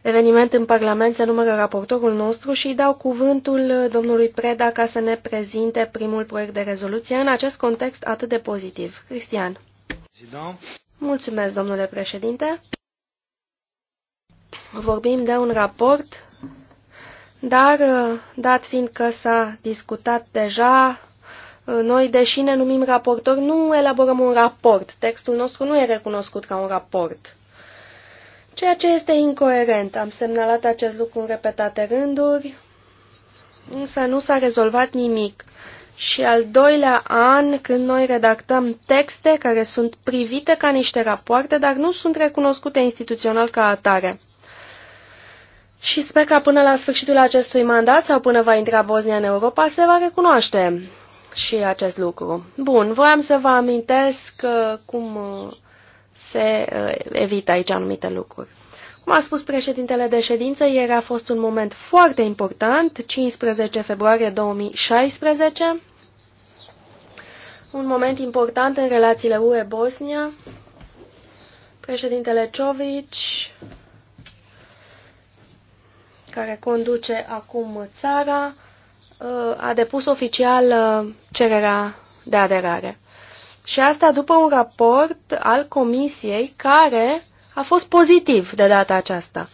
eveniment în Parlament se numără raportorul nostru și îi dau cuvântul domnului Preda ca să ne prezinte primul proiect de rezoluție în acest context atât de pozitiv. Cristian. Mulțumesc, domnule președinte. Vorbim de un raport, dar uh, dat fiind că s-a discutat deja, uh, noi, deși ne numim raportori, nu elaborăm un raport. Textul nostru nu e recunoscut ca un raport. Ceea ce este incoerent, am semnalat acest lucru în repetate rânduri, însă nu s-a rezolvat nimic. Și al doilea an, când noi redactăm texte care sunt privite ca niște rapoarte, dar nu sunt recunoscute instituțional ca atare. Și sper că până la sfârșitul acestui mandat sau până va intra Bosnia în Europa se va recunoaște și acest lucru. Bun, voiam să vă amintesc uh, cum uh, se uh, evită aici anumite lucruri. Cum a spus președintele de ședință, ieri a fost un moment foarte important, 15 februarie 2016, un moment important în relațiile UE-Bosnia. Președintele Ciovici, care conduce acum țara, uh, a depus oficial uh, cererea de aderare. Și asta după un raport al comisiei care a fost pozitiv de data aceasta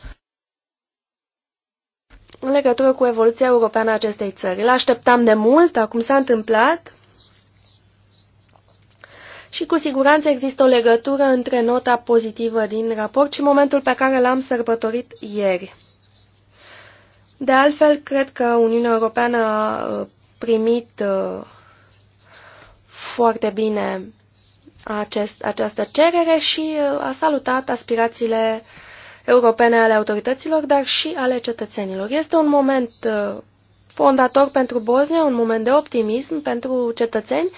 în legătură cu evoluția europeană a acestei țări. Îl așteptam de mult, acum s-a întâmplat și cu siguranță există o legătură între nota pozitivă din raport și momentul pe care l-am sărbătorit ieri. De altfel, cred că Uniunea Europeană a primit uh, foarte bine acest, această cerere și uh, a salutat aspirațiile europene ale autorităților, dar și ale cetățenilor. Este un moment uh, fondator pentru Bosnia, un moment de optimism pentru cetățeni,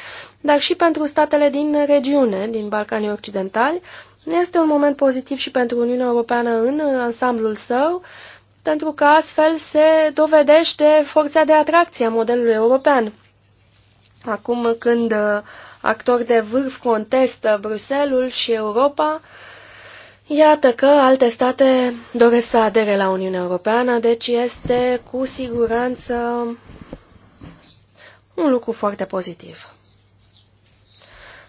dar și pentru statele din regiune, din Balcanii Occidentali. Este un moment pozitiv și pentru Uniunea Europeană în uh, ansamblul său, pentru că astfel se dovedește forța de atracție a modelului european. Acum când uh, actori de vârf contestă Bruselul și Europa, iată că alte state doresc să adere la Uniunea Europeană, deci este cu siguranță un lucru foarte pozitiv.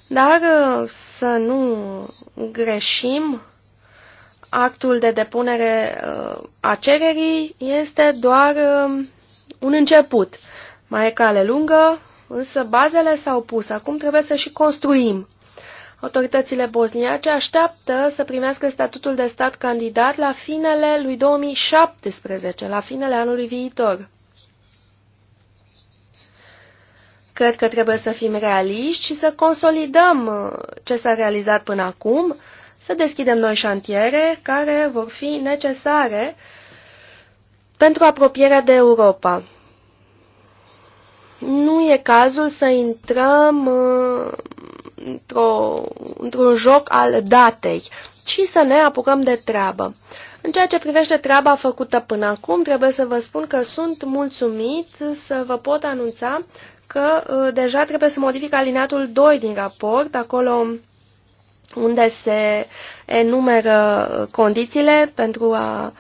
Dar uh, să nu greșim, actul de depunere uh, a cererii este doar un început. Mai e cale lungă, Însă bazele s-au pus, acum trebuie să și construim. Autoritățile bosniace așteaptă să primească statutul de stat candidat la finele lui 2017, la finele anului viitor. Cred că trebuie să fim realiști și să consolidăm uh, ce s-a realizat până acum, să deschidem noi șantiere care vor fi necesare pentru apropierea de Europa nu e cazul să intrăm uh, într-un într joc al datei, ci să ne apucăm de treabă. În ceea ce privește treaba făcută până acum, trebuie să vă spun că sunt mulțumit să vă pot anunța că uh, deja trebuie să modific alineatul 2 din raport, acolo unde se enumeră condițiile pentru a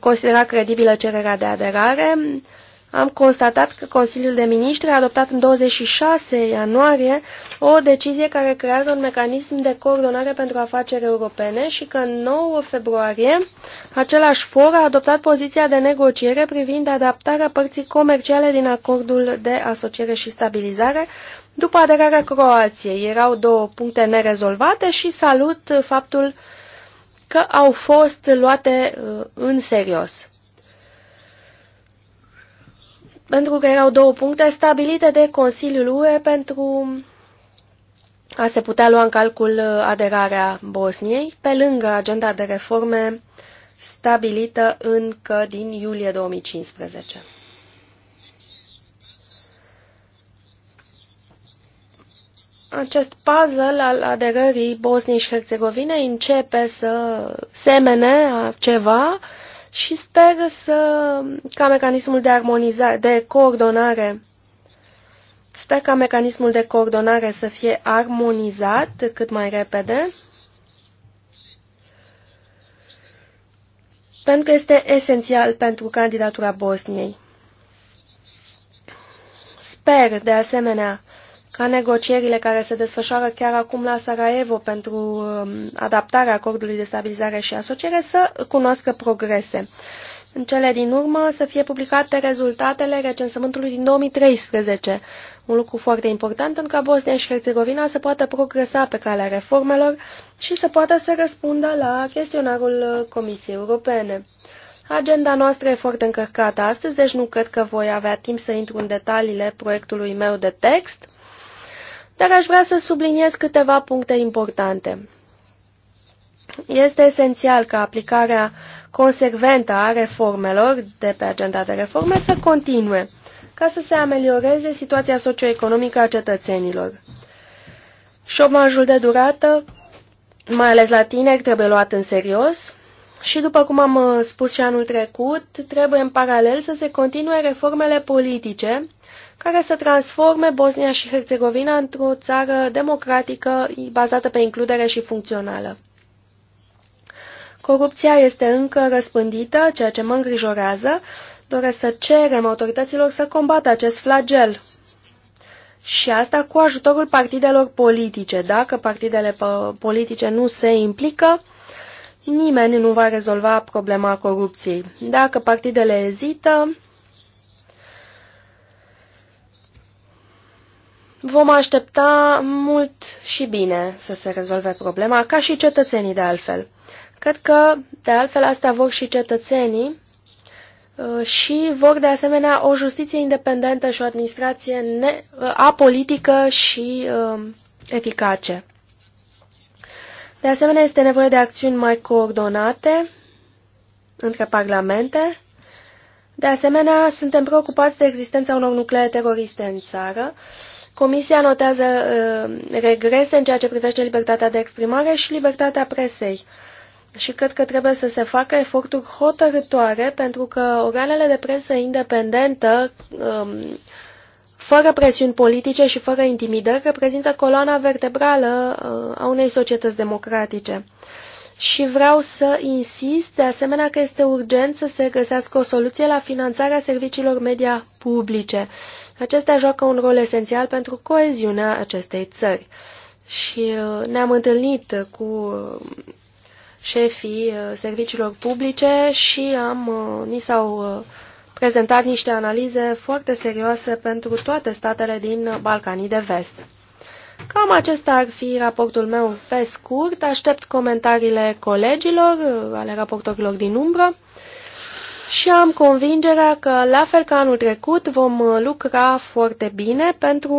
considera credibilă cererea de aderare. Uh, am constatat că Consiliul de Ministri a adoptat în 26 ianuarie o decizie care creează un mecanism de coordonare pentru afaceri europene și că în 9 februarie același for a adoptat poziția de negociere privind adaptarea părții comerciale din acordul de asociere și stabilizare după aderarea Croației. Erau două puncte nerezolvate și salut faptul că au fost luate uh, în serios pentru că erau două puncte stabilite de Consiliul UE pentru a se putea lua în calcul uh, aderarea Bosniei, pe lângă agenda de reforme stabilită încă din iulie 2015. Acest puzzle al aderării Bosniei și Herțegovinei începe să semene ceva uh, și sper să, ca mecanismul de armonizare, de coordonare, sper ca mecanismul de coordonare să fie armonizat cât mai repede, pentru că este esențial pentru candidatura Bosniei. Sper, de asemenea, ca negocierile care se desfășoară chiar acum la Sarajevo pentru um, adaptarea acordului de stabilizare și asociere să cunoască progrese. În cele din urmă să fie publicate rezultatele recensământului din 2013, un lucru foarte important pentru ca Bosnia și Herțegovina să poată progresa pe calea reformelor și să poată să răspundă la chestionarul uh, Comisiei Europene. Agenda noastră e foarte încărcată astăzi, deci nu cred că voi avea timp să intru în detaliile proiectului meu de text, dar aș vrea să subliniez câteva puncte importante. Este esențial ca aplicarea consecventă a reformelor de pe agenda de reforme să continue, ca să se amelioreze situația socioeconomică a cetățenilor. Șomajul de durată, mai ales la tineri, trebuie luat în serios și, după cum am uh, spus și anul trecut, trebuie în paralel să se continue reformele politice care să transforme Bosnia și Herțegovina într-o țară democratică bazată pe includere și funcțională. Corupția este încă răspândită, ceea ce mă îngrijorează. Doresc să cerem autorităților să combată acest flagel. Și asta cu ajutorul partidelor politice. Dacă partidele politice nu se implică, nimeni nu va rezolva problema corupției. Dacă partidele ezită, Vom aștepta mult și bine să se rezolve problema, ca și cetățenii de altfel. Cred că, de altfel, asta vor și cetățenii uh, și vor, de asemenea, o justiție independentă și o administrație ne uh, apolitică și uh, eficace. De asemenea, este nevoie de acțiuni mai coordonate între parlamente. De asemenea, suntem preocupați de existența unor nuclee teroriste în țară. Uh, Comisia notează uh, regrese în ceea ce privește libertatea de exprimare și libertatea presei. Și cred că trebuie să se facă eforturi hotărătoare pentru că organele de presă independentă, um, fără presiuni politice și fără intimidări, reprezintă coloana vertebrală uh, a unei societăți democratice. Și vreau să insist de asemenea că este urgent să se găsească o soluție la finanțarea serviciilor media publice. Uh, Acestea joacă un rol esențial pentru coeziunea acestei țări. Și uh, ne-am întâlnit cu uh, șefii uh, serviciilor publice și am, ni s-au prezentat niște analize foarte serioase pentru toate statele din Balcanii de Vest. Cam acesta ar fi raportul meu pe scurt. Aștept comentariile colegilor, ale raportorilor din umbră și am convingerea că, la fel ca anul trecut, vom uh, lucra foarte bine pentru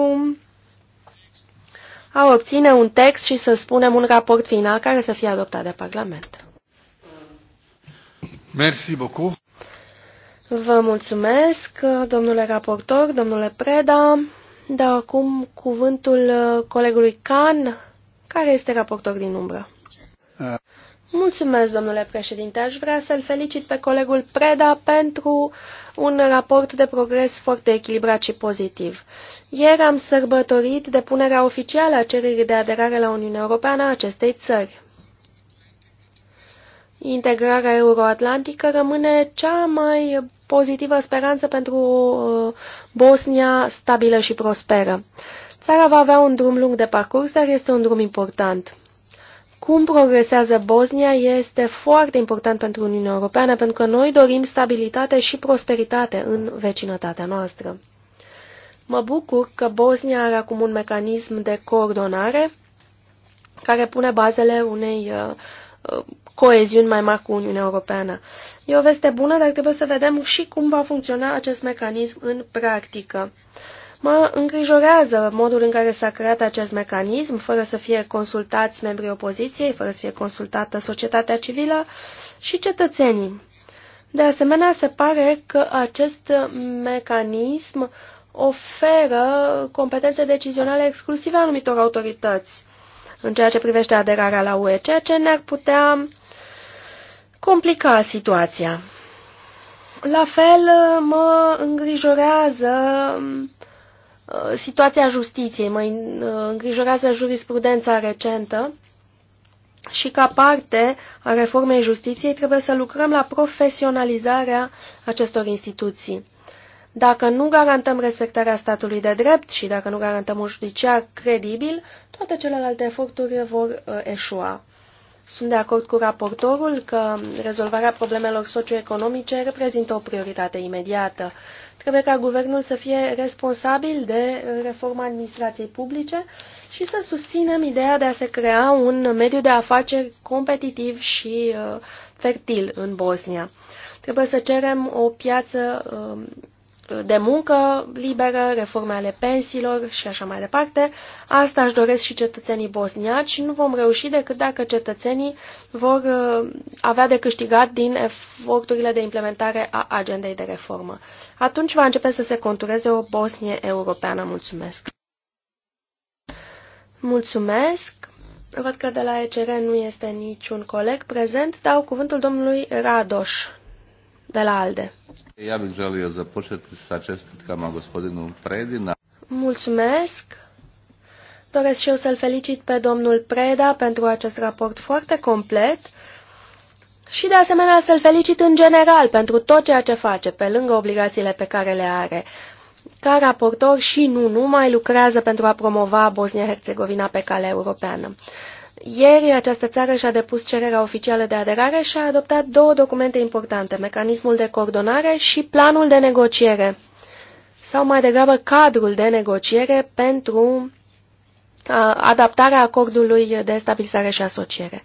a obține un text și să spunem un raport final care să fie adoptat de Parlament. Merci beaucoup. Vă mulțumesc, domnule raportor, domnule Preda. Dau acum cuvântul uh, colegului Can, care este raportor din umbră. Uh, Mulțumesc, domnule președinte. Aș vrea să-l felicit pe colegul Preda pentru un raport de progres foarte echilibrat și pozitiv. Ieri am sărbătorit depunerea oficială a cererii de aderare la Uniunea Europeană a acestei țări. Integrarea euroatlantică rămâne cea mai pozitivă speranță pentru uh, Bosnia stabilă și prosperă. Țara va avea un drum lung de parcurs, dar este un drum important. Cum progresează Bosnia este foarte important pentru Uniunea Europeană, pentru că noi dorim stabilitate și prosperitate în vecinătatea noastră. Mă bucur că Bosnia are acum un mecanism de coordonare care pune bazele unei uh, uh, coeziuni mai mari cu Uniunea Europeană. E o veste bună, dar trebuie să vedem și cum va funcționa acest mecanism în practică. Mă îngrijorează modul în care s-a creat acest mecanism, fără să fie consultați membrii opoziției, fără să fie consultată societatea civilă și cetățenii. De asemenea, se pare că acest mecanism oferă competențe decizionale exclusive a anumitor autorități în ceea ce privește aderarea la UE, ceea ce ne-ar putea complica situația. La fel mă îngrijorează Uh, situația justiției. Mă uh, îngrijorează jurisprudența recentă și ca parte a reformei justiției trebuie să lucrăm la profesionalizarea acestor instituții. Dacă nu garantăm respectarea statului de drept și dacă nu garantăm un judiciar credibil, toate celelalte eforturi vor uh, eșua. Sunt de acord cu raportorul că rezolvarea problemelor socioeconomice reprezintă o prioritate imediată. Trebuie ca guvernul să fie responsabil de reforma administrației publice și să susținem ideea de a se crea un mediu de afaceri competitiv și uh, fertil în Bosnia. Trebuie să cerem o piață um, de muncă liberă, reforme ale pensiilor și așa mai departe. Asta își doresc și cetățenii bosniaci și nu vom reuși decât dacă cetățenii vor uh, avea de câștigat din eforturile de implementare a agendei de reformă. Atunci va începe să se contureze o Bosnie europeană. Mulțumesc! Mulțumesc! Văd că de la ECR nu este niciun coleg prezent. Dau cuvântul domnului Radoș de la ALDE. Ja bih želio započeti sa čestitkama gospodinu Predina. Mulțumesc! Doresc și eu să-l felicit pe domnul Preda pentru acest raport foarte complet și de asemenea să-l felicit în general pentru tot ceea ce face, pe lângă obligațiile pe care le are. Ca raportor și nu numai lucrează pentru a promova Bosnia-Herzegovina pe calea europeană. Ieri această țară și-a depus cererea oficială de aderare și a adoptat două documente importante, mecanismul de coordonare și planul de negociere, sau mai degrabă cadrul de negociere pentru adaptarea acordului de stabilizare și asociere.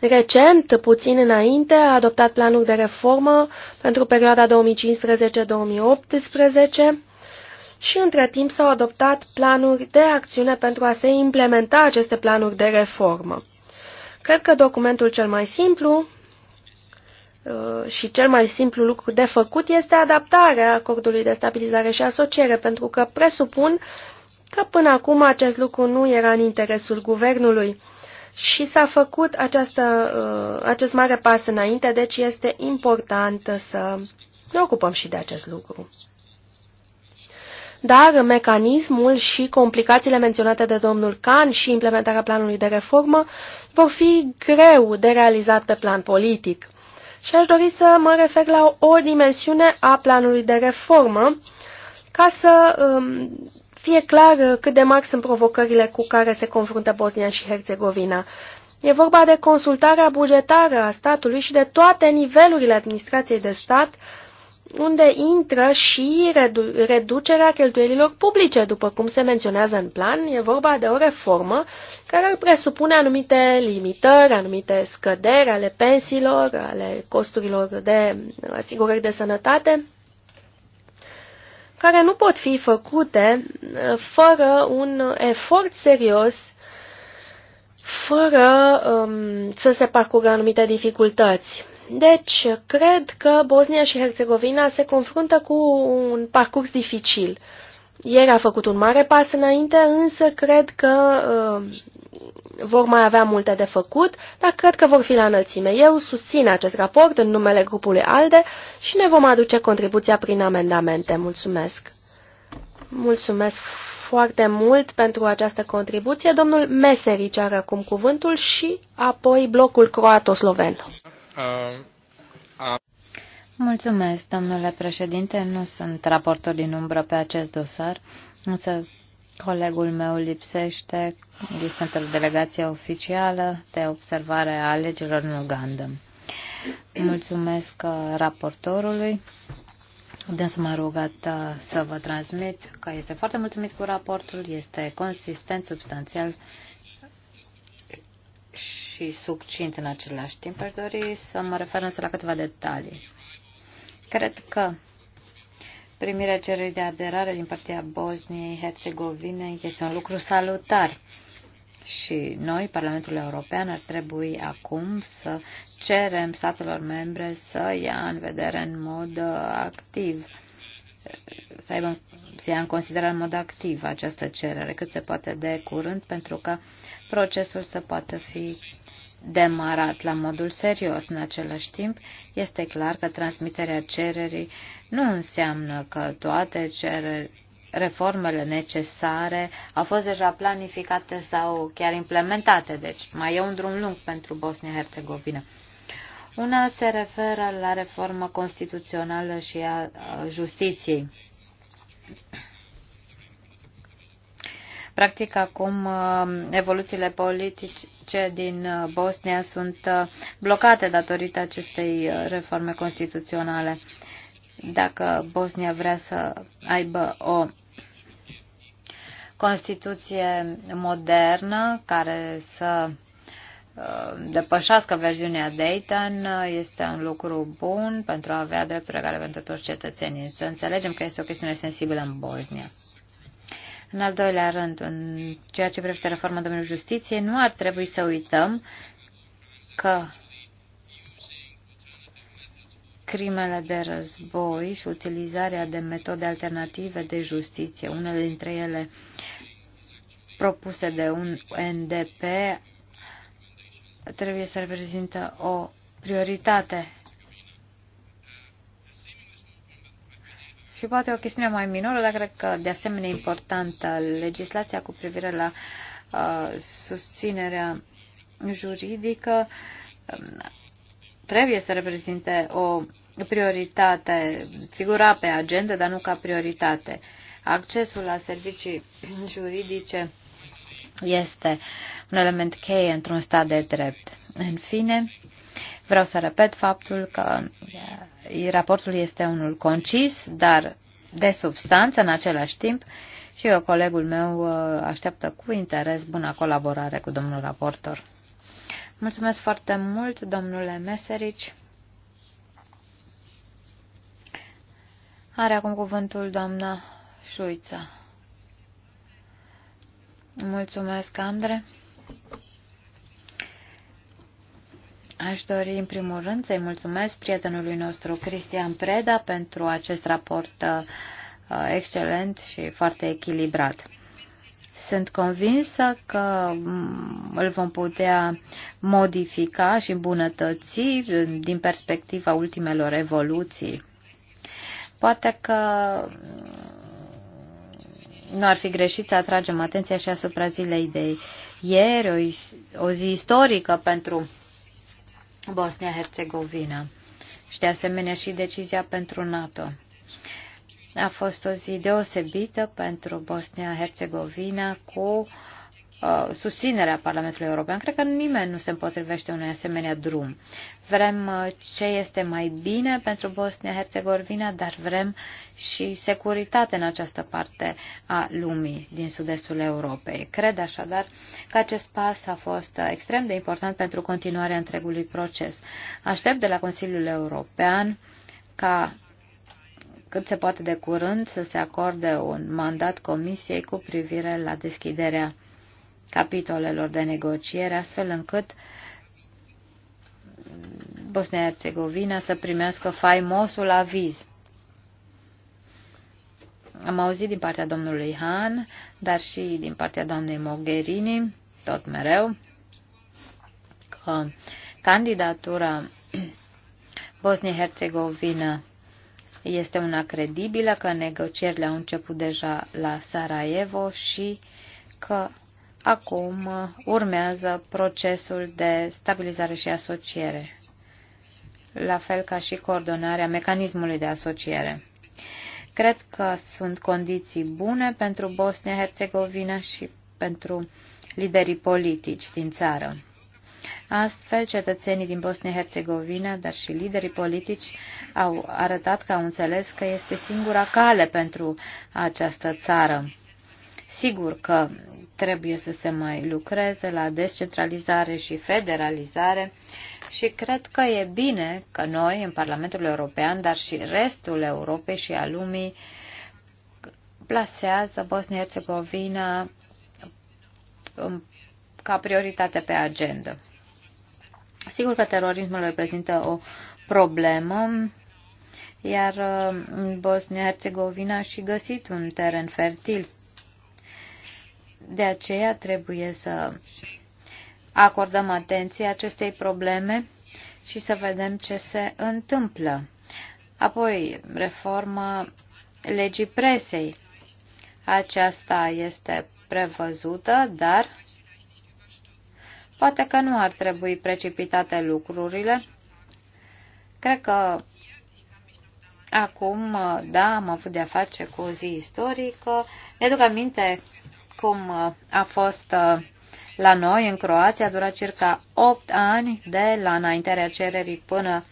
Recent, puțin înainte, a adoptat planul de reformă pentru perioada 2015-2018, și între timp s-au adoptat planuri de acțiune pentru a se implementa aceste planuri de reformă. Cred că documentul cel mai simplu uh, și cel mai simplu lucru de făcut este adaptarea acordului de stabilizare și asociere, pentru că presupun că până acum acest lucru nu era în interesul guvernului și s-a făcut această, uh, acest mare pas înainte, deci este important să ne ocupăm și de acest lucru dar mecanismul și complicațiile menționate de domnul Can și implementarea planului de reformă vor fi greu de realizat pe plan politic. Și aș dori să mă refer la o dimensiune a planului de reformă, ca să um, fie clar cât de mari sunt provocările cu care se confruntă Bosnia și Herțegovina. E vorba de consultarea bugetară a statului și de toate nivelurile administrației de stat unde intră și redu reducerea cheltuielilor publice, după cum se menționează în plan. E vorba de o reformă care îl presupune anumite limitări, anumite scăderi ale pensiilor, ale costurilor de asigurări de sănătate, care nu pot fi făcute uh, fără un efort serios fără um, să se parcurgă anumite dificultăți. Deci, cred că Bosnia și Herțegovina se confruntă cu un parcurs dificil. Ieri a făcut un mare pas înainte, însă cred că uh, vor mai avea multe de făcut, dar cred că vor fi la înălțime. Eu susțin acest raport în numele grupului ALDE și ne vom aduce contribuția prin amendamente. Mulțumesc! Mulțumesc foarte mult pentru această contribuție. Domnul Meserici are acum cuvântul și apoi blocul croato-sloven. Mulțumesc, domnule președinte. Nu sunt raportor din umbră pe acest dosar, însă colegul meu lipsește este într-o delegație oficială de observare a alegerilor în Uganda. Mulțumesc uh, raportorului. Dânsul m-a rugat uh, să vă transmit că este foarte mulțumit cu raportul, este consistent, substanțial și și succint în același timp, aș dori să mă refer însă la câteva detalii. Cred că primirea cererii de aderare din partea Bosniei Herțegovinei este un lucru salutar. Și noi, Parlamentul European, ar trebui acum să cerem statelor membre să ia în vedere în mod uh, activ, să, aibă, să ia în considerare în mod activ această cerere, cât se poate de curând, pentru că procesul să poată fi demarat la modul serios. În același timp, este clar că transmiterea cererii nu înseamnă că toate cereri, reformele necesare au fost deja planificate sau chiar implementate, deci mai e un drum lung pentru Bosnia-Herzegovina. Una se referă la reforma constituțională și a justiției. Practic, acum uh, evoluțiile politice din uh, Bosnia sunt uh, blocate datorită acestei reforme constituționale. Dacă Bosnia vrea să aibă o Constituție modernă care să depășească versiunea Dayton este un lucru bun pentru a avea drepturi egale pentru toți cetățenii. Să înțelegem că este o chestiune sensibilă în Bosnia. În al doilea rând, în ceea ce privește reforma în domeniul justiției, nu ar trebui să uităm că crimele de război și utilizarea de metode alternative de justiție, unele dintre ele propuse de un NDP, trebuie să reprezintă o prioritate Și poate o chestiune mai minoră, dar cred că de asemenea importantă, legislația cu privire la uh, susținerea juridică trebuie să reprezinte o prioritate, figura pe agenda, dar nu ca prioritate. Accesul la servicii juridice este un element cheie într-un stat de drept. În fine, vreau să repet faptul că raportul este unul concis, dar de substanță în același timp și eu, colegul meu uh, așteaptă cu interes bună colaborare cu domnul raportor. Mulțumesc foarte mult, domnule Meserici. Are acum cuvântul doamna Șuiță. Mulțumesc, Andre. Aș dori, în primul rând, să-i mulțumesc prietenului nostru Cristian Preda pentru acest raport uh, excelent și foarte echilibrat. Sunt convinsă că mm, îl vom putea modifica și îmbunătăți din perspectiva ultimelor evoluții. Poate că mm, nu ar fi greșit să atragem atenția și asupra zilei de ieri, o, o zi istorică pentru Bosnia-Herzegovina și de asemenea și decizia pentru NATO. A fost o zi deosebită pentru Bosnia-Herzegovina cu uh, Uh, susținerea Parlamentului European. Cred că nimeni nu se împotrivește unui asemenea drum. Vrem uh, ce este mai bine pentru Bosnia-Herzegovina, dar vrem și securitate în această parte a lumii din sud-estul Europei. Cred așadar că acest pas a fost extrem de important pentru continuarea întregului proces. Aștept de la Consiliul European ca cât se poate de curând să se acorde un mandat comisiei cu privire la deschiderea capitolelor de negociere, astfel încât Bosnia-Herzegovina să primească faimosul aviz. Am auzit din partea domnului Han, dar și din partea doamnei Mogherini, tot mereu, că candidatura Bosnia-Herzegovina este una credibilă, că negocierile au început deja la Sarajevo și că Acum uh, urmează procesul de stabilizare și asociere, la fel ca și coordonarea mecanismului de asociere. Cred că sunt condiții bune pentru Bosnia-Herzegovina și pentru liderii politici din țară. Astfel, cetățenii din Bosnia-Herzegovina, dar și liderii politici, au arătat că au înțeles că este singura cale pentru această țară. Sigur că trebuie să se mai lucreze la descentralizare și federalizare și cred că e bine că noi, în Parlamentul European, dar și restul Europei și a lumii, plasează Bosnia-Herzegovina um, ca prioritate pe agenda. Sigur că terorismul reprezintă o problemă, iar um, Bosnia-Herzegovina a și găsit un teren fertil de aceea trebuie să acordăm atenție acestei probleme și să vedem ce se întâmplă. Apoi, reforma legii presei. Aceasta este prevăzută, dar poate că nu ar trebui precipitate lucrurile. Cred că acum, da, am avut de-a face cu o zi istorică. Mi-aduc aminte cum uh, a fost uh, la noi, în Croația, a durat circa 8 ani de la înaintea cererii până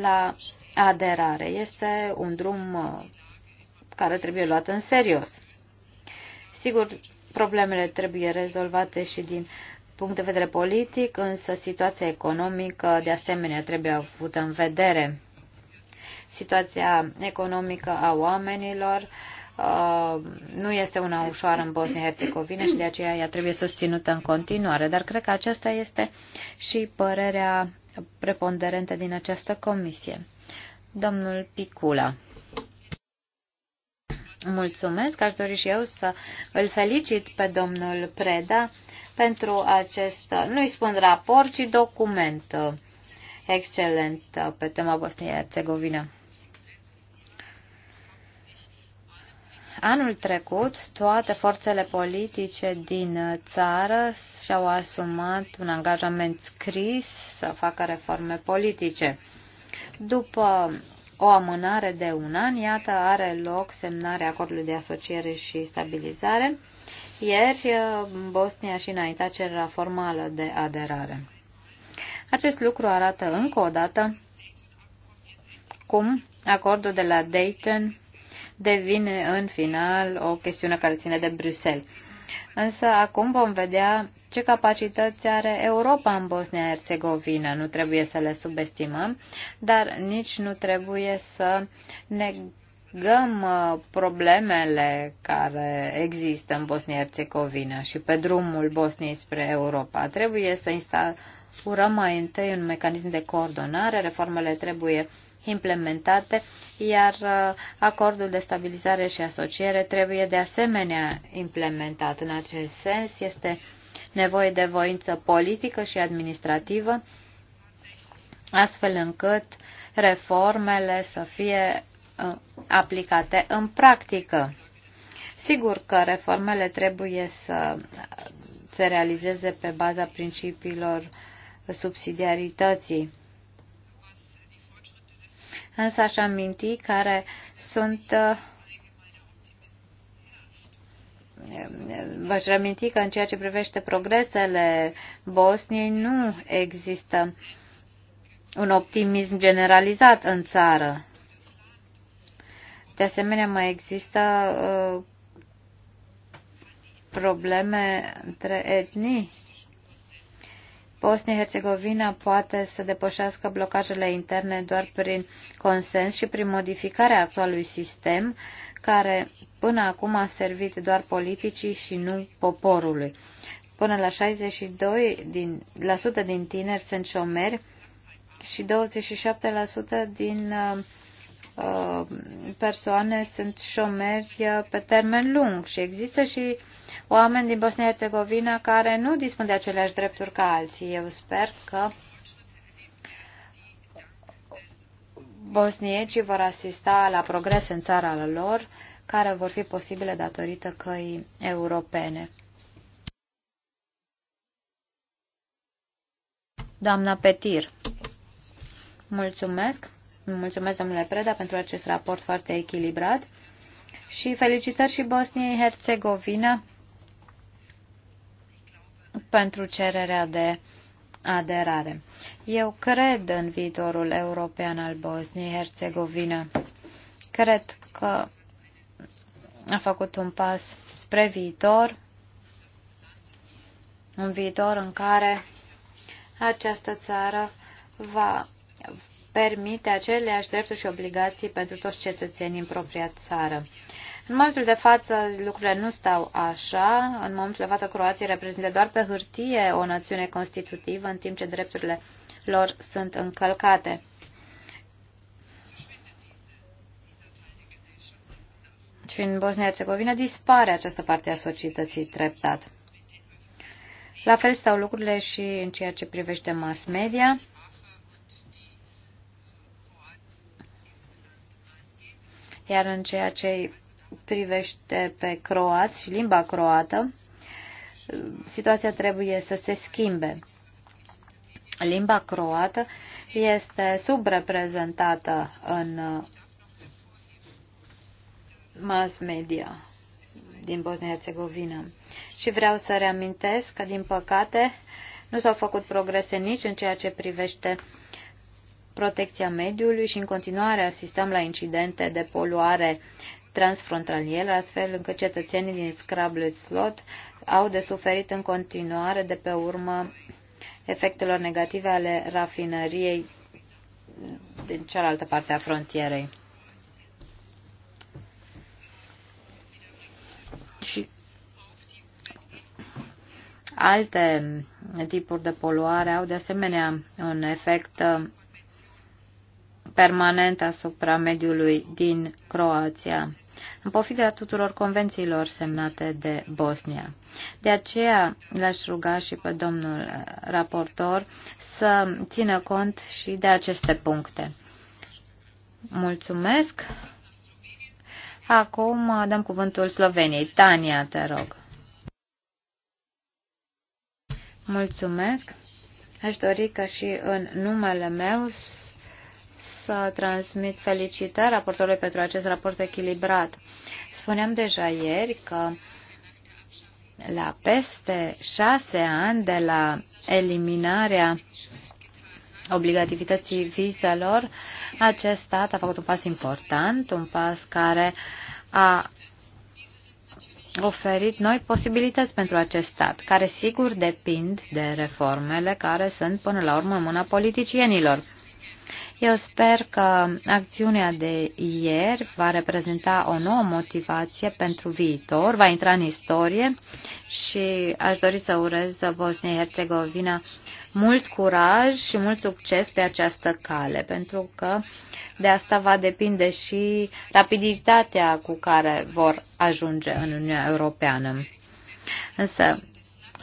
la aderare. Este un drum uh, care trebuie luat în serios. Sigur, problemele trebuie rezolvate și din punct de vedere politic, însă situația economică de asemenea trebuie avută în vedere. Situația economică a oamenilor uh, Uh, nu este una ușoară în Bosnia-Herzegovina și de aceea ea trebuie susținută în continuare. Dar cred că aceasta este și părerea preponderentă din această comisie. Domnul Picula. Mulțumesc, aș dori și eu să îl felicit pe domnul Preda pentru acest, nu-i spun raport, ci document uh, excelent uh, pe tema Bosnia-Herzegovina. Anul trecut, toate forțele politice din uh, țară și-au asumat un angajament scris să facă reforme politice. După o amânare de un an, iată, are loc semnarea acordului de asociere și stabilizare. Ieri, uh, Bosnia și înaintea cererea formală de aderare. Acest lucru arată încă o dată cum acordul de la Dayton devine în final o chestiune care ține de Bruxelles. Însă acum vom vedea ce capacități are Europa în Bosnia-Herzegovina. Nu trebuie să le subestimăm, dar nici nu trebuie să negăm uh, problemele care există în Bosnia-Herzegovina și pe drumul Bosniei spre Europa. Trebuie să instalăm mai întâi un mecanism de coordonare, reformele trebuie implementate, iar uh, acordul de stabilizare și asociere trebuie de asemenea implementat. În acest sens este nevoie de voință politică și administrativă, astfel încât reformele să fie uh, aplicate în practică. Sigur că reformele trebuie să se realizeze pe baza principiilor subsidiarității însă aș aminti care sunt uh, V-aș reaminti că în ceea ce privește progresele Bosniei nu există un optimism generalizat în țară. De asemenea, mai există uh, probleme între etnii. Bosnia-Herzegovina poate să depășească blocajele interne doar prin consens și prin modificarea actualului sistem, care până acum a servit doar politicii și nu poporului. Până la 62% din, la sută din tineri sunt șomeri și 27% din uh, uh, persoane sunt șomeri pe termen lung și există și oameni din Bosnia-Herzegovina care nu dispun de aceleași drepturi ca alții. Eu sper că bosniecii vor asista la progrese în țara lor, care vor fi posibile datorită căii europene. Doamna Petir, mulțumesc. Mulțumesc, domnule Preda, pentru acest raport foarte echilibrat și felicitări și Bosniei-Herzegovina pentru cererea de aderare. Eu cred în viitorul european al Bosniei-Herzegovina. Cred că a făcut un pas spre viitor, un viitor în care această țară va permite aceleași drepturi și obligații pentru toți cetățenii în propria țară. În momentul de față lucrurile nu stau așa. În momentul de față Croația reprezintă doar pe hârtie o națiune constitutivă, în timp ce drepturile lor sunt încălcate. Și în Bosnia-Herzegovina dispare această parte a societății treptat. La fel stau lucrurile și în ceea ce privește mass media. Iar în ceea ce privește pe croați și limba croată, situația trebuie să se schimbe. Limba croată este subreprezentată în mass media din Bosnia-Herzegovina. Și vreau să reamintesc că, din păcate, nu s-au făcut progrese nici în ceea ce privește protecția mediului și în continuare asistăm la incidente de poluare transfrontalier, astfel încât cetățenii din Scrablet Slot au de suferit în continuare de pe urmă efectelor negative ale rafinăriei din cealaltă parte a frontierei. Și alte tipuri de poluare au de asemenea un efect uh, permanent asupra mediului din Croația în pofida tuturor convențiilor semnate de Bosnia. De aceea l-aș ruga și pe domnul uh, raportor să țină cont și de aceste puncte. Mulțumesc! Acum uh, dăm cuvântul Sloveniei. Tania, te rog. Mulțumesc. Aș dori ca și în numele meu să transmit felicitări raportorului pentru acest raport echilibrat. Spuneam deja ieri că la peste șase ani de la eliminarea obligativității vizelor, acest stat a făcut un pas important, un pas care a oferit noi posibilități pentru acest stat, care sigur depind de reformele care sunt până la urmă în mâna politicienilor. Eu sper că acțiunea de ieri va reprezenta o nouă motivație pentru viitor, va intra în istorie și aș dori să urez bosnia Herțegovina mult curaj și mult succes pe această cale, pentru că de asta va depinde și rapiditatea cu care vor ajunge în Uniunea Europeană. Însă,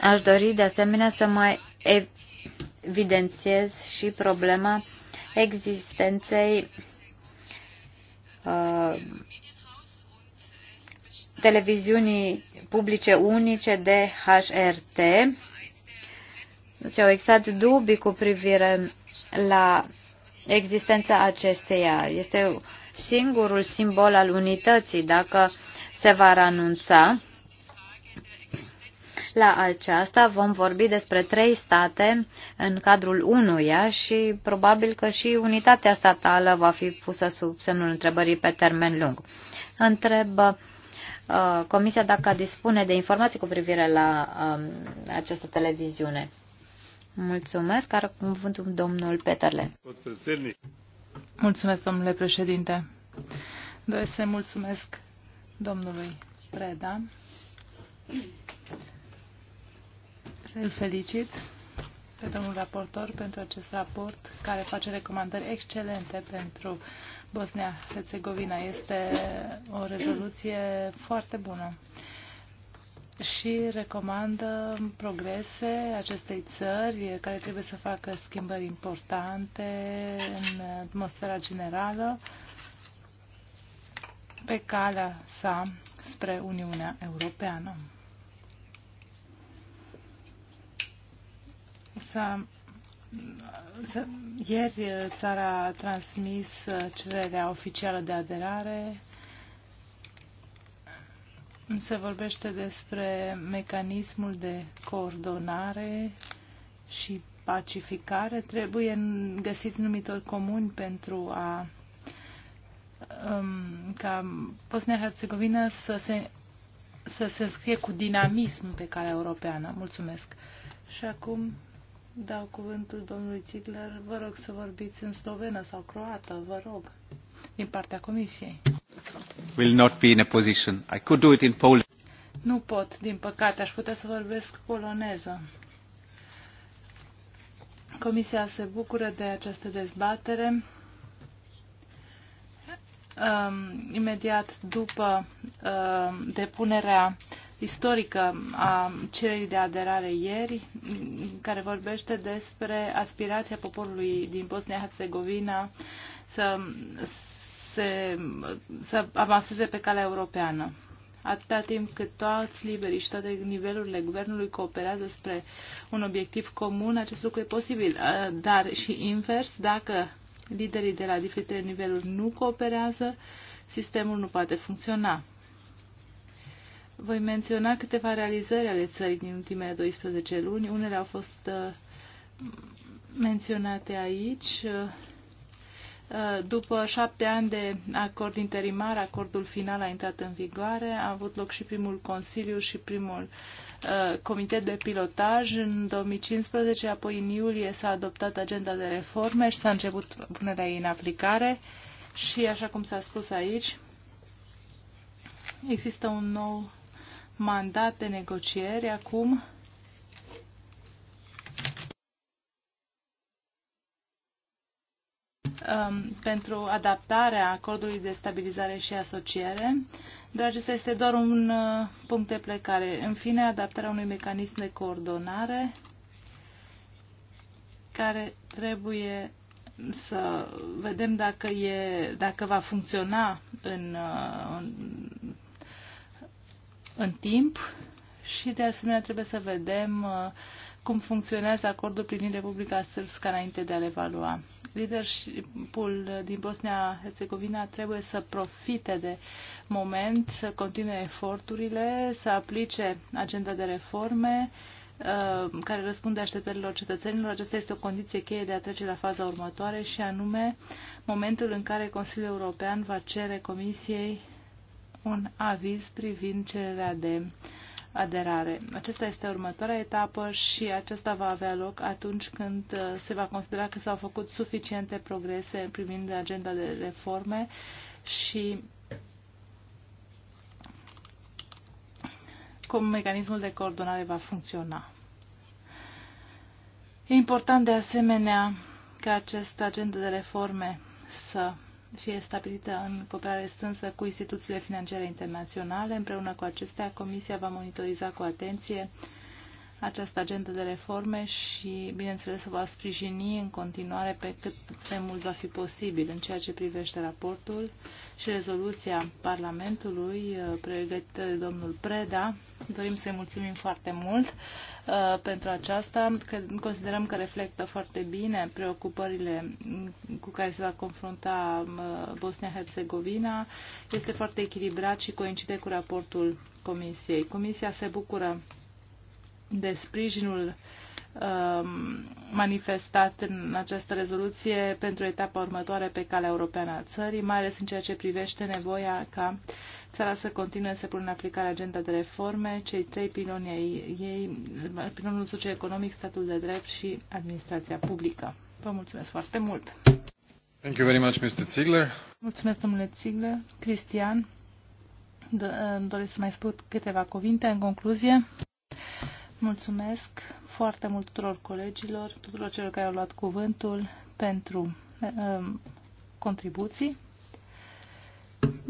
aș dori de asemenea să mai evidențiez și problema existenței uh, televiziunii publice unice de HRT. Deci au existat dubii cu privire la existența acesteia. Este singurul simbol al unității dacă se va renunța la aceasta vom vorbi despre trei state în cadrul unuia și probabil că și unitatea statală va fi pusă sub semnul întrebării pe termen lung. Întreb uh, Comisia dacă dispune de informații cu privire la um, această televiziune. Mulțumesc. Are cuvântul domnul Peterle. Mulțumesc, domnule președinte. Doresc să mulțumesc domnului Preda îl felicit pe domnul raportor pentru acest raport care face recomandări excelente pentru Bosnia-Herzegovina. Este o rezoluție foarte bună și recomandă progrese acestei țări care trebuie să facă schimbări importante în atmosfera generală pe calea sa spre Uniunea Europeană. să ieri s-a uh, transmis uh, cererea oficială de aderare. Se vorbește despre mecanismul de coordonare și pacificare. Trebuie găsiți numitori comuni pentru a um, ca Bosnia-Herzegovina să se, să se scrie cu dinamism pe calea europeană. Mulțumesc. Și acum dau cuvântul domnului Ziegler. Vă rog să vorbiți în slovenă sau croată, vă rog, din partea comisiei. Will not be in a position. I could do it in Poland. Nu pot, din păcate, aș putea să vorbesc poloneză. Comisia se bucură de această dezbatere. Um, imediat după uh, depunerea istorică a cererii de aderare ieri, care vorbește despre aspirația poporului din Bosnia-Herzegovina să, să, să avanseze pe calea europeană. Atâta timp cât toți liberii și toate nivelurile guvernului cooperează spre un obiectiv comun, acest lucru e posibil. Uh, dar și invers, dacă liderii de la diferite niveluri nu cooperează, sistemul nu poate funcționa. Voi menționa câteva realizări ale țării din ultimele 12 luni. Unele au fost uh, menționate aici. Uh, uh, după șapte ani de acord interimar, acordul final a intrat în vigoare. A avut loc și primul Consiliu și primul Comitet de Pilotaj în 2015, apoi în iulie s-a adoptat agenda de reforme și s-a început punerea ei în aplicare. Și, așa cum s-a spus aici, există un nou mandat de negociere acum um, pentru adaptarea acordului de stabilizare și asociere, dar acesta este doar un uh, punct de plecare. În fine, adaptarea unui mecanism de coordonare care trebuie să vedem dacă, e, dacă va funcționa în, uh, în în timp și de asemenea trebuie să vedem uh, cum funcționează acordul privind Republica Sârbska înainte de a-l evalua. Leadershipul din Bosnia-Herzegovina trebuie să profite de moment, să continue eforturile, să aplice agenda de reforme uh, care răspunde așteptărilor cetățenilor. Aceasta este o condiție cheie de a trece la faza următoare și anume momentul în care Consiliul European va cere Comisiei un aviz privind cererea de aderare. Acesta este următoarea etapă și aceasta va avea loc atunci când uh, se va considera că s-au făcut suficiente progrese privind agenda de reforme și cum mecanismul de coordonare va funcționa. E important de asemenea ca acest agenda de reforme să fie stabilită în cooperare strânsă cu instituțiile financiare internaționale. Împreună cu acestea, Comisia va monitoriza cu atenție această agendă de reforme și, bineînțeles, va sprijini în continuare pe cât de mult va fi posibil în ceea ce privește raportul și rezoluția Parlamentului uh, pregătită de domnul Preda. Dorim să-i mulțumim foarte mult uh, pentru aceasta. Că considerăm că reflectă foarte bine preocupările cu care se va confrunta uh, Bosnia-Herzegovina. Este foarte echilibrat și coincide cu raportul Comisiei. Comisia se bucură de sprijinul um, manifestat în această rezoluție pentru etapa următoare pe calea europeană a țării, mai ales în ceea ce privește nevoia ca țara să continue să pună în aplicare agenda de reforme, cei trei piloni ai ei, pilonul socioeconomic, statul de drept și administrația publică. Vă mulțumesc foarte mult! Thank you very much, Mr. Ziegler. Mulțumesc, domnule Ziegler. Cristian, doresc să mai spun câteva cuvinte în concluzie. Mulțumesc foarte mult tuturor colegilor, tuturor celor care au luat cuvântul pentru uh, contribuții.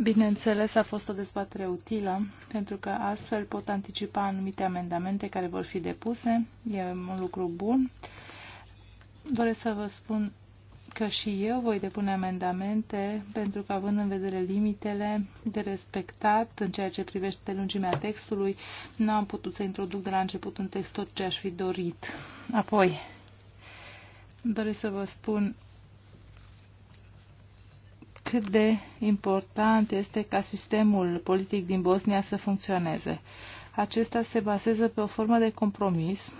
Bineînțeles, a fost o dezbatere utilă, pentru că astfel pot anticipa anumite amendamente care vor fi depuse. E un lucru bun. Doresc să vă spun că și eu voi depune amendamente pentru că, având în vedere limitele de respectat în ceea ce privește lungimea textului, nu am putut să introduc de la început în text tot ce aș fi dorit. Apoi, doresc să vă spun cât de important este ca sistemul politic din Bosnia să funcționeze. Acesta se bazează pe o formă de compromis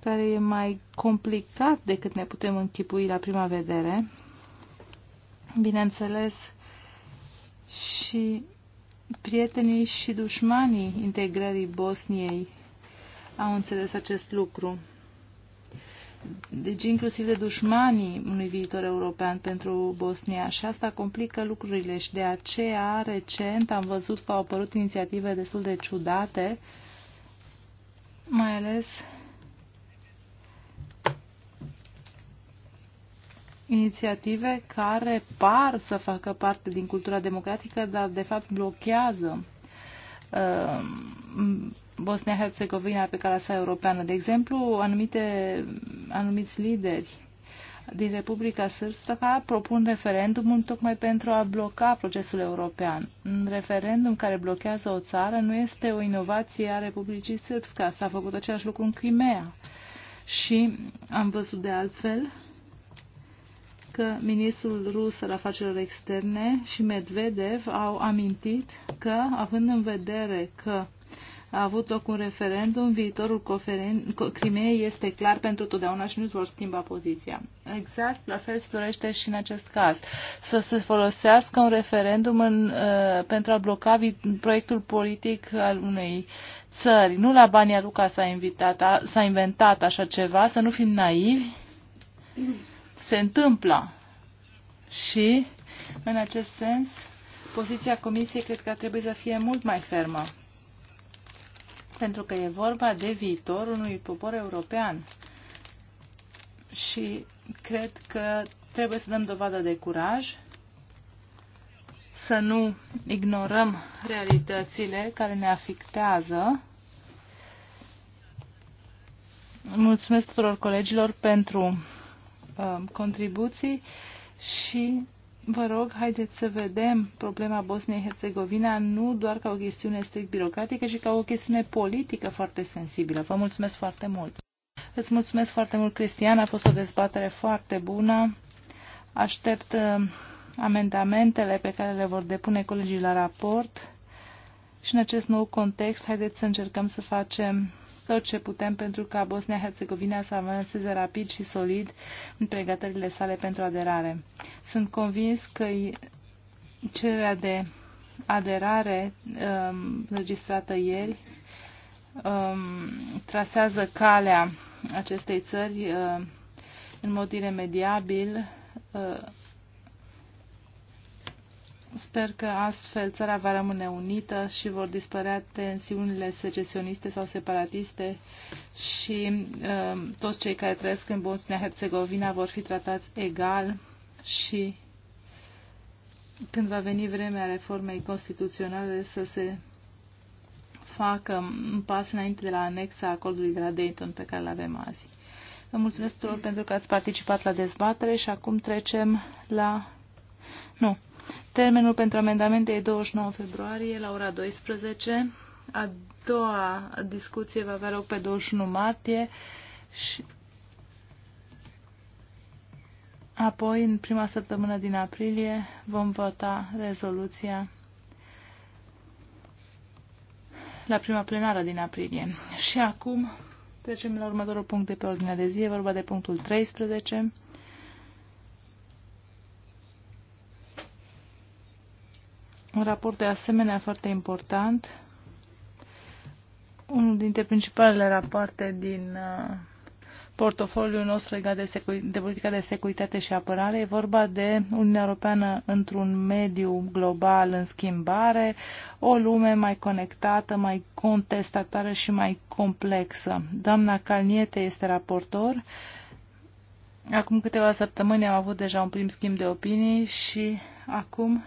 care e mai complicat decât ne putem închipui la prima vedere. Bineînțeles, și prietenii și dușmanii integrării Bosniei au înțeles acest lucru. Deci inclusiv de dușmanii unui viitor european pentru Bosnia și asta complică lucrurile și de aceea recent am văzut că au apărut inițiative destul de ciudate, mai ales inițiative care par să facă parte din cultura democratică, dar de fapt blochează uh, Bosnia-Herzegovina pe calea sa europeană. De exemplu, anumite, anumiți lideri din Republica Sârstăca propun referendumul tocmai pentru a bloca procesul european. Un referendum care blochează o țară nu este o inovație a Republicii Sârbska. S-a făcut același lucru în Crimea. Și am văzut de altfel că ministrul rus al afacerilor externe și Medvedev au amintit că, având în vedere că a avut loc un referendum, viitorul Crimeei este clar pentru totdeauna și nu vor schimba poziția. Exact, la fel se dorește și în acest caz. Să se folosească un referendum în, uh, pentru a bloca proiectul politic al unei țări. Nu la Bania Luca s-a, invitat, s-a inventat așa ceva, să nu fim naivi se întâmplă. Și, în acest sens, poziția Comisiei cred că ar trebui să fie mult mai fermă. Pentru că e vorba de viitorul unui popor european. Și cred că trebuie să dăm dovadă de curaj, să nu ignorăm realitățile care ne afectează. Mulțumesc tuturor colegilor pentru Um, contribuții și vă rog, haideți să vedem problema Bosniei-Herzegovina nu doar ca o chestiune strict birocratică, ci ca o chestiune politică foarte sensibilă. Vă mulțumesc foarte mult! Îți mulțumesc foarte mult, Cristian, a fost o dezbatere foarte bună. Aștept um, amendamentele pe care le vor depune colegii la raport și în acest nou context, haideți să încercăm să facem tot ce putem pentru ca Bosnia-Herzegovina să avanseze rapid și solid în pregătările sale pentru aderare. Sunt convins că cererea de aderare um, înregistrată registrată ieri um, trasează calea acestei țări uh, în mod iremediabil uh, Sper că astfel țara va rămâne unită și vor dispărea tensiunile secesioniste sau separatiste și uh, toți cei care trăiesc în Bosnia-Herzegovina vor fi tratați egal și când va veni vremea reformei constituționale să se facă un pas înainte de la anexa acordului de la Dayton pe care îl avem azi. Vă mulțumesc tuturor pentru că ați participat la dezbatere și acum trecem la... Nu, Termenul pentru amendamente e 29 februarie la ora 12. A doua discuție va avea loc pe 21 martie și apoi, în prima săptămână din aprilie, vom vota rezoluția la prima plenară din aprilie. Și acum trecem la următorul punct de pe ordinea de zi, e vorba de punctul 13. Un raport de asemenea foarte important, unul dintre principalele rapoarte din uh, portofoliul nostru legat de, de politica de securitate și apărare. E vorba de Uniunea Europeană într-un mediu global în schimbare, o lume mai conectată, mai contestatară și mai complexă. Doamna Calniete este raportor. Acum câteva săptămâni am avut deja un prim schimb de opinii și acum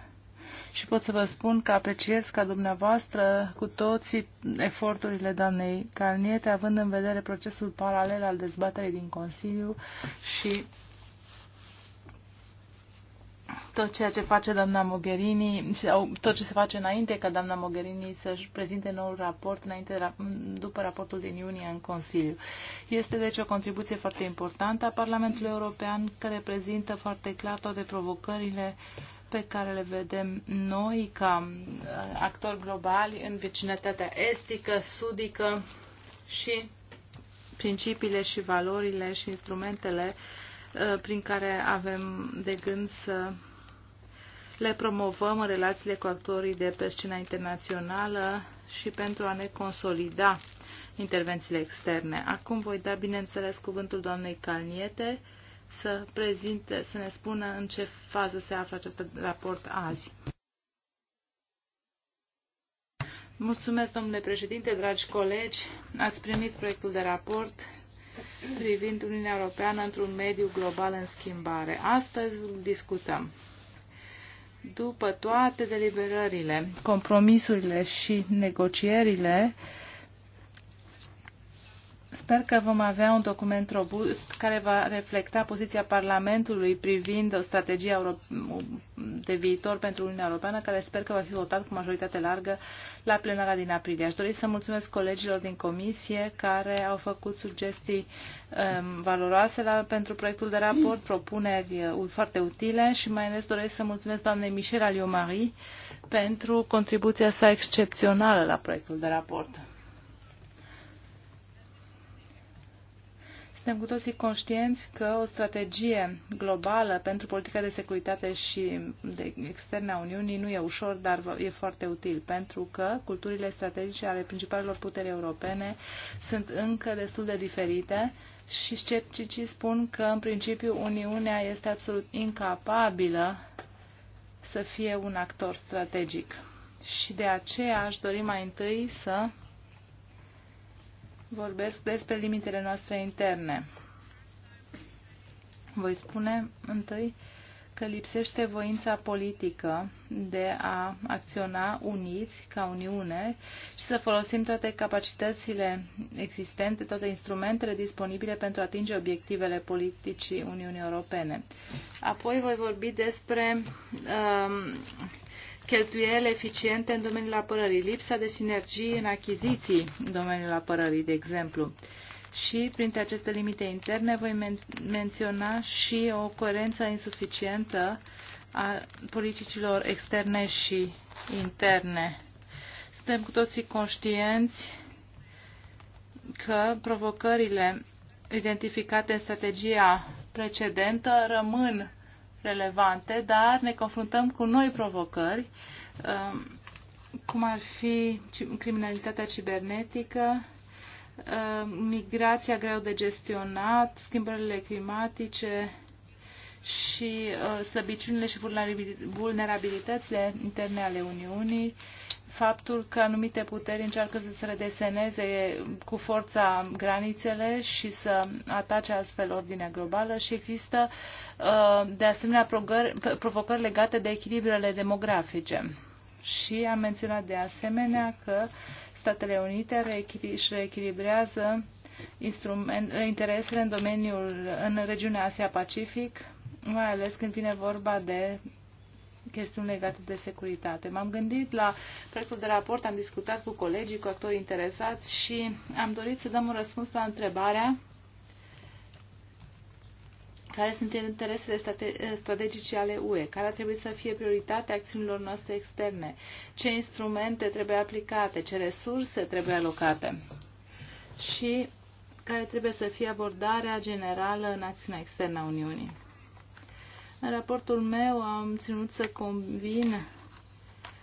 și pot să vă spun că apreciez ca dumneavoastră cu toții eforturile doamnei Calniete, având în vedere procesul paralel al dezbaterii din Consiliu și tot ceea ce face doamna Mogherini, sau tot ce se face înainte ca doamna Mogherini să-și prezinte noul raport înainte, după raportul din iunie în Consiliu. Este deci o contribuție foarte importantă a Parlamentului European, care prezintă foarte clar toate provocările uh, pe care le vedem noi ca uh, actori globali în vecinătatea estică, sudică și principiile și valorile și instrumentele uh, prin care avem de gând să le promovăm în relațiile cu actorii de pe scena internațională și pentru a ne consolida intervențiile externe. Acum voi da, bineînțeles, cuvântul doamnei Calniete, să prezinte, să ne spună în ce fază se află acest raport azi. Mulțumesc, domnule președinte, dragi colegi. Ați primit proiectul de raport privind Uniunea Europeană într-un mediu global în schimbare. Astăzi discutăm. După toate deliberările, compromisurile și negocierile, Sper că vom avea un document robust care va reflecta poziția Parlamentului privind o strategie de viitor pentru Uniunea Europeană, care sper că va fi votat cu majoritate largă la plenara din aprilie. Aș dori să mulțumesc colegilor din comisie care au făcut sugestii um, valoroase la, pentru proiectul de raport, propuneri uh, foarte utile și mai ales doresc să mulțumesc doamnei Michel Aliomari pentru contribuția sa excepțională la proiectul de raport. Suntem cu toții conștienți că o strategie globală pentru politica de securitate și de externe a Uniunii nu e ușor, dar e foarte util, pentru că culturile strategice ale principalelor puteri europene sunt încă destul de diferite și scepticii spun că, în principiu, Uniunea este absolut incapabilă să fie un actor strategic. Și de aceea aș dori mai întâi să vorbesc despre limitele noastre interne. Voi spune întâi că lipsește voința politică de a acționa uniți ca Uniune și să folosim toate capacitățile existente, toate instrumentele disponibile pentru a atinge obiectivele politicii Uniunii Europene. Apoi voi vorbi despre uh, cheltuieli eficiente în domeniul apărării, lipsa de sinergii în achiziții în domeniul apărării, de exemplu. Și printre aceste limite interne voi men- menționa și o coerență insuficientă a politicilor externe și interne. Suntem cu toții conștienți că provocările identificate în strategia precedentă rămân relevante, dar ne confruntăm cu noi provocări, um, cum ar fi criminalitatea cibernetică, um, migrația greu de gestionat, schimbările climatice și uh, slăbiciunile și vulnerabilitățile interne ale Uniunii, faptul că anumite puteri încearcă să se redeseneze cu forța granițele și să atace astfel ordinea globală și există uh, de asemenea provocări legate de echilibrele demografice. Și am menționat de asemenea că Statele Unite își reechilibrează interesele în domeniul, în regiunea Asia-Pacific, mai ales când vine vorba de chestiuni legate de securitate. M-am gândit la proiectul de raport, am discutat cu colegii, cu actori interesați și am dorit să dăm un răspuns la întrebarea care sunt interesele strategice ale UE, care ar trebui să fie prioritatea acțiunilor noastre externe, ce instrumente trebuie aplicate, ce resurse trebuie alocate și care trebuie să fie abordarea generală în acțiunea externă a Uniunii. În raportul meu am ținut să combin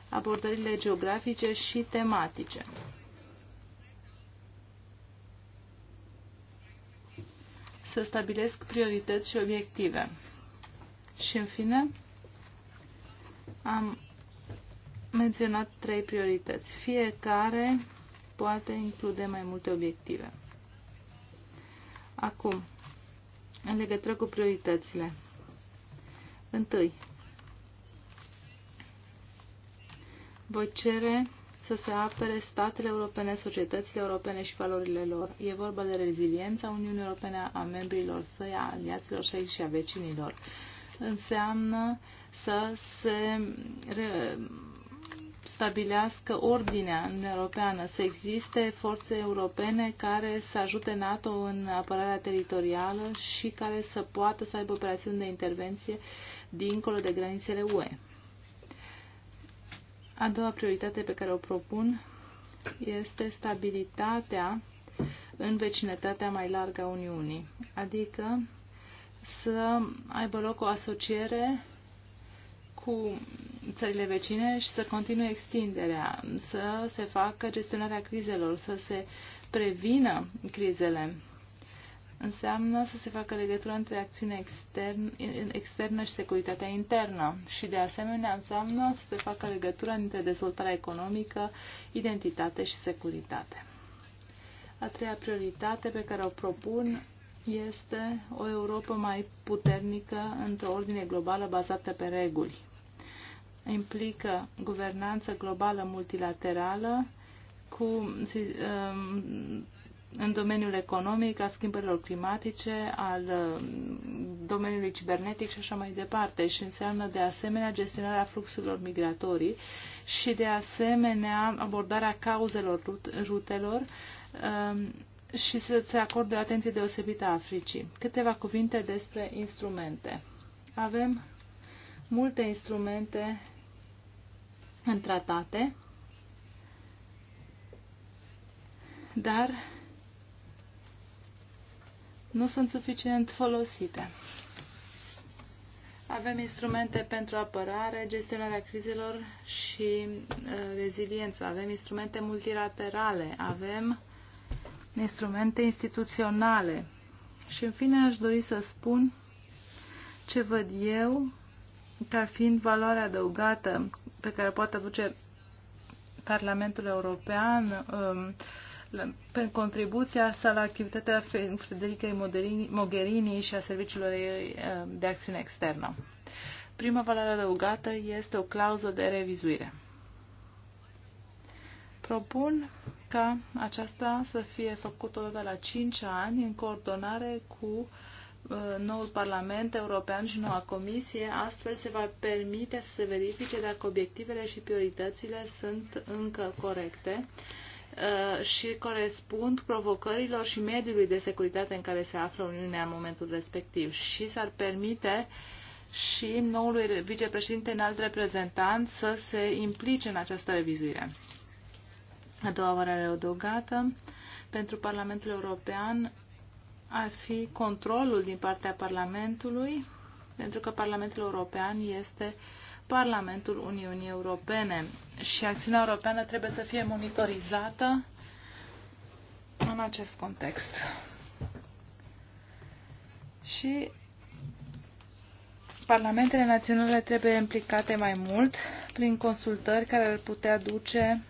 abordările geografice și tematice. Să stabilesc priorități și obiective. Și în fine, am menționat trei priorități. Fiecare poate include mai multe obiective. Acum, în legătură cu prioritățile, Întâi, voi cere să se apere statele europene, societățile europene și valorile lor. E vorba de reziliența Uniunii Europene a membrilor săi, a aliaților săi și a vecinilor. Înseamnă să se stabilească ordinea în europeană, să existe forțe europene care să ajute NATO în apărarea teritorială și care să poată să aibă operațiuni de intervenție uh, dincolo de granițele UE. A doua prioritate pe care o propun este stabilitatea în vecinătatea mai largă a Uniunii, adică să aibă loc o asociere cu țările vecine și să continue extinderea, să se facă gestionarea crizelor, să se prevină crizele înseamnă să se facă legătura între acțiunea extern, externă și securitatea internă și, de asemenea, înseamnă să se facă legătura între dezvoltarea economică, identitate și securitate. A treia prioritate pe care o propun este o Europa mai puternică într-o ordine globală bazată pe reguli. Implică guvernanță globală multilaterală cu um, în domeniul economic, al schimbărilor climatice, al um, domeniului cibernetic și așa mai departe și înseamnă de asemenea gestionarea fluxurilor migratorii și de asemenea abordarea cauzelor rutelor um, și să se acorde o atenție deosebită a Africii. Câteva cuvinte despre instrumente. Avem multe instrumente în tratate, dar nu sunt suficient folosite. Avem instrumente pentru apărare, gestionarea crizelor și uh, reziliență. Avem instrumente multilaterale, avem instrumente instituționale. Și în fine aș dori să spun ce văd eu ca fiind valoarea adăugată pe care poate aduce Parlamentul European um, pe contribuția sa la activitatea Frederica Mogherini și a serviciilor de acțiune externă. Prima valoare adăugată este o clauză de revizuire. Propun ca aceasta să fie făcută odată la 5 ani în coordonare cu uh, noul Parlament European și noua Comisie, astfel se va permite să se verifice dacă obiectivele și prioritățile sunt încă corecte Uh, și corespund provocărilor și mediului de securitate în care se află Uniunea în momentul respectiv și s-ar permite și noului vicepreședinte înalt reprezentant să se implice în această revizuire. A doua oară reodogată pentru Parlamentul European ar fi controlul din partea Parlamentului, pentru că Parlamentul European este uh, Parlamentul Uniunii Europene și acțiunea europeană trebuie să fie monitorizată în acest context. Și parlamentele naționale trebuie implicate mai mult prin consultări care ar putea duce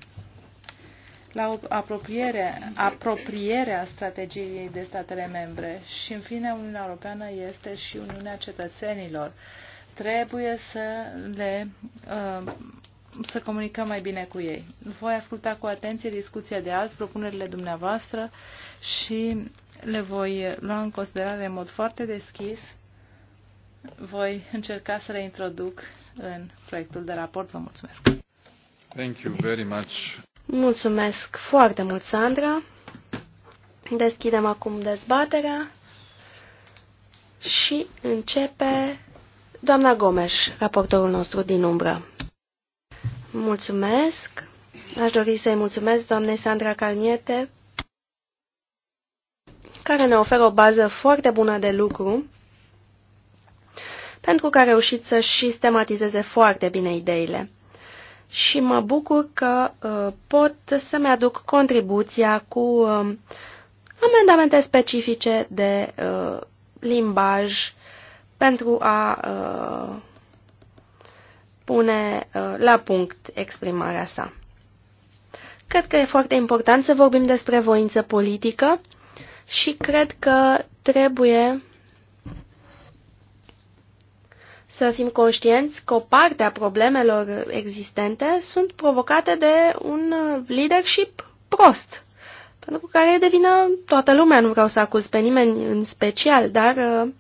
la o apropiere, apropierea strategiei de statele membre. Și, în fine, Uniunea Europeană este și Uniunea Cetățenilor trebuie să le uh, să comunicăm mai bine cu ei. Voi asculta cu atenție discuția de azi, propunerile dumneavoastră și le voi lua în considerare în mod foarte deschis. Voi încerca să le introduc în proiectul de raport. Vă mulțumesc! Thank you very much. Mulțumesc foarte mult, Sandra! Deschidem acum dezbaterea și începe Doamna Gomes, raportorul nostru din umbră. Mulțumesc. Aș dori să-i mulțumesc doamnei Sandra Calniete, care ne oferă o bază foarte bună de lucru, pentru că a reușit să-și sistematizeze foarte bine ideile. Și mă bucur că uh, pot să-mi aduc contribuția cu uh, amendamente specifice de uh, limbaj pentru a uh, pune uh, la punct exprimarea sa. Cred că e foarte important să vorbim despre voință politică și cred că trebuie să fim conștienți că o parte a problemelor existente sunt provocate de un leadership prost, pentru care devină toată lumea, nu vreau să acuz pe nimeni în special, dar uh,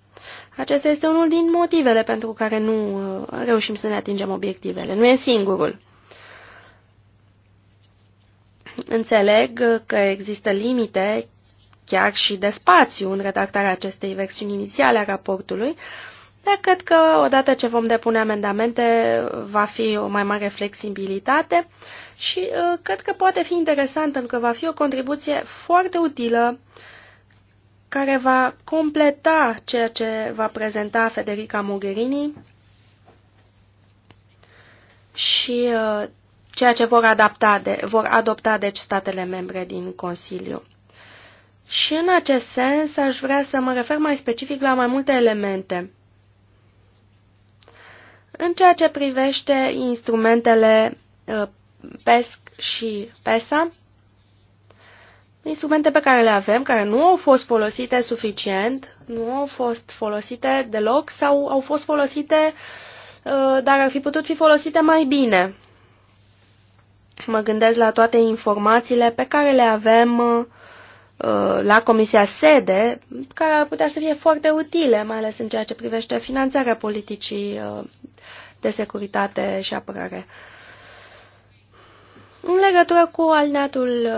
acesta este unul din motivele pentru care nu uh, reușim să ne atingem obiectivele. Nu e singurul. Înțeleg că există limite chiar și de spațiu în redactarea acestei versiuni inițiale a raportului, dar cred că odată ce vom depune amendamente va fi o mai mare flexibilitate și uh, cred că poate fi interesant pentru că va fi o contribuție foarte utilă uh, care va completa ceea ce va prezenta Federica Mogherini și uh, ceea ce vor, adapta de, vor adopta deci statele membre din Consiliu. Și în acest sens aș vrea să mă refer mai specific la mai multe elemente. În ceea ce privește instrumentele uh, PESC și PESA, instrumente pe care le avem, care nu au fost folosite suficient, nu au fost folosite deloc sau au fost folosite, uh, dar ar fi putut fi folosite mai bine. Mă gândesc la toate informațiile pe care le avem uh, la Comisia Sede, care ar putea să fie foarte utile, mai ales în ceea ce privește finanțarea politicii uh, de securitate și apărare. În legătură cu alineatul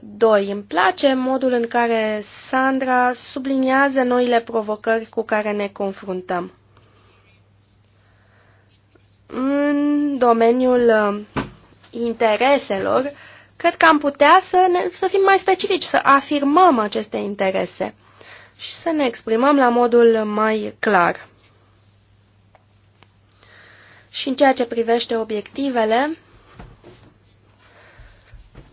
2, uh, îmi place modul în care Sandra subliniază noile provocări cu care ne confruntăm. În domeniul uh, intereselor, cred că am putea să, ne, să fim mai specifici, să afirmăm aceste interese și să ne exprimăm la modul mai clar. Și în ceea ce privește obiectivele,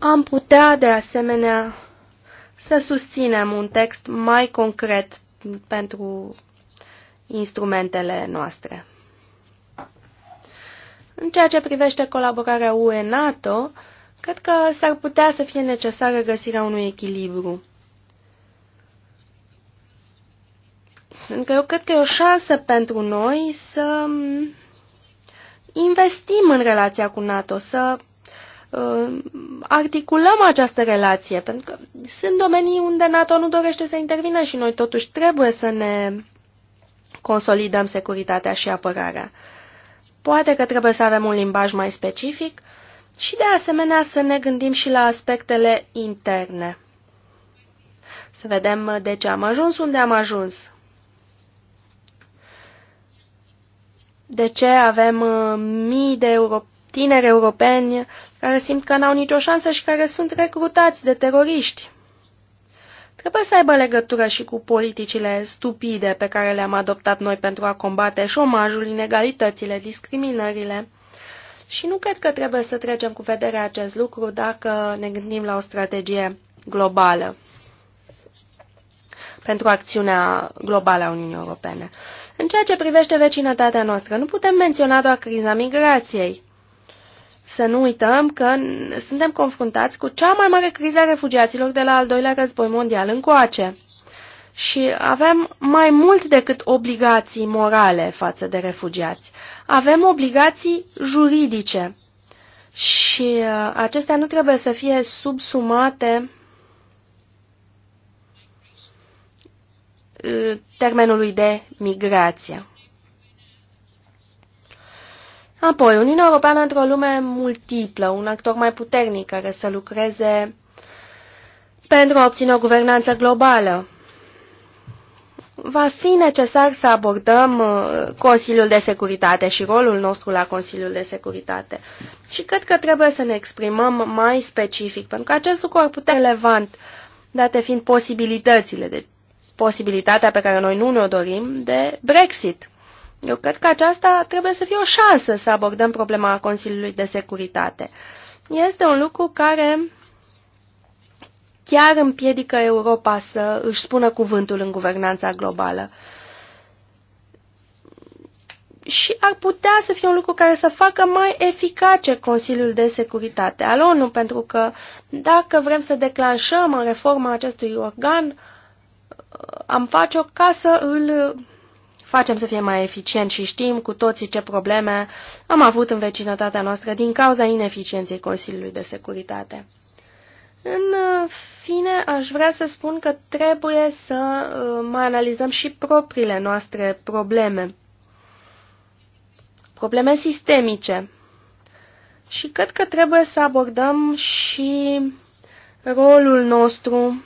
am putea, de asemenea, să susținem un text mai concret pentru instrumentele noastre. În ceea ce privește colaborarea UE-NATO, cred că s-ar putea să fie necesară găsirea unui echilibru. Încă eu cred că e o șansă pentru noi să investim în relația cu NATO, să Uh, articulăm această relație, pentru că sunt domenii unde NATO nu dorește să intervină și noi totuși trebuie să ne consolidăm securitatea și apărarea. Poate că trebuie să avem un limbaj mai specific și de asemenea să ne gândim și la aspectele interne. Să vedem de ce am ajuns unde am ajuns. De ce avem uh, mii de euro, tineri europeni care simt că n-au nicio șansă și care sunt recrutați de teroriști. Trebuie să aibă legătură și cu politicile stupide pe care le-am adoptat noi pentru a combate șomajul, inegalitățile, discriminările. Și nu cred că trebuie să trecem cu vedere acest lucru dacă ne gândim la o strategie globală pentru acțiunea globală a Uniunii Europene. În ceea ce privește vecinătatea noastră, nu putem menționa doar criza migrației. Să nu uităm că suntem confruntați cu cea mai mare criză a refugiaților de la al doilea război mondial încoace. Și avem mai mult decât obligații morale față de refugiați. Avem obligații juridice. Și uh, acestea nu trebuie să fie subsumate uh, termenului de migrație. Apoi, Uniunea Europeană într-o lume multiplă, un actor mai puternic care să lucreze pentru a obține o guvernanță globală. Va fi necesar să abordăm uh, Consiliul de Securitate și rolul nostru la Consiliul de Securitate. Și cred că trebuie să ne exprimăm mai specific, pentru că acest lucru ar putea relevant, date fiind posibilitățile, de posibilitatea pe care noi nu ne-o dorim, de Brexit. Eu cred că aceasta trebuie să fie o șansă să abordăm problema Consiliului de Securitate. Este un lucru care chiar împiedică Europa să își spună cuvântul în guvernanța globală. Și ar putea să fie un lucru care să facă mai eficace Consiliul de Securitate al ONU, pentru că dacă vrem să declanșăm reforma acestui organ, am face-o ca să îl facem să fie mai eficient și știm cu toții ce probleme am avut în vecinătatea noastră din cauza ineficienței Consiliului de Securitate. În uh, fine, aș vrea să spun că trebuie să uh, mai analizăm și propriile noastre probleme. Probleme sistemice. Și cred că trebuie să abordăm și rolul nostru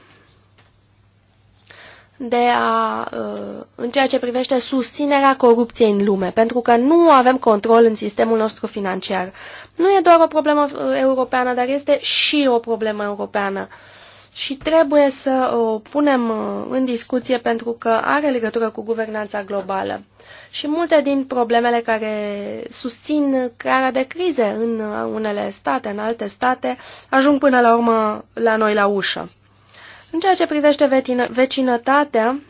de a, uh, în ceea ce privește susținerea corupției în lume, pentru că nu avem control în sistemul nostru financiar. Nu e doar o problemă uh, europeană, dar este și o problemă europeană. Și trebuie să o punem uh, în discuție pentru că are legătură cu guvernanța globală. Și multe din problemele care susțin crearea de crize în unele state, în alte state, ajung până la urmă la noi la ușă. În ceea ce privește vecinătatea,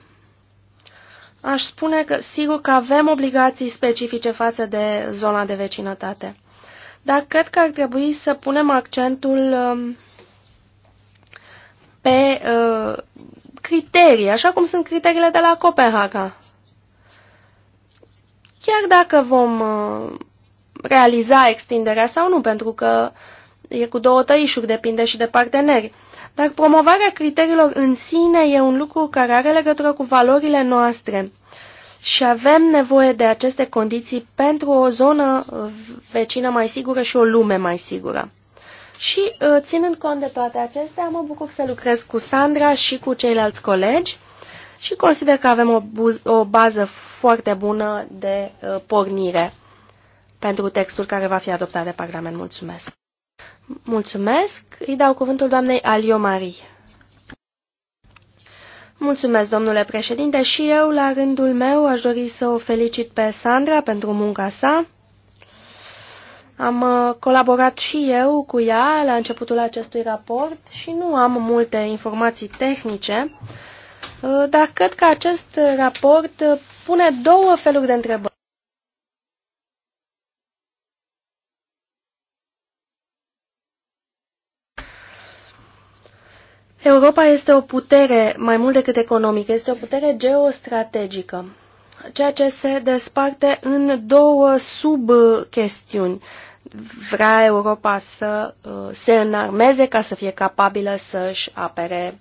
aș spune că sigur că avem obligații specifice față de zona de vecinătate. Dar cred că ar trebui să punem accentul um, pe uh, criterii, așa cum sunt criteriile de la Copenhaga. Chiar dacă vom uh, realiza extinderea sau nu, pentru că e cu două tăișuri, depinde și de parteneri. Dar promovarea criteriilor în sine e un lucru care are legătură cu valorile noastre și avem nevoie de aceste condiții pentru o zonă uh, vecină mai sigură și o lume mai sigură. Și uh, ținând cont de toate acestea, mă bucur să lucrez cu Sandra și cu ceilalți colegi și consider că avem o, o bază foarte bună de uh, pornire pentru textul care va fi adoptat de Parlament. Mulțumesc! Mulțumesc. Îi dau cuvântul doamnei Alio Marie. Mulțumesc, domnule președinte, și eu, la rândul meu, aș dori să o felicit pe Sandra pentru munca sa. Am uh, colaborat și eu cu ea la începutul acestui raport și nu am multe informații tehnice, uh, dar cred că acest raport uh, pune două feluri de întrebări. Europa este o putere, mai mult decât economică, este o putere geostrategică, ceea ce se desparte în două subchestiuni. Vrea Europa să uh, se înarmeze ca să fie capabilă să-și apere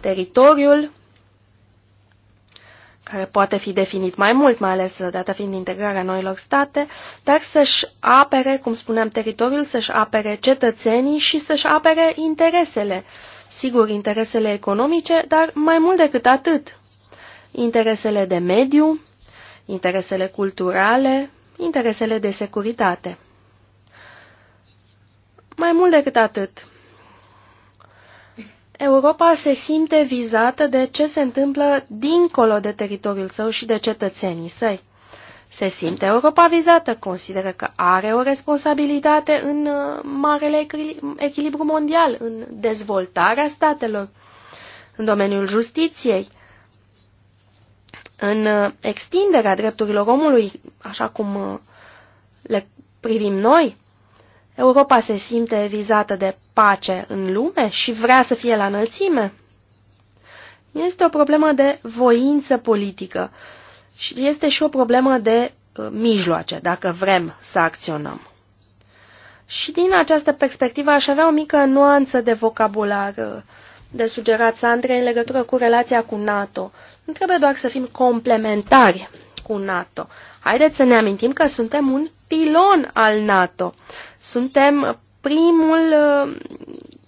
teritoriul, care poate fi definit mai mult, mai ales uh, dată fiind integrarea noilor state, dar să-și apere, cum spuneam, teritoriul, să-și apere cetățenii și să-și apere interesele. Uh, sigur, interesele economice, dar mai mult decât atât, interesele de mediu, interesele culturale, interesele de securitate. Mai mult decât atât, Europa se simte vizată de ce se întâmplă dincolo de teritoriul său și de cetățenii săi se simte Europa vizată, consideră că are o responsabilitate în uh, marele echilibru mondial, în dezvoltarea statelor, în domeniul justiției, în uh, extinderea drepturilor omului, așa cum uh, le privim noi. Europa se simte vizată de pace în lume și vrea să fie la înălțime. Este o problemă de voință politică și este și o problemă de uh, mijloace, dacă vrem să acționăm. Și din această perspectivă aș avea o mică nuanță de vocabular uh, de sugerat Sandrei în legătură cu relația cu NATO. Nu trebuie doar să fim complementari cu NATO. Haideți să ne amintim că suntem un pilon al NATO. Suntem primul uh,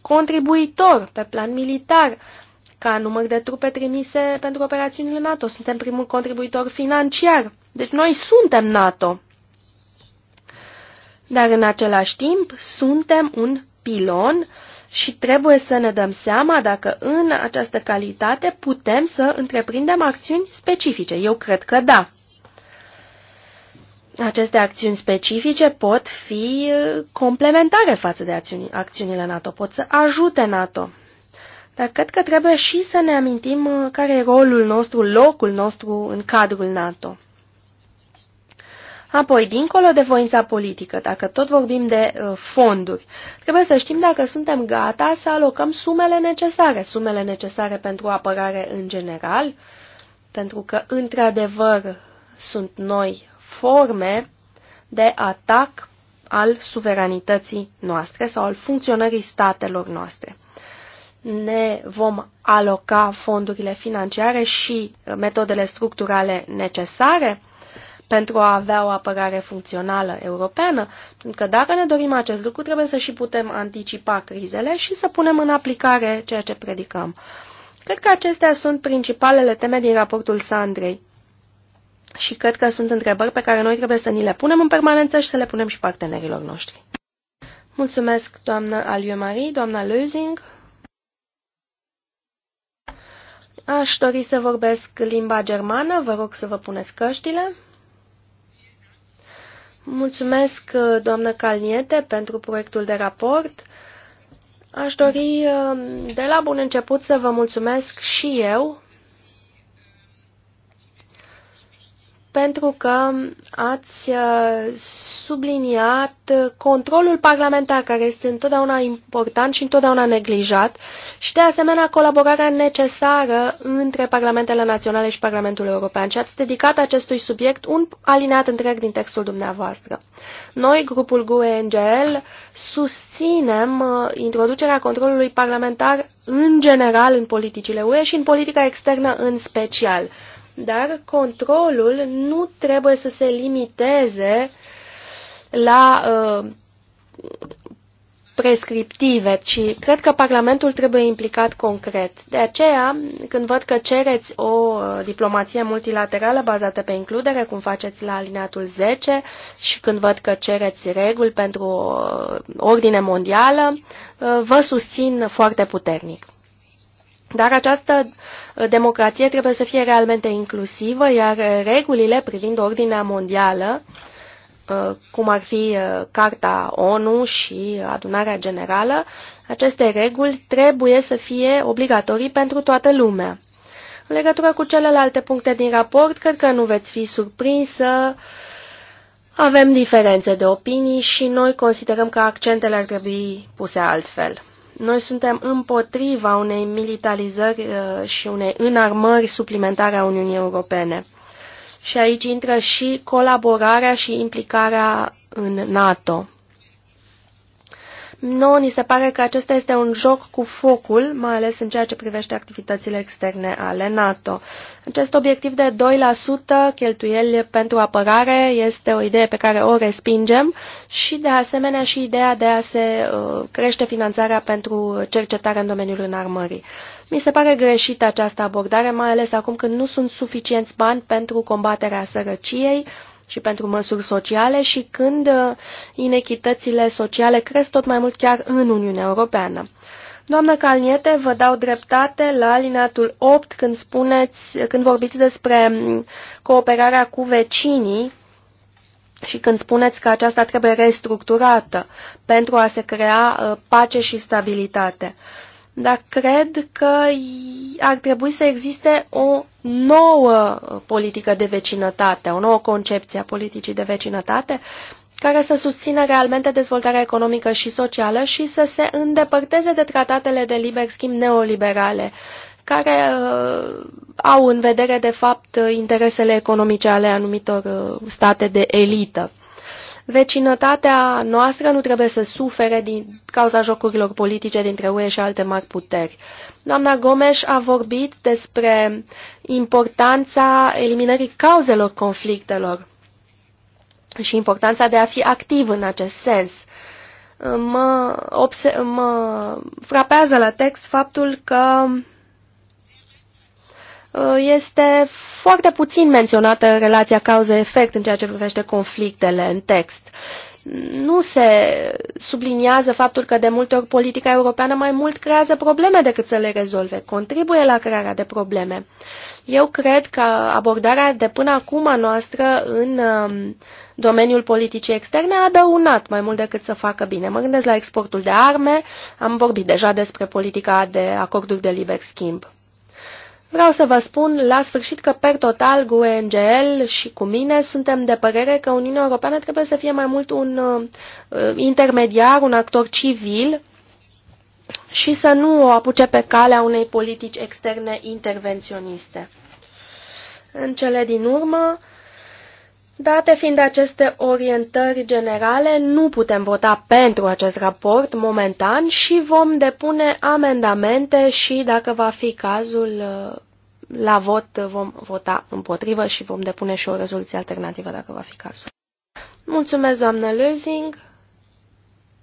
contribuitor pe plan militar ca număr de trupe trimise pentru operațiunile NATO. Suntem primul contribuitor financiar. Deci noi suntem NATO. Dar în același timp suntem un pilon și trebuie să ne dăm seama dacă în această calitate putem să întreprindem acțiuni specifice. Eu cred că da. Aceste acțiuni specifice pot fi complementare față de acțiunile NATO, pot să ajute NATO. Dar cred că trebuie și să ne amintim uh, care e rolul nostru, locul nostru în cadrul NATO. Apoi, dincolo de voința politică, dacă tot vorbim de uh, fonduri, trebuie să știm dacă suntem gata să alocăm sumele necesare, sumele necesare pentru apărare în general, pentru că, într-adevăr, sunt noi forme de atac al suveranității noastre sau al funcționării statelor noastre ne vom aloca fondurile financiare și metodele structurale necesare pentru a avea o apărare funcțională europeană, pentru că dacă ne dorim acest lucru, trebuie să și putem anticipa crizele și să punem în aplicare ceea ce predicăm. Cred că acestea sunt principalele teme din raportul Sandrei și cred că sunt întrebări pe care noi trebuie să ni le punem în permanență și să le punem și partenerilor noștri. Mulțumesc, doamnă Aliu Marie, doamna Lusing. Aș dori să vorbesc limba germană, vă rog să vă puneți căștile. Mulțumesc, doamnă Calniete, pentru proiectul de raport. Aș dori de la bun început să vă mulțumesc și eu pentru că ați uh, subliniat controlul parlamentar, care este întotdeauna important și întotdeauna neglijat, și de asemenea colaborarea necesară între Parlamentele Naționale și Parlamentul European. Și ați dedicat acestui subiect un alineat întreg din textul dumneavoastră. Noi, grupul GUE-NGL, susținem uh, introducerea controlului parlamentar în general în politicile UE și în politica externă în special dar controlul nu trebuie să se limiteze la uh, prescriptive, ci cred că Parlamentul trebuie implicat concret. De aceea, când văd că cereți o uh, diplomație multilaterală bazată pe includere, cum faceți la alineatul 10, și când văd că cereți reguli pentru uh, ordine mondială, vă susțin foarte puternic. Dar această uh, democrație trebuie să fie realmente inclusivă, iar uh, regulile privind ordinea mondială, uh, cum ar fi Carta ONU și Adunarea Generală, aceste reguli trebuie să fie obligatorii pentru toată lumea. În legătură cu celelalte puncte din raport, cred că nu veți fi surprinsă. Avem diferențe de opinii și noi considerăm că accentele ar trebui puse altfel. Noi suntem împotriva unei militarizări uh, și unei înarmări suplimentare a Uniunii Europene. Și aici intră și colaborarea și implicarea în NATO. Nouă ni se pare că acesta este un joc cu focul, mai ales în ceea ce privește activitățile externe ale NATO. Acest obiectiv de 2% cheltuieli pentru apărare este o idee pe care o respingem și de asemenea și ideea de a se uh, crește finanțarea pentru cercetare în domeniul înarmării. Mi se pare greșită această abordare, mai ales acum când nu sunt suficienți bani pentru combaterea sărăciei, și pentru măsuri sociale și când uh, inechitățile sociale cresc tot mai mult chiar în Uniunea Europeană. Doamnă Calniete, vă dau dreptate la alineatul 8 când, spuneți, când vorbiți despre mm, cooperarea cu vecinii și când spuneți că aceasta trebuie restructurată pentru a se crea uh, pace și stabilitate dar cred că ar trebui să existe o nouă politică de vecinătate, o nouă concepție a politicii de vecinătate, care să susțină realmente dezvoltarea economică și socială și să se îndepărteze de tratatele de liber schimb neoliberale, care uh, au în vedere, de fapt, interesele economice ale anumitor uh, state de elită. Vecinătatea noastră nu trebuie să sufere din cauza jocurilor politice dintre UE și alte mari puteri. Doamna Gomes a vorbit despre importanța eliminării cauzelor conflictelor și importanța de a fi activ în acest sens. Mă, mă frapează la text faptul că uh, Uh, este foarte puțin menționată relația cauză-efect în ceea ce privește conflictele în text. Nu se subliniază faptul că de multe ori politica europeană mai mult creează probleme decât să le rezolve, contribuie la crearea de probleme. Eu cred că abordarea de până acum a noastră în um, domeniul politicii externe a dăunat mai mult decât să facă bine. Mă gândesc la exportul de arme, am vorbit deja despre politica de acorduri de liber schimb. Vreau să vă spun la sfârșit că, per total, GUE-NGL și cu mine suntem de părere că Uniunea Europeană trebuie să fie mai mult un uh, intermediar, un actor civil și să nu o apuce pe calea unei politici externe intervenționiste. În cele din urmă, Date fiind aceste orientări generale, nu putem vota pentru acest raport momentan și vom depune amendamente și, dacă va fi cazul, uh, la vot vom vota împotrivă și vom depune și o rezoluție alternativă, dacă va fi cazul. Mulțumesc, doamnă Lösing.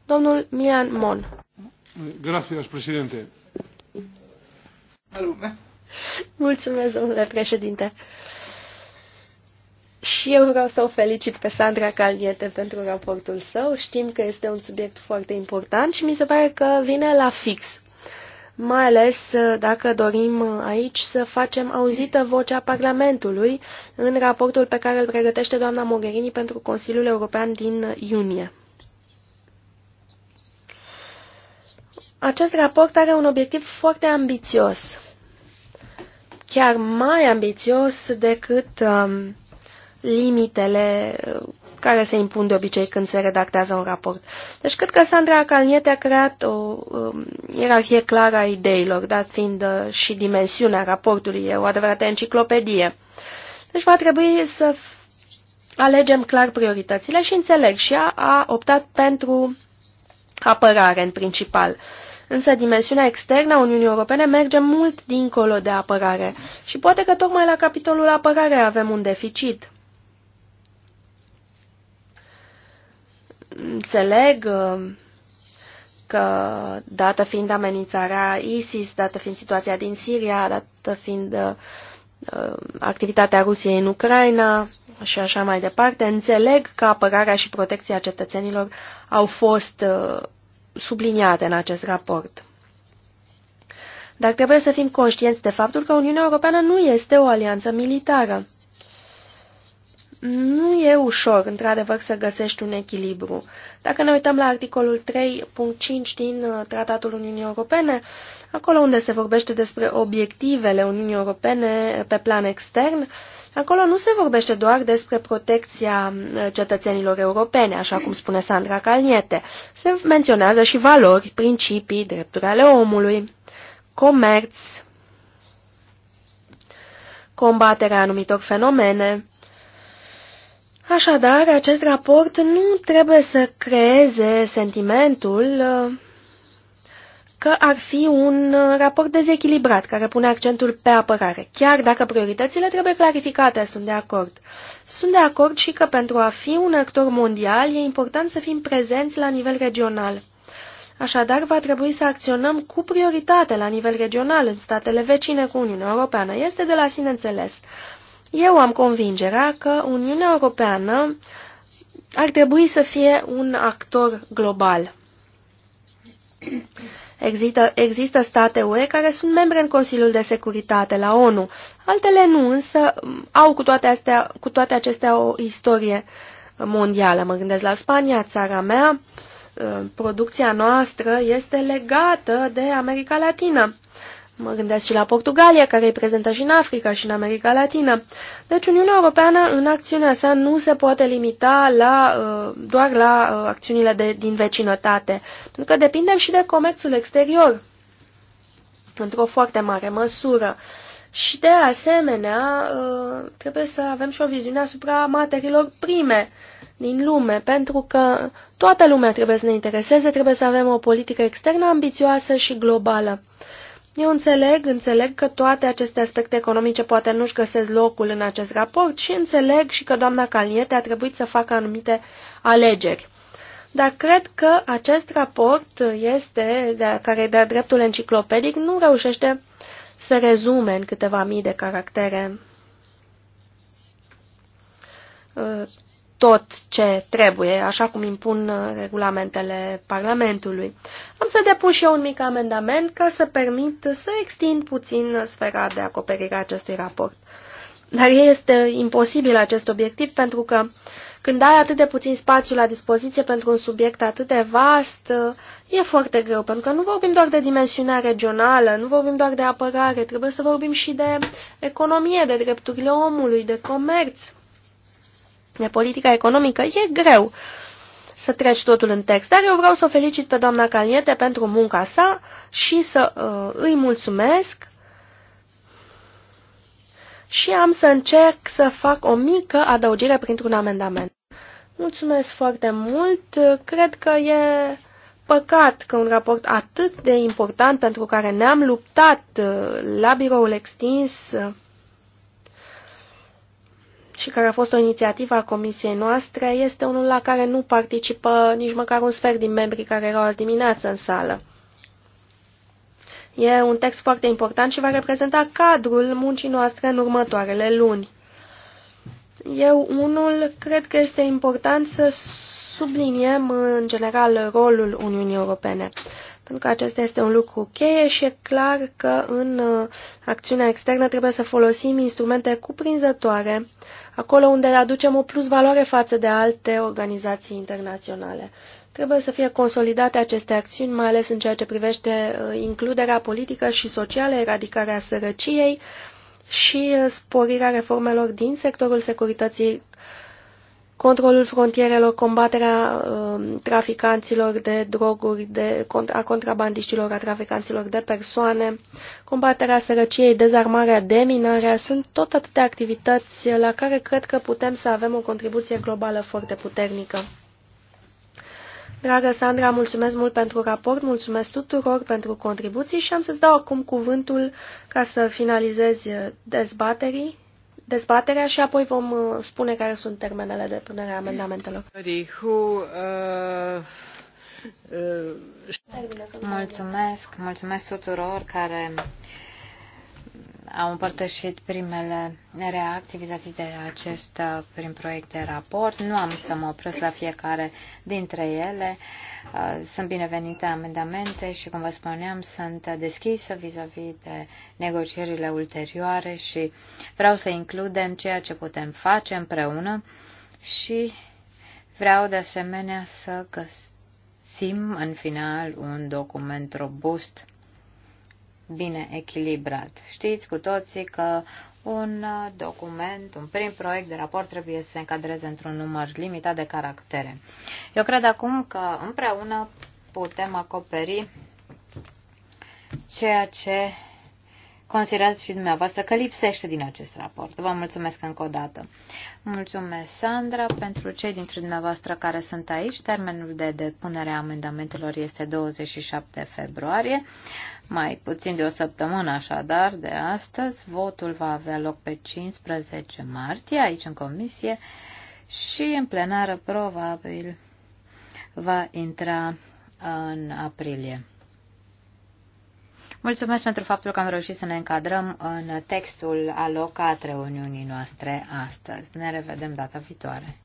Domnul Mian Mon. Gracias, președinte. Mulțumesc, domnule președinte. Și eu vreau să o felicit pe Sandra Caliete pentru raportul său. Știm că este un subiect foarte important și mi se pare că vine la fix. Mai ales uh, dacă dorim uh, aici să facem auzită vocea Parlamentului în raportul pe care îl pregătește doamna Mogherini pentru Consiliul European din uh, iunie. Acest raport are un obiectiv foarte ambițios, chiar mai ambițios decât um, limitele uh, care se impun de obicei când se redactează un raport. Deci cred că Sandra Calniete a creat o um, ierarhie clară a ideilor, dat fiind uh, și dimensiunea raportului, e o adevărată enciclopedie. Deci va trebui să alegem clar prioritățile și înțeleg și ea a optat pentru apărare în principal. Însă dimensiunea externă a Uniunii Europene merge mult dincolo de apărare și poate că tocmai la capitolul apărare avem un deficit. Înțeleg uh, că, dată fiind amenințarea ISIS, dată fiind situația din Siria, dată fiind uh, uh, activitatea Rusiei în Ucraina și așa mai departe, înțeleg că apărarea și protecția cetățenilor au fost uh, subliniate în acest raport. Dar trebuie să fim conștienți de faptul că Uniunea Europeană nu este o alianță militară. Nu e ușor, într-adevăr, să găsești un echilibru. Dacă ne uităm la articolul 3.5 din uh, Tratatul Uniunii Europene, acolo unde se vorbește despre obiectivele Uniunii Europene uh, pe plan extern, acolo nu se vorbește doar despre protecția uh, cetățenilor europene, așa cum spune Sandra Calniete. Se menționează și valori, principii, drepturi ale omului, comerț, combaterea anumitor fenomene, Așadar, acest raport nu trebuie să creeze sentimentul uh, că ar fi un uh, raport dezechilibrat care pune accentul pe apărare, chiar dacă prioritățile trebuie clarificate, sunt de acord. Sunt de acord și că pentru a fi un actor mondial e important să fim prezenți la nivel regional. Așadar, va trebui să acționăm cu prioritate la nivel regional în statele vecine cu Uniunea Europeană. Este de la sine înțeles. Eu am convingerea că Uniunea Europeană ar trebui să fie un actor global. Există, există state UE care sunt membre în Consiliul de Securitate la ONU, altele nu, însă au cu toate, astea, cu toate acestea o istorie mondială. Mă gândesc la Spania, țara mea, producția noastră este legată de America Latină. Mă gândesc și la Portugalia, care îi prezentă și în Africa și în America Latină. Deci Uniunea Europeană, în acțiunea sa, nu se poate limita la, uh, doar la uh, acțiunile de, din vecinătate, pentru că depindem și de comerțul exterior, într-o foarte mare măsură. Și de asemenea, uh, trebuie să avem și o viziune asupra materiilor prime din lume, pentru că toată lumea trebuie să ne intereseze, trebuie să avem o politică externă ambițioasă și globală. Eu înțeleg, înțeleg că toate aceste aspecte economice poate nu-și găsesc locul în acest raport și înțeleg și că doamna Caliete a trebuit să facă anumite alegeri. Dar cred că acest raport este, de, care e de dreptul enciclopedic, nu reușește să rezume în câteva mii de caractere tot ce trebuie, așa cum impun uh, regulamentele Parlamentului. Am să depun și eu un mic amendament ca să permit să extind puțin sfera de acoperire a acestui raport. Dar este imposibil acest obiectiv pentru că când ai atât de puțin spațiu la dispoziție pentru un subiect atât de vast, uh, e foarte greu, pentru că nu vorbim doar de dimensiunea regională, nu vorbim doar de apărare, trebuie să vorbim și de economie, de drepturile omului, de comerț, de politica economică, e greu să treci totul în text, dar eu vreau să o felicit pe doamna Caliete pentru munca sa și să uh, îi mulțumesc și am să încerc să fac o mică adăugire printr-un amendament. Mulțumesc foarte mult, cred că e păcat că un raport atât de important pentru care ne-am luptat uh, la biroul extins uh, și care a fost o inițiativă a comisiei noastre, este unul la care nu participă nici măcar un sfert din membrii care erau azi dimineață în sală. E un text foarte important și va reprezenta cadrul muncii noastre în următoarele luni. Eu, unul, cred că este important să subliniem în general rolul Uniunii Europene pentru că acesta este un lucru cheie și e clar că în uh, acțiunea externă trebuie să folosim instrumente cuprinzătoare, acolo unde aducem o plus valoare față de alte organizații internaționale. Trebuie să fie consolidate aceste acțiuni, mai ales în ceea ce privește uh, includerea politică și socială, eradicarea sărăciei și uh, sporirea reformelor din sectorul securității controlul frontierelor, combaterea uh, traficanților de droguri, de, a contrabandiștilor, a traficanților de persoane, combaterea sărăciei, dezarmarea, deminarea, sunt tot atâtea activități la care cred că putem să avem o contribuție globală foarte puternică. Dragă Sandra, mulțumesc mult pentru raport, mulțumesc tuturor pentru contribuții și am să-ți dau acum cuvântul ca să finalizezi dezbaterii dezbaterea și apoi vom uh, spune care sunt termenele de punere a amendamentelor. Uh, uh, mulțumesc, mulțumesc tuturor care au împărtășit primele reacții vis-a-vis de acest uh, prim proiect de raport. Nu am să mă opresc la fiecare dintre ele. Uh, sunt binevenite amendamente și, cum vă spuneam, sunt deschisă vis-a-vis -vis de negocierile ulterioare și vreau să includem ceea ce putem face împreună și vreau de asemenea să găsim în final un document robust bine echilibrat. Știți cu toții că un document, un prim proiect de raport trebuie să se încadreze într-un număr limitat de caractere. Eu cred acum că împreună putem acoperi ceea ce considerați și dumneavoastră că lipsește din acest raport. Vă mulțumesc încă o dată. Mulțumesc, Sandra, pentru cei dintre dumneavoastră care sunt aici. Termenul de depunere a amendamentelor este 27 februarie, mai puțin de o săptămână așadar de astăzi. Votul va avea loc pe 15 martie aici în comisie și în plenară probabil va intra în aprilie. Mulțumesc pentru faptul că am reușit să ne încadrăm în textul alocat reuniunii noastre astăzi. Ne revedem data viitoare.